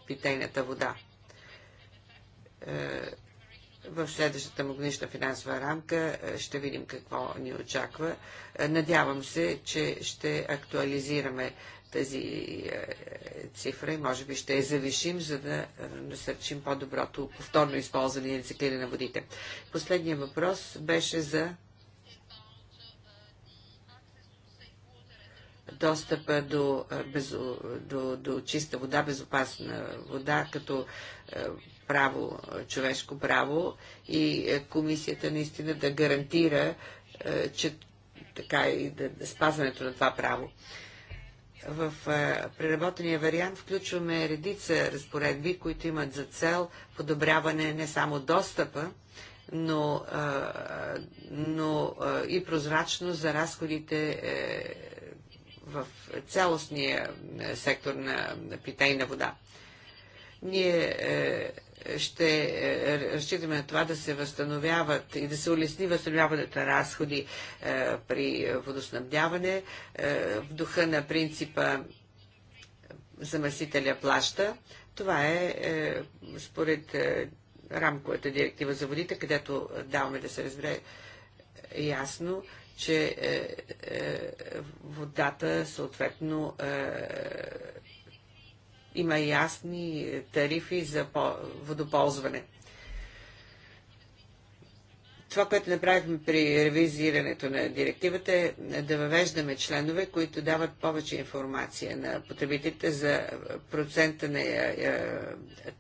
питейната вода. Е, в следващата му годишна финансова рамка е, ще видим какво ни очаква. Е, надявам се, че ще актуализираме тази е, цифра и може би ще я завишим, за да е, насърчим по-доброто повторно използване и рециклиране на водите. Последният въпрос беше за достъпа до, е, до, до чиста вода, безопасна вода, като право, човешко право и комисията наистина да гарантира, че така и да, да спазването на това право. В е, преработения вариант включваме редица разпоредби, които имат за цел подобряване не само достъпа, но, е, но е, и прозрачност за разходите в цялостния сектор на питейна вода. Ние ще е, разчитаме на това да се възстановяват и да се улесни възстановяването на разходи е, при водоснабдяване е, в духа на принципа замърсителя плаща. Това е според рамковата директива за водите, където даваме да се разбере ясно, че водата съответно има ясни тарифи за водоползване. Това, което направихме при ревизирането на директивата е да въвеждаме членове, които дават повече информация на потребителите за процента на е, е,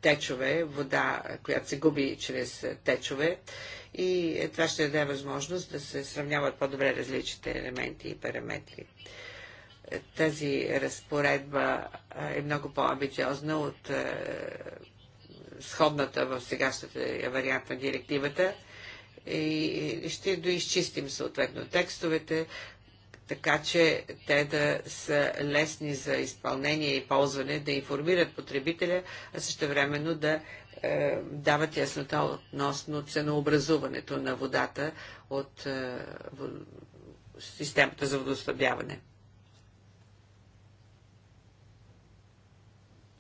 течове, вода, която се губи чрез е, течове. И това ще даде възможност да се сравняват по-добре различните елементи и параметри тази разпоредба е много по-амбициозна от е, сходната в сегашната вариант на директивата и ще доизчистим съответно текстовете, така че те да са лесни за изпълнение и ползване, да информират потребителя, а също времено да е, дават яснота относно ценообразуването на водата от е, системата за водоснабдяване.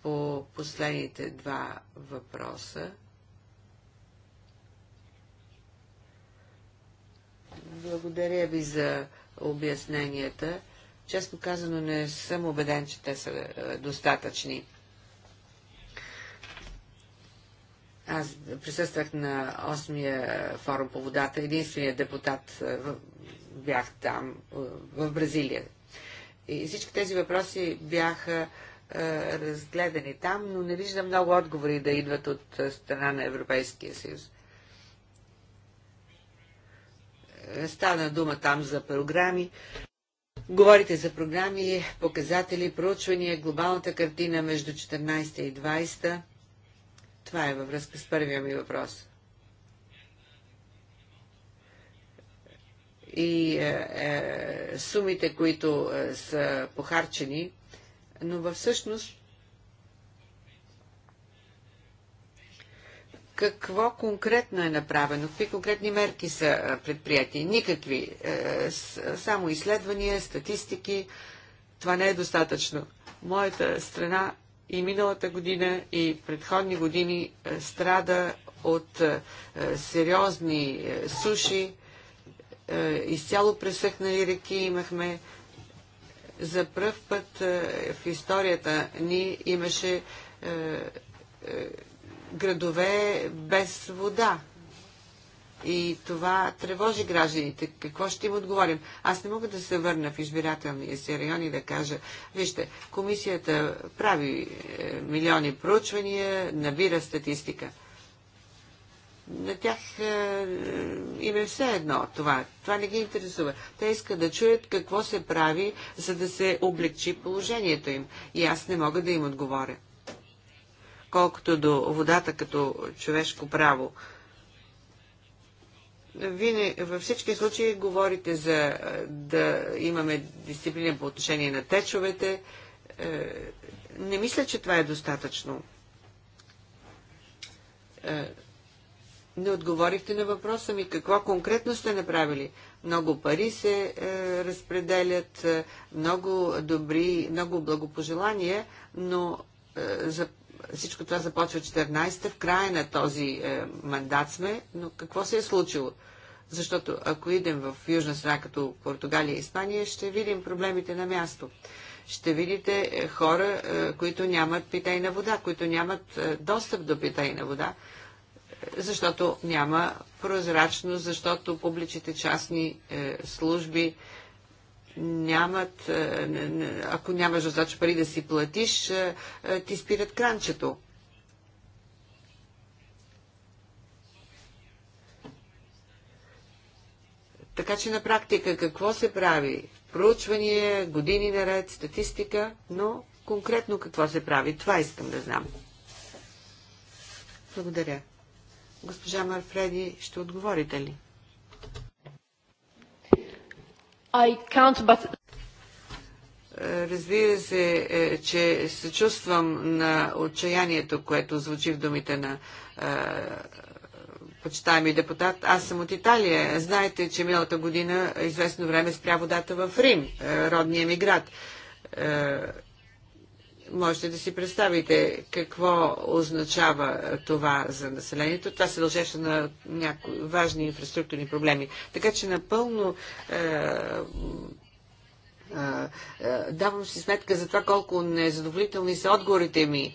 по последните два въпроса. Благодаря ви за обясненията. Честно казано, не съм убеден, че те са е, достатъчни. Аз присъствах на 8-я форум по водата. Единственият депутат е, бях там, е, в Бразилия. И всички тези въпроси бяха е, разгледани там, но не виждам много отговори да идват от е, страна на Европейския съюз. Е, стана дума там за програми. Говорите за програми, показатели, проучвания, глобалната картина между 14 и 20. Това е във връзка с първия ми въпрос. И е, е, сумите, които е, са похарчени, но във всъщност какво конкретно е направено, какви конкретни мерки са предприяти? Никакви, е, само изследвания, статистики. Това не е достатъчно. Моята страна и миналата година, и предходни години е, страда от е, сериозни суши, изцяло пресъхнали реки имахме, за пръв път е, в историята ни имаше е, е, градове без вода. И това тревожи гражданите. Какво ще им отговорим? Аз не мога да се върна в избирателния си район и да кажа, вижте, комисията прави милиони проучвания, набира статистика на тях е, е, им е все едно това. Това не ги интересува. Те искат да чуят какво се прави, за да се облегчи положението им. И аз не мога да им отговоря. Колкото до водата като човешко право, вие във всички случаи говорите за е, да имаме дисциплина по отношение на течовете. Не мисля, че това е достатъчно. Не отговорихте на въпроса ми какво конкретно сте направили. Много пари се е, разпределят, е, много добри, много благопожелания, но е, за, всичко това започва 14-та, в края на този е, мандат сме, но какво се е случило? Защото ако идем в южна страна като Португалия и Испания, ще видим проблемите на място ще видите е, хора, е, които нямат питейна вода, които нямат достъп до питейна вода защото няма прозрачност, защото публичните частни е, служби нямат, е, не, ако нямаш достатъчно пари да си платиш, е, е, ти спират кранчето. Така че на практика какво се прави? Проучвания, години наред, статистика, но конкретно какво се прави? Това искам да знам. Благодаря. Госпожа Марфреди, ще отговорите ли? I can't, but... Е, разбира се, е, че съчувствам на отчаянието, което звучи в думите на е, почитаеми депутат. Аз съм от Италия. Знаете, че миналата година известно време спря водата в Рим, родния ми град. Можете да си представите какво означава това за населението. Това се дължеше на някои важни инфраструктурни проблеми. Така че напълно е, Давам си сметка за това колко незадоволителни са отговорите ми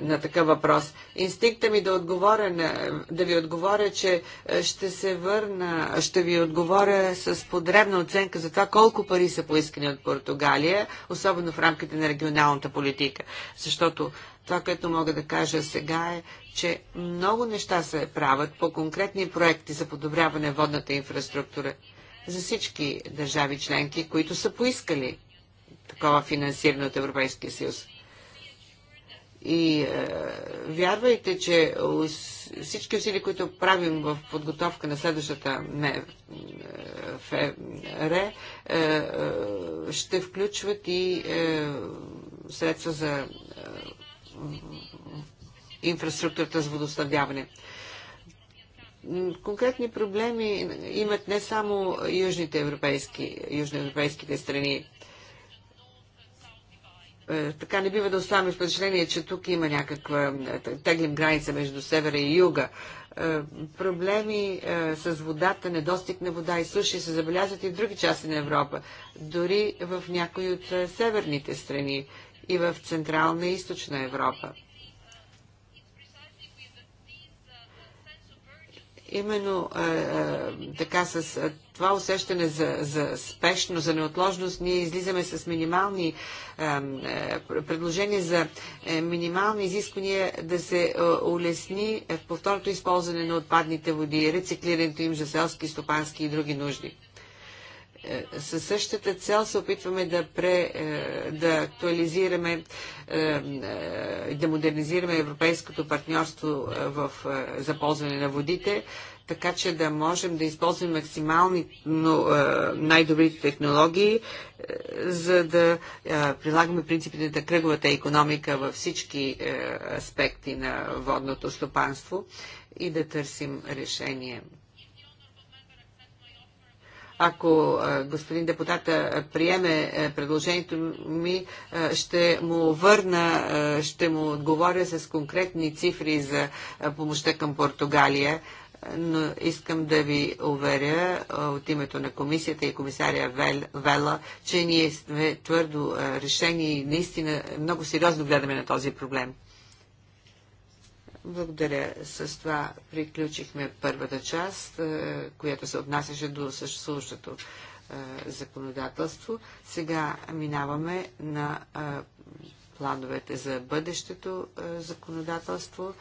на такъв въпрос. Инстинкта ми да, отговоря на, да ви отговоря, че ще се върна, ще ви отговоря с подребна оценка за това колко пари са поискани от Португалия, особено в рамките на регионалната политика. Защото това, което мога да кажа сега е, че много неща се правят по конкретни проекти за подобряване водната инфраструктура за всички държави членки, които са поискали такова финансиране от Европейския съюз. И е, вярвайте, че всички усилия, които правим в подготовка на следващата МФР, е е, е, е, ще включват и е, средства за е, инфраструктурата за водоснабдяване. Конкретни проблеми имат не само южните европейски, южноевропейските страни. Е, така не бива да оставаме впечатление, че тук има някаква е, теглим граница между севера и юга. Е, проблеми с водата, недостиг на вода и суши се забелязват и в други части на Европа, дори в някои от северните страни и в Централна и Източна Европа Именно а, е, а, е, така с а, е, това усещане за, за спешно, за неотложност, ние излизаме с минимални а, предложения за минимални изисквания да се улесни повторното използване на отпадните води, рециклирането им за селски, стопански и други нужди. Е, със същата цел се опитваме да, пре, е, да актуализираме, е, да модернизираме европейското партньорство в, за ползване на водите, така че да можем да използваме максимални най-добрите технологии, за да прилагаме принципите на кръговата економика във всички аспекти на водното стопанство и да търсим решение ако господин депутата приеме предложението ми, ще му върна, ще му отговоря с конкретни цифри за помощта към Португалия но искам да ви уверя от името на комисията и комисаря Вела, че ние сме твърдо решени и наистина много сериозно гледаме на този проблем. Благодаря. С това приключихме първата част, е, която се отнасяше до съществуващото е, законодателство. Сега минаваме на е, плановете за бъдещето законодателство.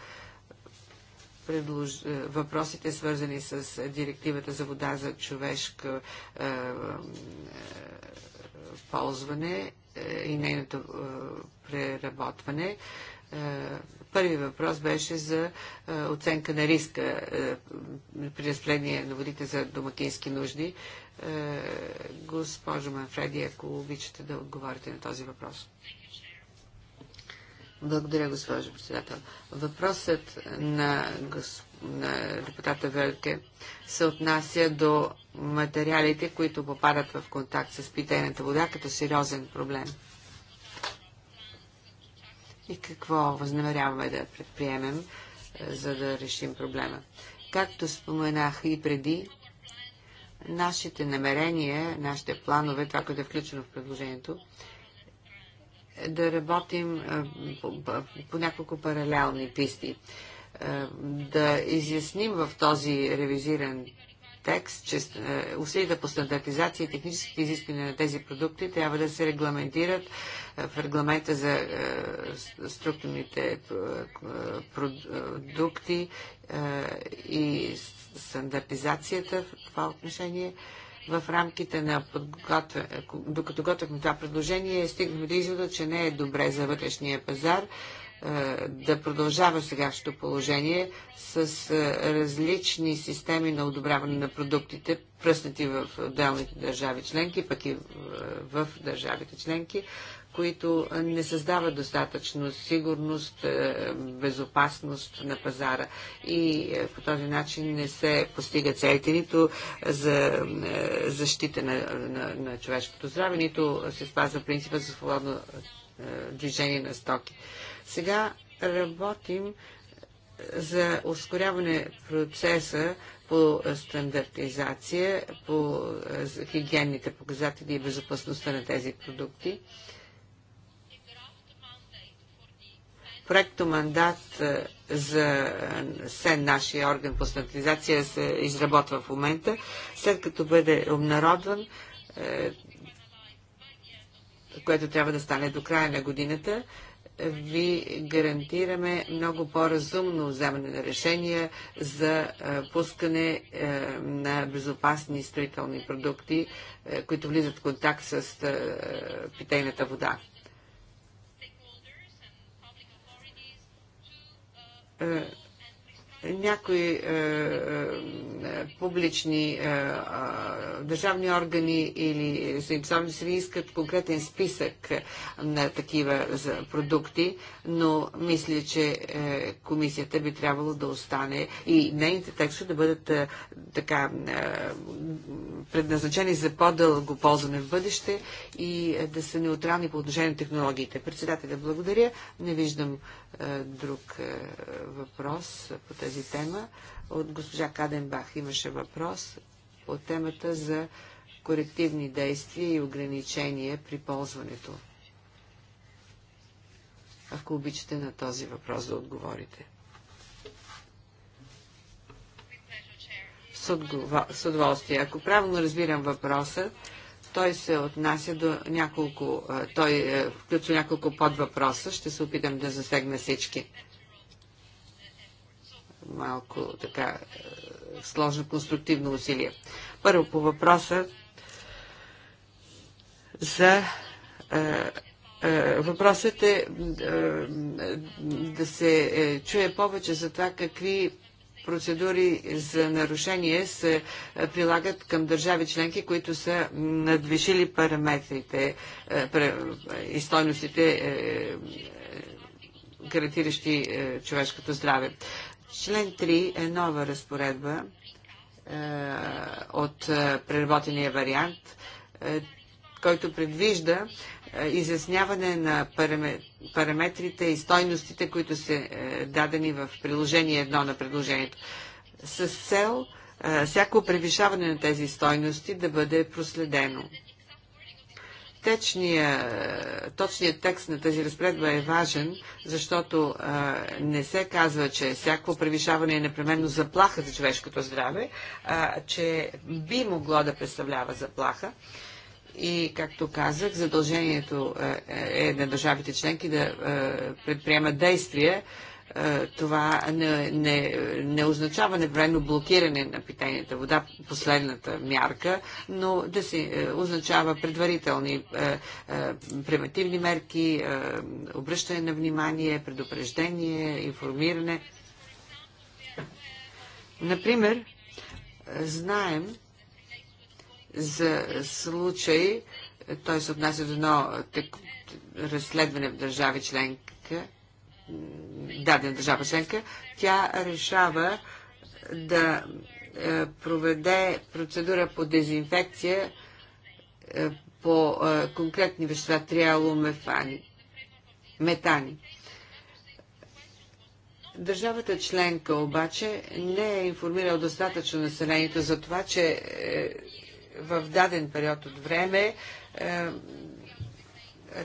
Предлож... Въпросите, свързани с директивата за вода за човешко ползване и нейното преработване е, Първи въпрос беше за е, оценка на риска е, при разпределение на водите за домакински нужди. Госпожо Манфреди, ако обичате да отговорите на този въпрос. Благодаря, госпожо председател. Въпросът на, на депутата Велке се отнася до материалите, които попадат в контакт с питейната вода като сериозен проблем и какво възнамеряваме да предприемем, е, за да решим проблема. Както споменах и преди, нашите намерения, нашите планове, това, което е включено в предложението, да работим е, по няколко паралелни писти. Е, да изясним в този ревизиран текст, че е, усилията по стандартизация и техническите изисквания на тези продукти трябва да се регламентират е, в регламента за е, структурните продукти и стандартизацията в това отношение в рамките на подготвя, докато готвяхме това предложение, стигнахме до извода, че не е добре за вътрешния пазар е, да продължава сегашното положение с е, различни системи на одобряване на продуктите, пръснати в отделните държави членки, пък и в държавите членки, които не създават достатъчно сигурност, е, безопасност на пазара и по този начин не се постига целите нито за защита на, на, на човешкото здраве, нито се спазва принципа за свободно движение на стоки. Сега работим за ускоряване процеса по стандартизация, по е, хигиенните показатели и безопасността на тези продукти. Проекто мандат е, за е, СЕН, нашия орган по стандартизация, се изработва в момента. След като бъде обнародван, което трябва да стане до края на годината, ви гарантираме много по-разумно вземане на решения за е, пускане е, на безопасни строителни продукти, е, които влизат в контакт с питейната вода някои е, е, публични е, е, държавни органи или заинтересовани се искат конкретен списък на такива за продукти, но мисля, че е, комисията би трябвало да остане и нейните текстове да бъдат е, така е, предназначени за по-дълго ползване в бъдеще и е, да са неутрални по отношение на технологиите. Председателя, благодаря. Не виждам е, друг е, въпрос по тази тема. От госпожа Каденбах имаше въпрос от темата за корективни действия и ограничения при ползването. Ако обичате на този въпрос да отговорите. С, удоволствие. Ако правилно разбирам въпроса, той се отнася до няколко, той е, включва няколко подвъпроса. Ще се опитам да засегна всички. Малко така е, сложно конструктивно усилие. Първо по въпроса за е, Въпросът е да се чуе повече за това какви процедури за нарушение се прилагат към държави членки, които са надвишили параметрите е, и стойностите е, е, гарантиращи човешкото здраве. Член 3 е нова разпоредба от преработения вариант, който предвижда е, изясняване на параметрите и стойностите, които са е, дадени в приложение 1 на предложението. С цел е, всяко превишаване на тези стойности да бъде проследено. Течния, точният текст на тази разпредба е важен, защото а, не се казва, че всяко превишаване е непременно заплаха за човешкото здраве, а че би могло да представлява заплаха. А, и, както казах, задължението е, е, е на държавите членки да е, предприемат действия. Това не, не, не означава непременно блокиране на питейната вода, последната мярка, но да се означава предварителни превентивни мерки, обръщане на внимание, предупреждение, информиране. Например, знаем, за случай, той се отнася до едно разследване в държави членка, дадена държава членка, тя решава да е, проведе процедура по дезинфекция е, по е, конкретни вещества триалумефани, метани. Държавата членка обаче не е информирала достатъчно населението за това, че в даден период от време е,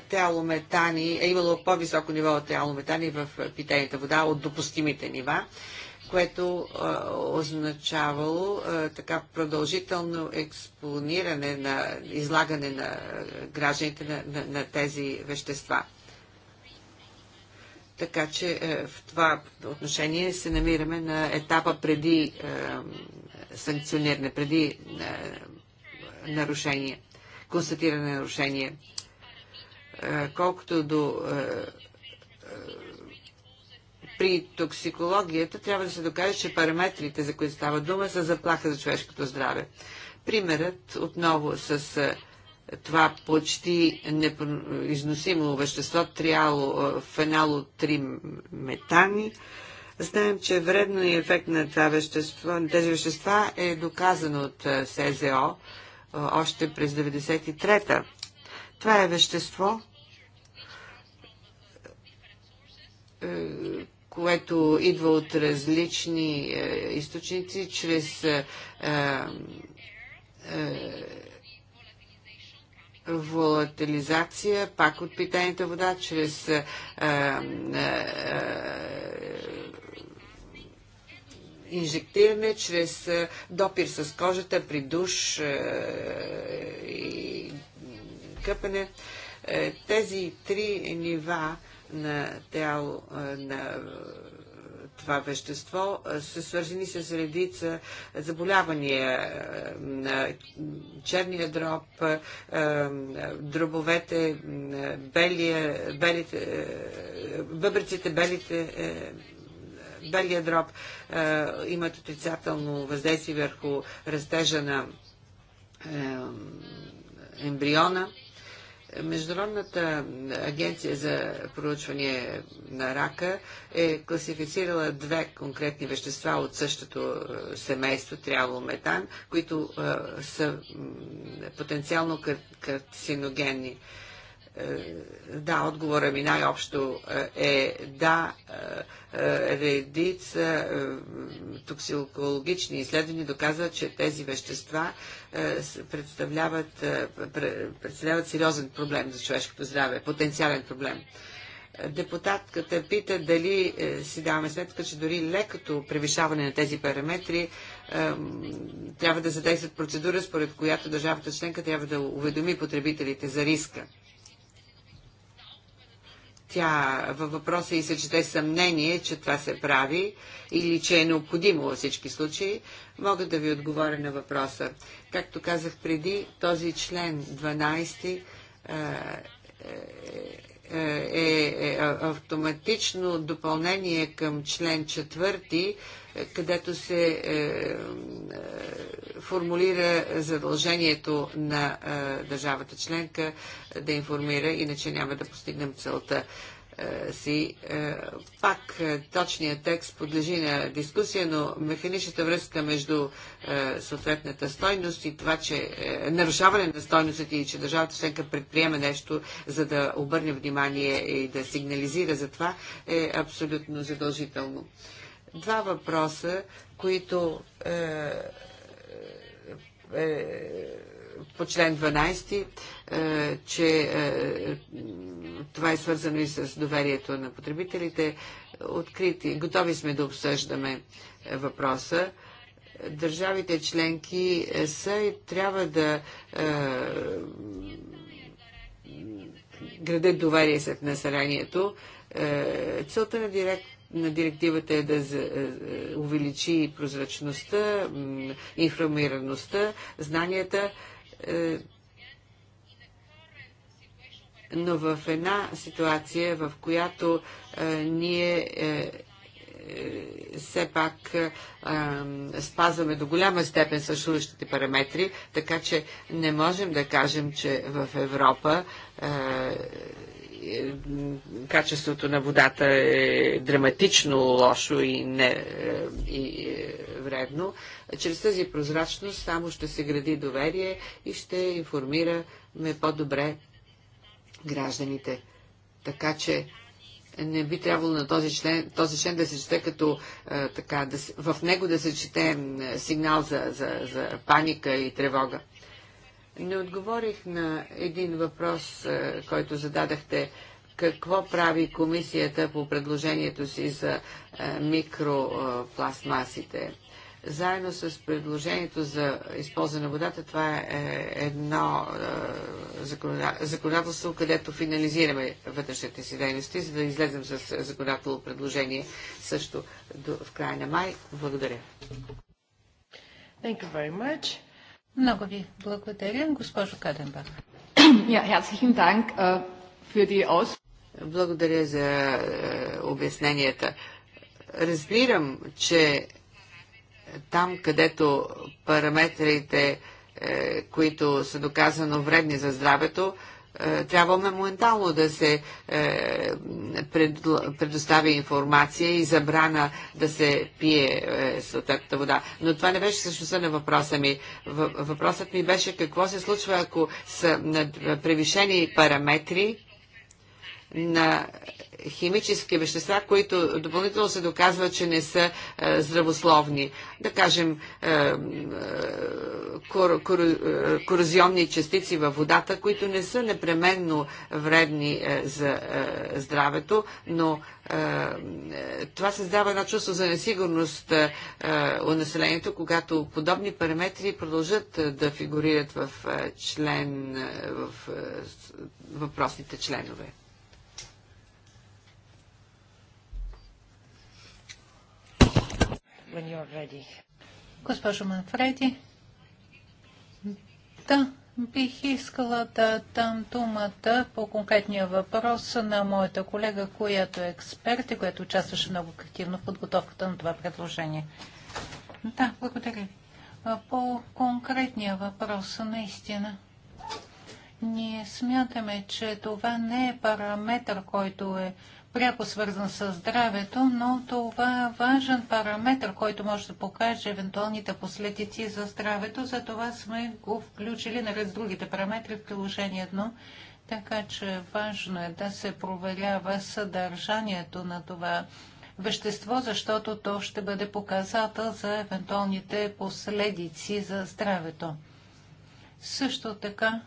теалометани, е имало по-високо ниво от теалометани в питейната вода от допустимите нива, което е, означавало е, така продължително експониране на излагане на е, гражданите на, на, на тези вещества. Така че е, в това отношение се намираме на етапа преди е, санкциониране, преди е, нарушение, констатиране на нарушение. Е, колкото до е, е, при токсикологията трябва да се докаже, че параметрите, за които става дума, са заплаха за човешкото здраве. Примерът отново с това почти износимо вещество триало, фенало 3 метани. Знаем, че вредно и ефект на това вещество, на тези вещества е доказано от СЗО още през 1993-та. Това е вещество, е, което идва от различни е, източници, чрез е, волатилизация, пак от питейната вода, чрез инжектиране чрез допир с кожата при душ и къпане. Е, тези три нива на тяло на това вещество са свързани с редица заболявания на черния дроб, дробовете, белия, белите, бъбриците, белите е, белия дроб е, имат отрицателно въздействие върху растежа на е, ембриона. Международната агенция за проучване на рака е класифицирала две конкретни вещества от същото е, семейство, триалометан, които е, са потенциално кар карциногенни. Е, да, отговора ми най-общо е, е да, е, редица токсикологични изследвания доказват, че тези вещества представляват, представляват сериозен проблем за човешкото здраве, потенциален проблем депутатката пита дали си даваме сметка, че дори лекото превишаване на тези параметри трябва да задействат процедура, според която държавата членка трябва да уведоми потребителите за риска. Тя във въпроса и се чете съмнение, че това се прави или че е необходимо във всички случаи, мога да ви отговоря на въпроса. Както казах преди, този член 12 е, е, е, е, е автоматично допълнение към член четвърти, е, където се формулира задължението на държавата членка да информира, иначе няма да постигнем целта. Е, си. Е, пак е, точният текст подлежи на дискусия, но механичната връзка между съответната стойност и това, че нарушаване на стойностите и че държавата членка предприема нещо, за да обърне внимание и да сигнализира за това, е абсолютно задължително. Два въпроса, които е, е, по член 12 е, че е, това е свързано и с доверието на потребителите. Открити, готови сме да обсъждаме въпроса държавите членки е, са и трябва да градят доверие след населението. целта на, директ, на директивата е да увеличи прозрачността, информираността, знанията но в една ситуация, в която е, ние е, е все пак е, спазваме до голяма степен съществуващите параметри, така че не можем да кажем, че в Европа е, е качеството на водата е драматично лошо и, не, е, и вредно. Чрез тази прозрачност само ще се гради доверие и ще информираме по-добре гражданите. Така че не би трябвало на този член, този член да се чете като е, така, да, в него да се чете сигнал за, за, за паника и тревога. Не отговорих на един въпрос, е, който зададахте. Какво прави комисията по предложението си за е, микропластмасите? Заедно с предложението за използване на водата, това е, е едно е, законодателство, където финализираме вътрешните си дейности, за да излезем с законодателно предложение също в края на май. Благодаря. Thank you very much. Много ви благодаря, госпожо Каденбах. Ja, herzlichen Dank äh, für die Aus... Благодаря за е, обясненията. Разбирам, че там, където параметрите, е, които са доказано вредни за здравето, е, трябва моментално да се е, предостави информация и забрана да се пие съответната вода. Но това не беше същността на въпроса ми. Въпросът ми беше какво се случва, ако са превишени параметри на химически вещества, които допълнително се доказва, че не са е, здравословни. Да кажем, е, е, кор, кор, е, корозионни частици във водата, които не са непременно вредни е, за е, здравето, но е, е това създава едно чувство за несигурност е, е, у населението, когато подобни параметри продължат е, да фигурират в, е, член, е, в е, въпросните членове. when you're ready. Госпожо Манфреди, да, бих искала да дам думата по конкретния въпрос на моята колега, която е експерт и която участваше много активно в подготовката на това предложение. Да, благодаря. По конкретния въпрос, наистина. Ние смятаме, че това не е параметър, който е пряко свързан с здравето, но това е важен параметр, който може да покаже евентуалните последици за здравето. Затова сме го включили наред нали, с другите параметри в приложение 1. Така че важно е да се проверява съдържанието на това вещество, защото то ще бъде показател за евентуалните последици за здравето. Също така,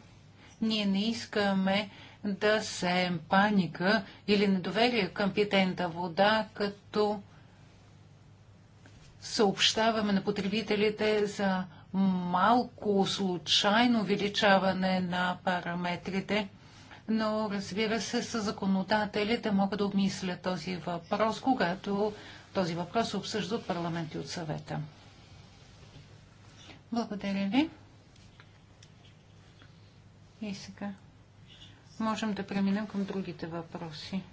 ние не искаме да сеем паника или недоверие към питейната вода, като съобщаваме на потребителите за малко случайно увеличаване на параметрите, но разбира се, с законодателите могат да обмислят този въпрос, когато този въпрос се обсъжда от парламент и от съвета. Благодаря ви. И сега можем да преминем към другите въпроси.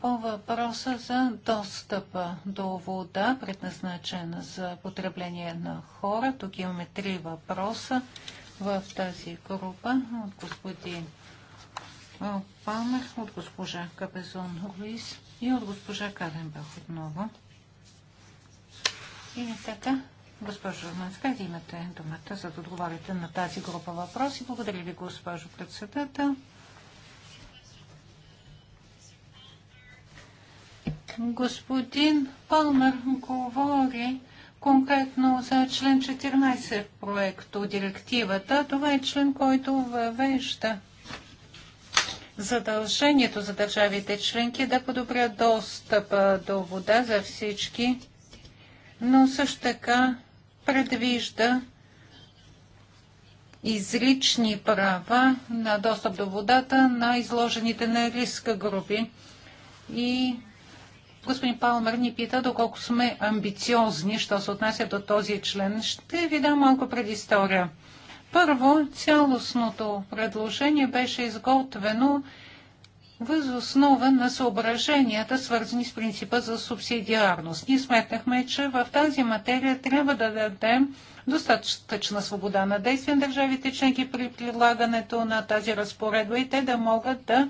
По въпроса за достъпа до вода, предназначена за потребление на хора, тук имаме три въпроса в тази група от господин Палмер, от госпожа Капезон Руис и от госпожа Каденбах отново. И така, Госпожо Манска, имате думата, за да отговорите на тази група въпроси. Благодаря ви, госпожо председател. Господин Палмер говори конкретно за член 14 в от директивата. Това е член, който въвежда задължението за държавите членки да подобрят достъпа до вода за всички, но също така предвижда изрични права на достъп до водата на изложените на риска групи. И господин Палмер ни пита доколко сме амбициозни, що се отнася до този член. Ще ви дам малко предистория. Първо, цялостното предложение беше изготвено въз основа на съображенията, свързани с принципа за субсидиарност. Ние сметнахме, че в тази материя трябва да дадем достатъчна свобода на действие на държавите членки при прилагането на тази разпоредба и те да могат да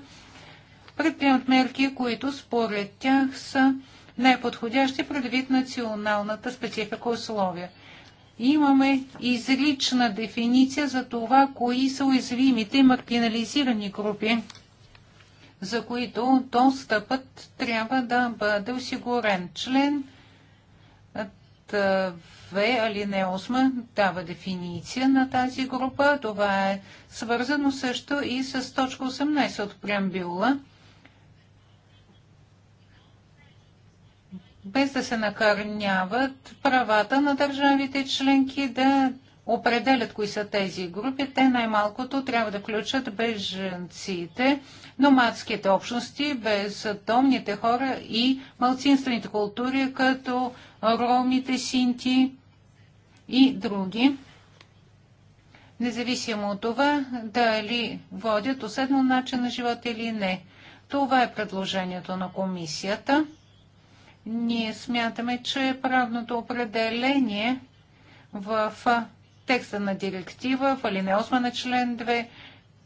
предприемат мерки, които според тях са най-подходящи предвид националната специфика условия. Имаме изрична дефиниция за това, кои са уязвимите и маргинализирани групи за които достъпът трябва да бъде осигурен. Член 2 алинея 8 дава дефиниция на тази група. Това е свързано също и с точка 18 от преамбюла. без да се накърняват правата на държавите членки да определят кои са тези групи, те най-малкото трябва да включат беженците, номадските общности, бездомните хора и малцинствените култури, като ромите, синти и други. Независимо от това, дали водят уседно начин на живота или не. Това е предложението на комисията. Ние смятаме, че правното определение в текста на директива в алинея 8 на член 2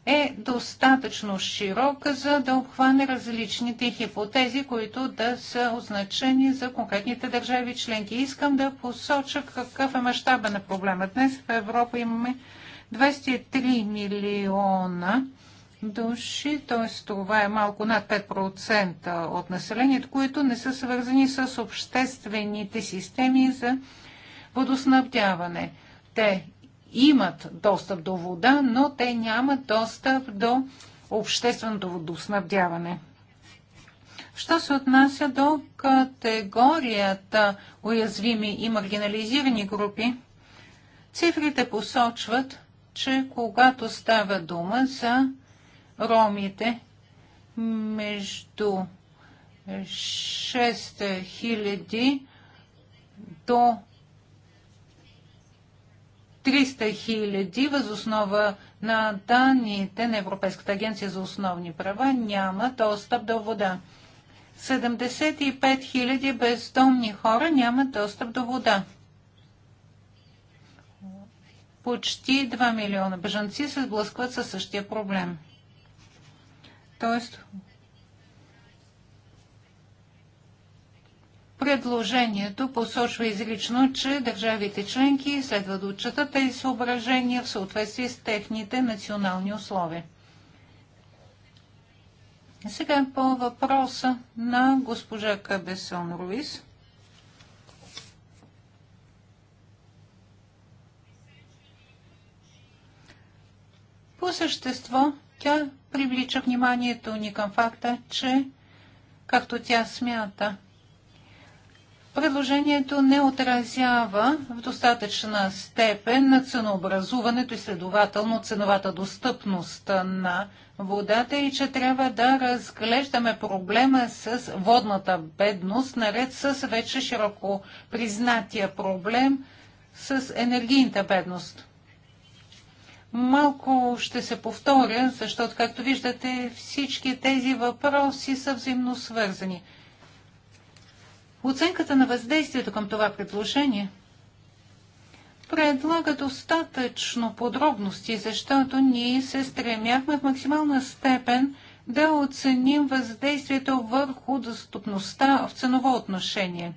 е достатъчно широк, за да обхване различните хипотези, които да са означени за конкретните държави членки. Искам да посоча какъв е мащаба на проблема. Днес в Европа имаме 23 милиона души, т.е. това е малко над 5% от населението, които не са свързани с обществените системи за водоснабдяване те имат достъп до вода, но те нямат достъп до общественото водоснабдяване. Що се отнася до категорията уязвими и маргинализирани групи, цифрите посочват, че когато става дума за ромите между 6000 до 300 хиляди възоснова на данните на Европейската агенция за основни права няма достъп до вода. 75 хиляди бездомни хора нямат достъп до вода. Почти 2 милиона бежанци се сблъскват със същия проблем. Тоест, Предложението посочва изрично, че държавите членки следва да отчитат тези съображения в съответствие с техните национални условия. Сега по въпроса на госпожа Кабесон Руис. По същество тя привлича вниманието ни към факта, че, както тя смята, предложението не отразява в достатъчна степен на ценообразуването и следователно ценовата достъпност на водата и че трябва да разглеждаме проблема с водната бедност, наред с вече широко признатия проблем с енергийната бедност. Малко ще се повторя, защото, както виждате, всички тези въпроси са взаимно свързани – Оценката на въздействието към това предложение предлага достатъчно подробности, защото ние се стремяхме в максимална степен да оценим въздействието върху достъпността в ценово отношение.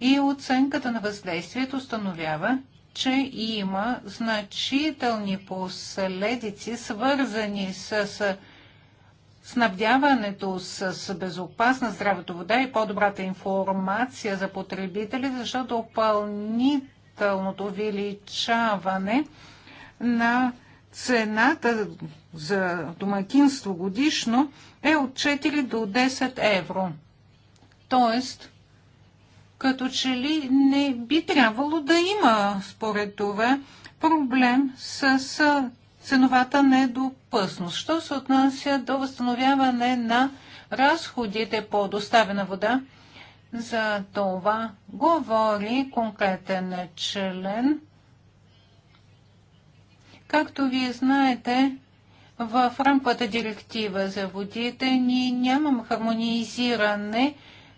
И оценката на въздействието установява, че има значителни последици, свързани с снабдяването с безопасна здравето вода и е по-добрата информация за потребители, защото допълнителното увеличаване на цената за домакинство годишно е от 4 до 10 евро. Тоест, като че ли не би трябвало да има, според това, проблем с ценовата недопъсност. Що се отнася до възстановяване на разходите по доставена вода, за това говори конкретен член. Както вие знаете, в рамката директива за водите ние нямаме хармонизиране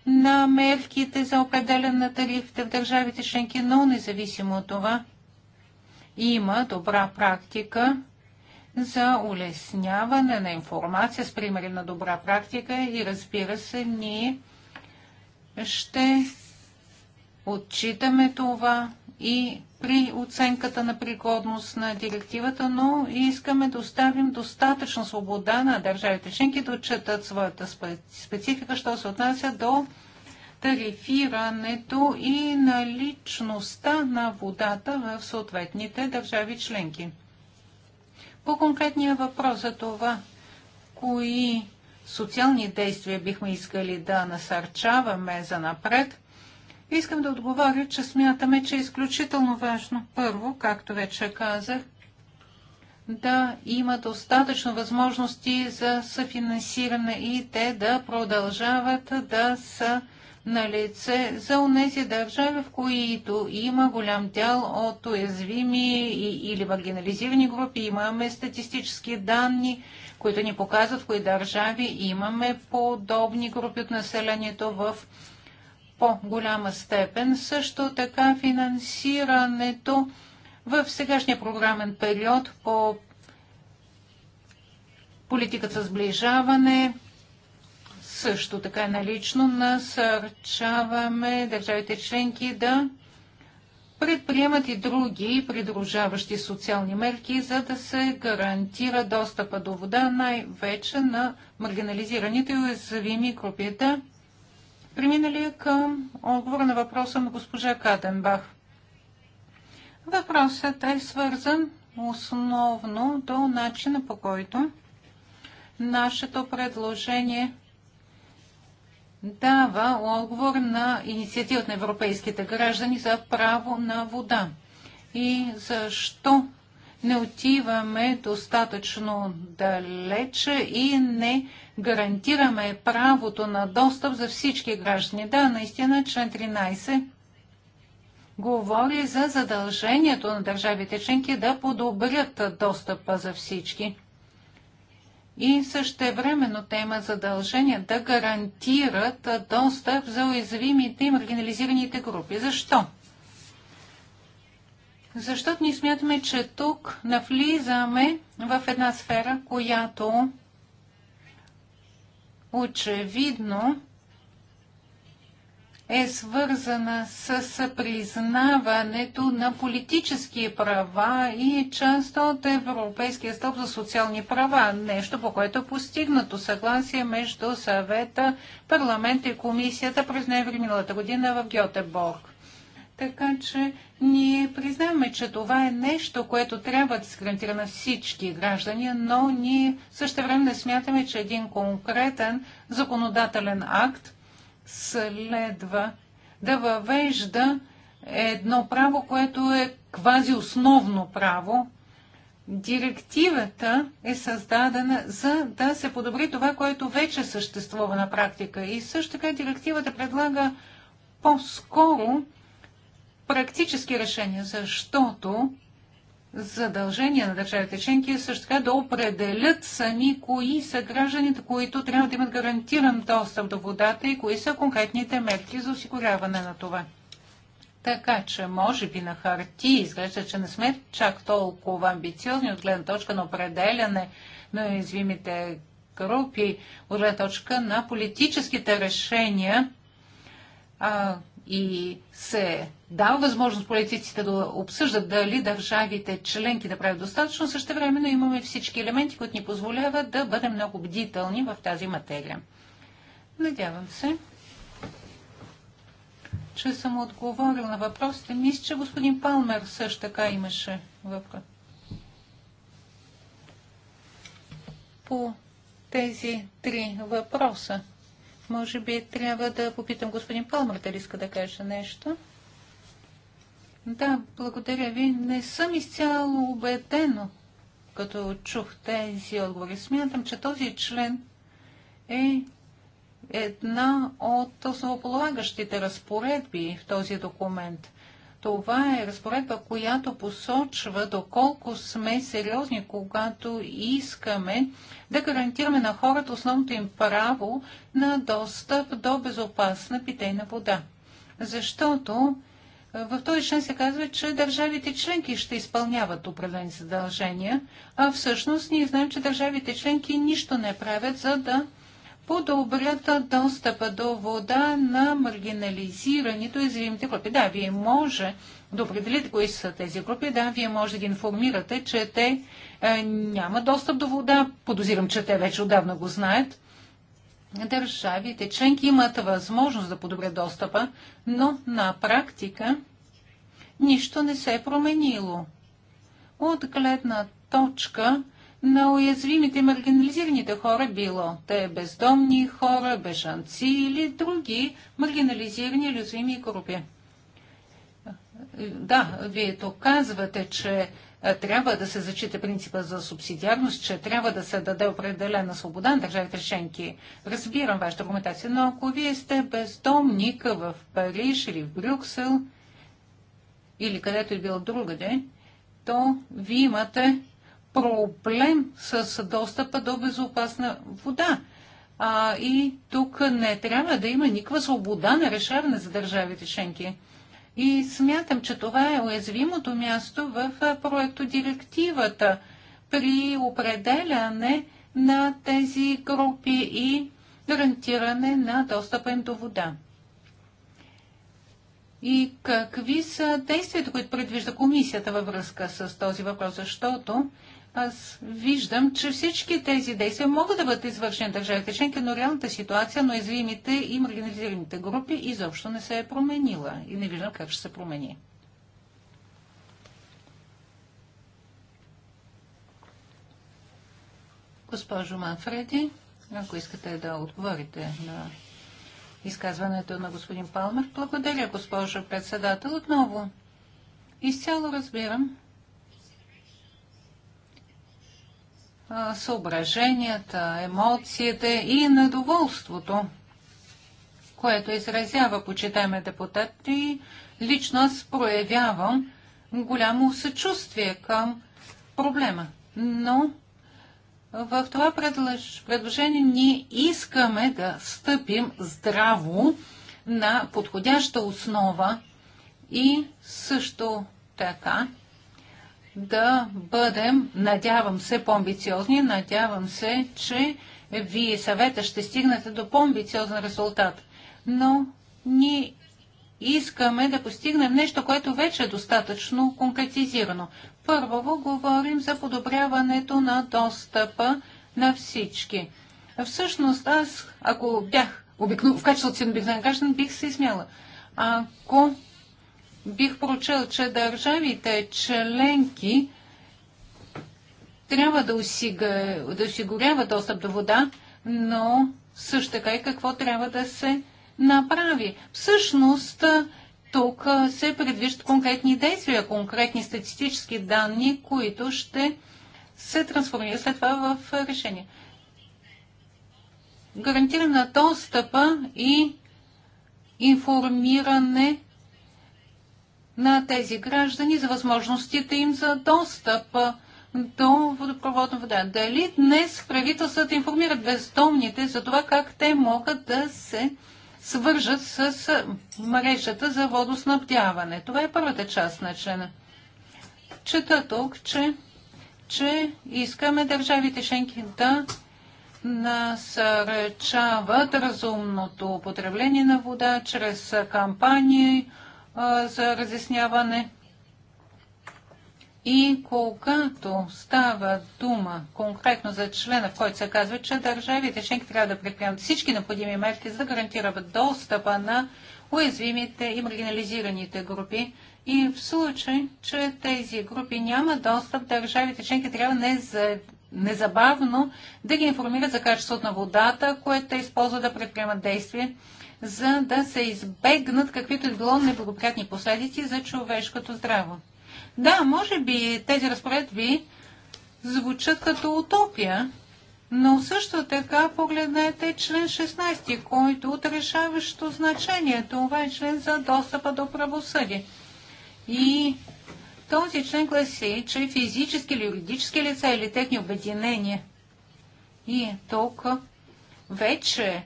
на мерките за определен на тарифите в държавите членки, но независимо от това има добра практика за улесняване на информация с примери на добра практика и разбира се, ние ще отчитаме това и при оценката на пригодност на директивата, но искаме да оставим достатъчно свобода на държавите членки да отчитат своята специфика, що се отнася до тарифирането и наличността на водата в съответните държави членки. По конкретния въпрос за това, кои социални действия бихме искали да насърчаваме за напред, искам да отговоря, че смятаме, че е изключително важно, първо, както вече казах, да има достатъчно възможности за съфинансиране и те да продължават да са на лице за унези държави, в които има голям дял от уязвими или маргинализирани групи. Имаме статистически данни, които ни показват в кои държави имаме подобни групи от населението в по-голяма степен. Също така финансирането в сегашния програмен период по политиката сближаване също така налично насърчаваме държавите членки да предприемат и други придружаващи социални мерки, за да се гарантира достъпа до вода най-вече на маргинализираните и уязвими групите. преминали към отговора на въпроса на госпожа Каденбах. Въпросът е свързан основно до начина по който нашето предложение дава отговор на инициативата на европейските граждани за право на вода. И защо не отиваме достатъчно далече и не гарантираме правото на достъп за всички граждани. Да, наистина член 13 говори за задължението на държавите членки да подобрят достъпа за всички и същевременно те има задължение да гарантират достъп за уязвимите и маргинализираните групи. Защо? Защото ние смятаме, че тук навлизаме в една сфера, която очевидно е свързана с признаването на политически права и част от Европейския стълб за социални права, нещо по което е постигнато съгласие между съвета, парламента и комисията през ноември миналата година в Гьотеборг. Така че ние признаваме, че това е нещо, което трябва да се гарантира на всички граждани, но ние също време не смятаме, че един конкретен законодателен акт следва да въвежда едно право, което е квази основно право. Директивата е създадена за да се подобри това, което вече съществува на практика. И също така директивата предлага по-скоро практически решения, защото задължение на държавите членки е също така да определят сами кои са гражданите, които трябва да имат гарантиран достъп до водата и кои са конкретните мерки за осигуряване на това. Така че, може би на харти изглежда, че не сме чак толкова амбициозни от гледна точка на определяне на уязвимите групи, от гледна точка на политическите решения, а, и се дава възможност политиците да обсъждат дали държавите членки да правят достатъчно, също времено имаме всички елементи, които ни позволяват да бъдем много бдителни в тази материя. Надявам се, че съм отговорил на въпросите. Мисля, че господин Палмер също така имаше въпрос. По тези три въпроса – може би трябва да попитам господин Палмър дали иска да каже нещо. Да, благодаря ви. Не съм изцяло убедено, като чух тези отговори. Смятам, че този член е една от основополагащите разпоредби в този документ. Това е разпоредба, която посочва доколко сме сериозни, когато искаме да гарантираме на хората основното им право на достъп до безопасна питейна вода. Защото е, в този член се казва, че държавите членки ще изпълняват определени задължения, а всъщност ние знаем, че държавите членки нищо не правят, за да подобрят достъпа до вода на маргинализираните уязвимите групи. Да, вие може да определите кои са тези групи, да, вие може да ги информирате, че те е, няма достъп до вода. Подозирам, че те вече отдавна го знаят. Държавите членки имат възможност да подобрят достъпа, но на практика нищо не се е променило. От гледна точка на уязвимите маргинализираните хора, било те бездомни хора, бежанци или други маргинализирани или уязвими групи. Да, вие то казвате, че трябва да се зачита принципа за субсидиарност, че трябва да се даде определена свобода на държавите членки. Разбирам вашата аргументация, но ако вие сте бездомник в Париж или в Брюксел или където и било другаде, то вие имате проблем с достъпа до безопасна вода. А, и тук не трябва да има никаква свобода на решаване за държавите членки. И смятам, че това е уязвимото място в проекто директивата при определяне на тези групи и гарантиране на достъпа им до вода. И какви са действията, които предвижда комисията във връзка с този въпрос, защото аз виждам, че всички тези действия могат да бъдат извършени от държавите членки, но реалната ситуация на уязвимите и маргинализираните групи изобщо не се е променила и не виждам как ще се промени. Госпожо Манфреди, ако искате да отговорите на изказването на господин Палмер, благодаря, госпожо председател, отново. Изцяло разбирам съображенията, емоциите и недоволството, което изразява почитаеме депутат и лично аз проявявам голямо съчувствие към проблема. Но в това предложение ние искаме да стъпим здраво на подходяща основа и също така да бъдем, надявам се, по-амбициозни. Надявам се, че вие съвета ще стигнете до по-амбициозен резултат. Но ние искаме да постигнем нещо, което вече е достатъчно конкретизирано. Първо говорим за подобряването на достъпа на всички. Всъщност аз, ако бях обикну, в качеството си на бих се измяла. Ако бих прочел, че държавите членки трябва да, осига, да осигурява достъп до вода, но също така и какво трябва да се направи. Всъщност, тук се предвиждат конкретни действия, конкретни статистически данни, които ще се трансформират след това в решение. Гарантиране на достъпа и информиране на тези граждани за възможностите им за достъп до водопроводна вода. Дали днес правителствата информират бездомните за това как те могат да се свържат с мрежата за водоснабдяване? Това е първата част на члена. Чета тук, че, че искаме държавите Шенки да насърчават разумното употребление на вода чрез кампании, за разясняване. И когато става дума конкретно за члена, в който се казва, че държавите членки трябва да предприемат всички необходими мерки, за да гарантират достъпа на уязвимите и маргинализираните групи. И в случай, че тези групи няма достъп, държавите членки трябва незабавно да ги информират за качеството на водата, което те използват да предприемат действия за да се избегнат каквито и било неблагоприятни последици за човешкото здраво. Да, може би тези разпоредби звучат като утопия, но също така погледнете член 16, който от решаващо значение. Това е член за достъпа до правосъдие. И този член гласи, че физически или юридически лица или техни обединения. И тук вече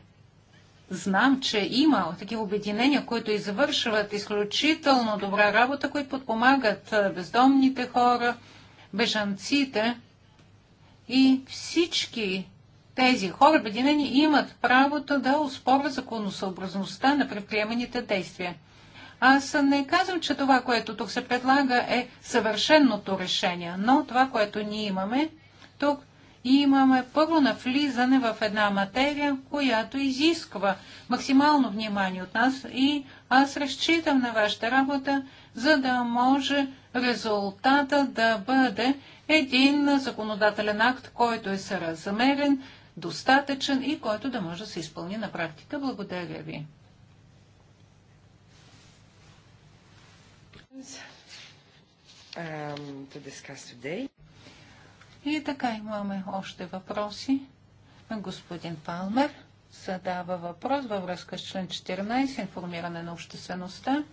Знам, че има такива обединения, които извършват изключително добра работа, които подпомагат бездомните хора, бежанците и всички тези хора обединени имат правото да успорват законосъобразността на предприеманите действия. Аз не казвам, че това, което тук се предлага е съвършеното решение, но това, което ние имаме тук и имаме първо навлизане в една материя, която изисква максимално внимание от нас и аз разчитам на вашата работа, за да може резултата да бъде един законодателен акт, който е съразмерен, достатъчен и който да може да се изпълни на практика. Благодаря ви. Um, и така имаме още въпроси. Господин Палмер задава въпрос във връзка с член 14, информиране на обществеността.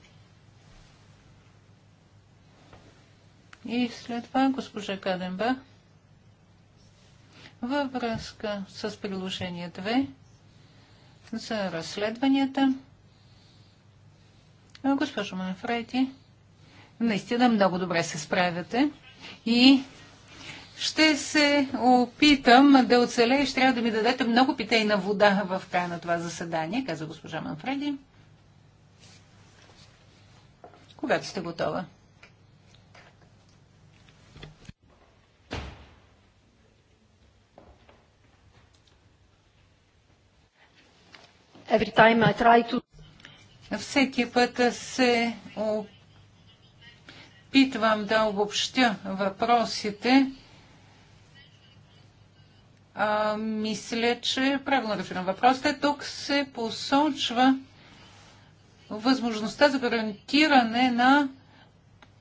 И след това госпожа Каденба във връзка с приложение 2 за разследванията. Госпожо Манфреди, наистина много добре се справяте и ще се опитам да и ще трябва да ми дадете много питейна вода в края на това заседание, каза госпожа Манфреди. Когато сте готова. To... Всеки път се опитвам да обобщя въпросите, а, мисля, че е правилно разбирам въпросите. Тук се посочва възможността за гарантиране на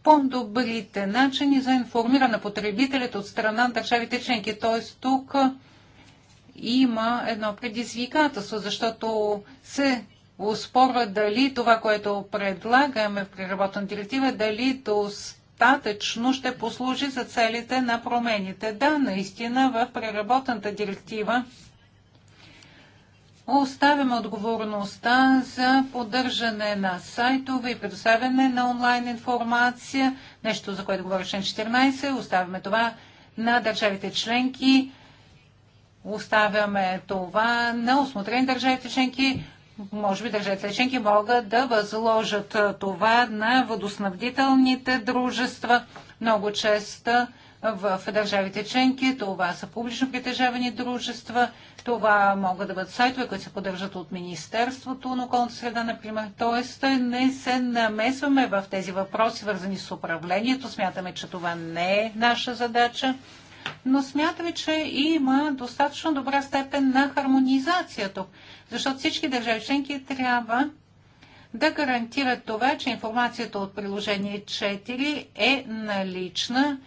по-добрите начини за информиране на потребителите от страна на държавите членки. Т.е. тук има едно предизвикателство, защото се успорва дали това, което предлагаме в преработна директива, дали достатъчно достатъчно ще послужи за целите на промените. Да, наистина в преработената директива оставяме отговорността за поддържане на сайтове и предоставяне на онлайн информация, нещо за което говори член 14, оставяме това на държавите членки, оставяме това на осмотрени държавите членки, може би държавите членки могат да възложат това на водоснабдителните дружества. Много често в държавите членки това са публично притежавани дружества, това могат да бъдат сайтове, които се поддържат от Министерството на околната среда, например. Тоест не се намесваме в тези въпроси, вързани с управлението. Смятаме, че това не е наша задача но смятаме, че има достатъчно добра степен на хармонизация тук защото всички държави членки трябва да гарантират това, че информацията от приложение 4 е налична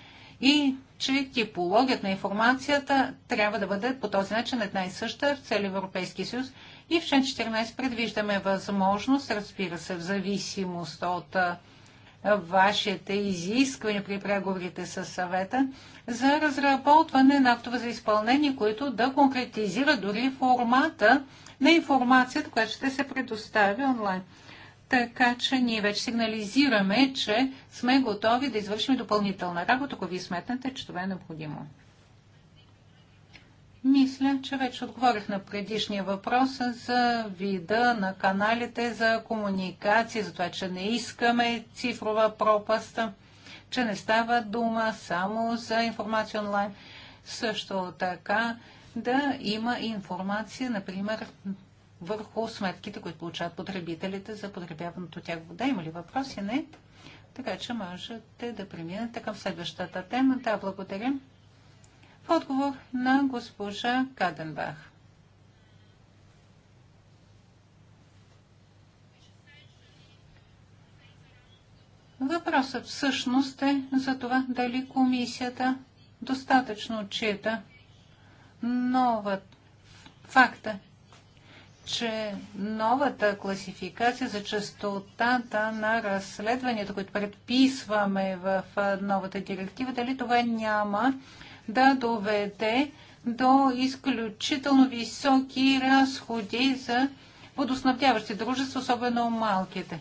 и че типологията на информацията трябва да бъде по този начин една и съща в цели Европейски съюз. И в член 14 предвиждаме възможност, разбира се, в зависимост от вашите изисквания при преговорите с съвета за разработване на актове за изпълнение, които да конкретизират дори формата на информацията, която ще се предостави онлайн. Така че ние вече сигнализираме, че сме готови да извършим допълнителна работа, ако ви сметнете, че това е необходимо. Мисля, че вече отговорих на предишния въпрос за вида на каналите за комуникация, за това, че не искаме цифрова пропаст, че не става дума само за информация онлайн. Също така да има информация, например, върху сметките, които получават потребителите за потребяваното тях вода. Има ли въпроси? Не. Така че можете да преминете към следващата тема. Да, благодаря. В отговор на госпожа Каденбах. Въпросът всъщност е за това дали комисията достатъчно отчита нова факта, че новата класификация за частотата на разследванията, които предписваме в новата директива, дали това няма да доведе до изключително високи разходи за водоснабдяващи дружества, особено малките.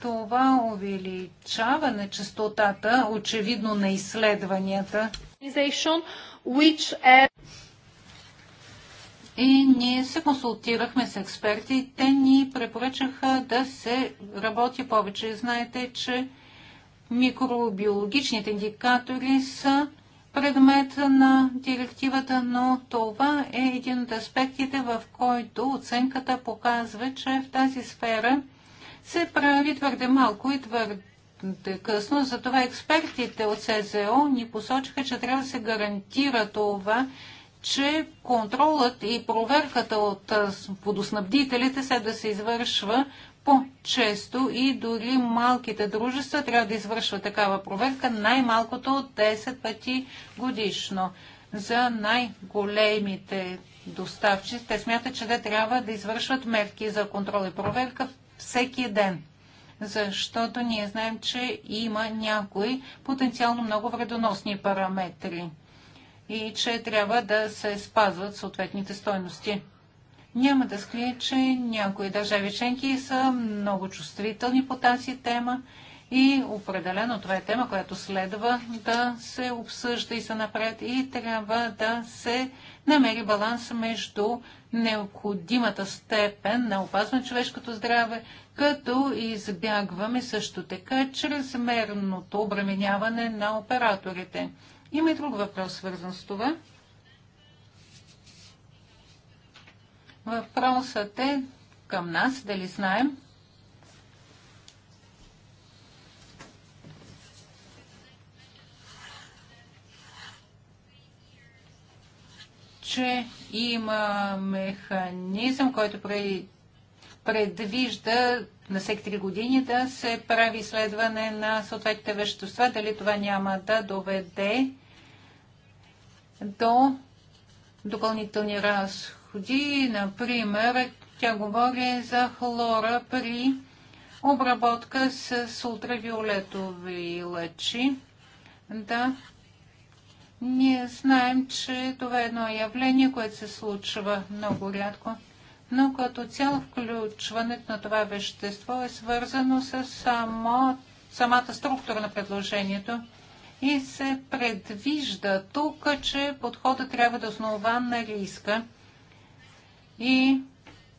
Това увеличаване частотата, очевидно на изследванията, и ние се консултирахме с експерти. Те ни препоръчаха да се работи повече. Знаете, че микробиологичните индикатори са предмет на директивата, но това е един от аспектите, в който оценката показва, че в тази сфера се прави твърде малко и твърде късно. Затова експертите от СЗО ни посочиха, че трябва да се гарантира това, че контролът и проверката от водоснабдителите се да се извършва по-често и дори малките дружества трябва да извършват такава проверка най-малкото от 10 пъти годишно. За най-големите доставчици те смятат, че те трябва да извършват мерки за контрол и проверка всеки ден защото ние знаем, че има някои потенциално много вредоносни параметри и че трябва да се спазват съответните стойности. Няма да скрие, че някои държави членки са много чувствителни по тази тема и определено това е тема, която следва да се обсъжда и се напред и трябва да се намери баланс между необходимата степен на опазване човешкото здраве, като избягваме също така чрезмерното обременяване на операторите. Има и друг въпрос, свързан с това. Въпросът е към нас, дали знаем, че има механизъм, който преди предвижда на всеки три години да се прави изследване на съответните вещества, дали това няма да доведе до допълнителни разходи. Например, тя говори за хлора при обработка с ултравиолетови лъчи. Да, ние знаем, че това е едно явление, което се случва много рядко но като цяло включването на това вещество е свързано с само, самата структура на предложението и се предвижда тук, че подходът трябва да е основа на риска и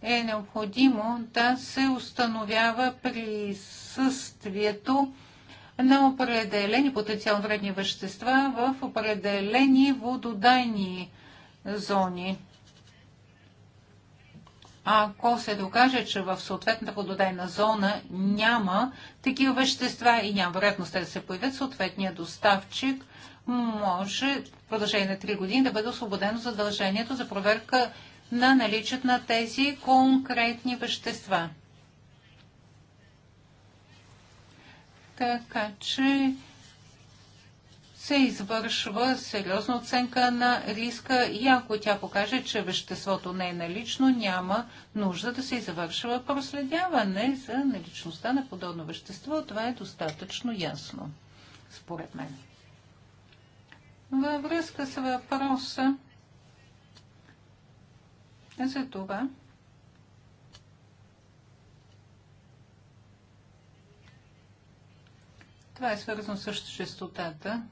е необходимо да се установява присъствието на определени потенциално вредни вещества в определени вододайни зони ако се докаже, че в съответната вододайна зона няма такива вещества и няма вероятност да се появят, съответният доставчик може в продължение на 3 години да бъде освободено задължението за проверка на наличието на тези конкретни вещества. Така че се извършва сериозна оценка на риска и ако тя покаже, че веществото не е налично, няма нужда да се извършва проследяване за наличността на подобно вещество. Това е достатъчно ясно, според мен. Във връзка с въпроса за това, Това е свързано с честотата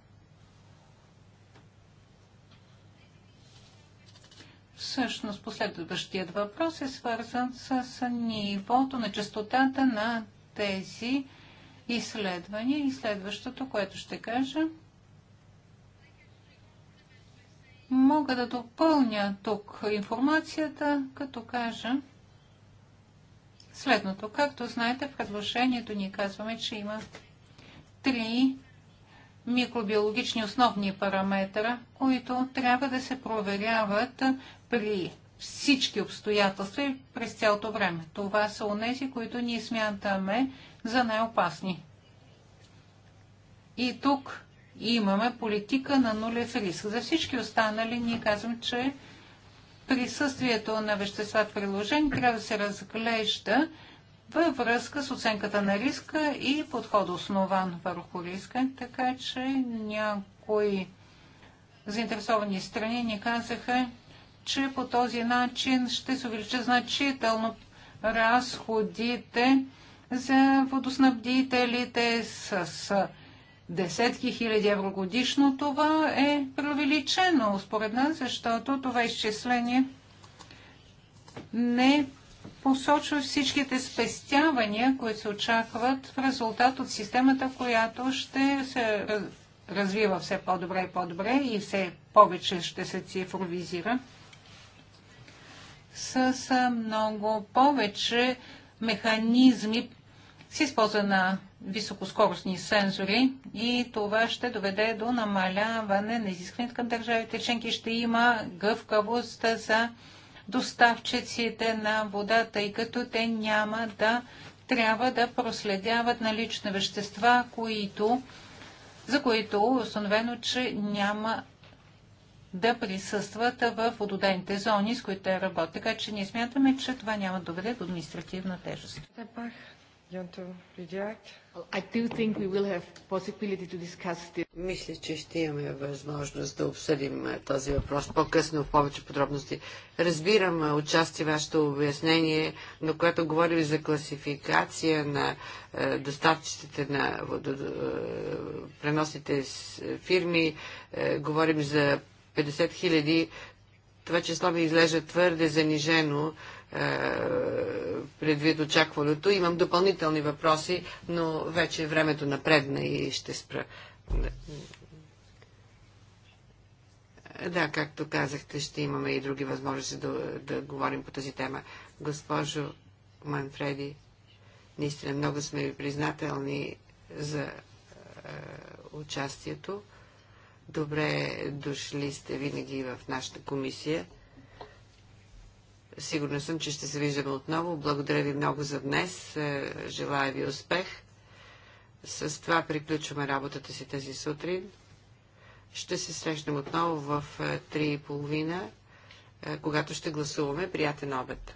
Всъщност последващият въпрос е свързан с нивото на частотата на тези изследвания и следващото, което ще кажа. Мога да допълня тук информацията, като кажа следното. Както знаете, в предложението ни казваме, че има три микробиологични основни параметра, които трябва да се проверяват при всички обстоятелства и през цялото време. Това са онези, които ние смятаме за най-опасни. И тук имаме политика на нулев риск. За всички останали ние казвам, че присъствието на вещества в приложение трябва да се разглежда във връзка с оценката на риска и подход основан върху риска, така че някои заинтересовани страни ни казаха, че по този начин ще се увеличат значително разходите за водоснабдителите с десетки хиляди евро годишно. Това е преувеличено според нас, защото това изчисление не посочва всичките спестявания, които се очакват в резултат от системата, която ще се развива все по-добре и по-добре и все повече ще се цифровизира с много повече механизми с използва на високоскоростни сензори и това ще доведе до намаляване на изискването към държавите членки. Ще има гъвкавост за доставчиците на вода, тъй като те няма да трябва да проследяват налични вещества, които, за които е установено, че няма да присъстват в вододайните зони, с които те работят. Така че ние смятаме, че това няма да доведе до административна тежест. Мисля, че ще имаме възможност да обсъдим този въпрос по-късно в повече подробности. Разбирам отчасти вашето обяснение, но когато говорим за класификация на доставчиците на преносните фирми, говорим за 50 хиляди, това число ми изглежда твърде занижено. Е, предвид очакването. Имам допълнителни въпроси, но вече времето напредна и ще спра. Да, както казахте, ще имаме и други възможности да, да говорим по тази тема. Госпожо Манфреди, наистина много сме ви признателни за е, участието. Добре дошли сте винаги в нашата комисия. Сигурна съм, че ще се виждаме отново. Благодаря ви много за днес. Е, желая ви успех. С това приключваме работата си тази сутрин. Ще се срещнем отново в 3.30, е, е, когато ще гласуваме. Приятен обед!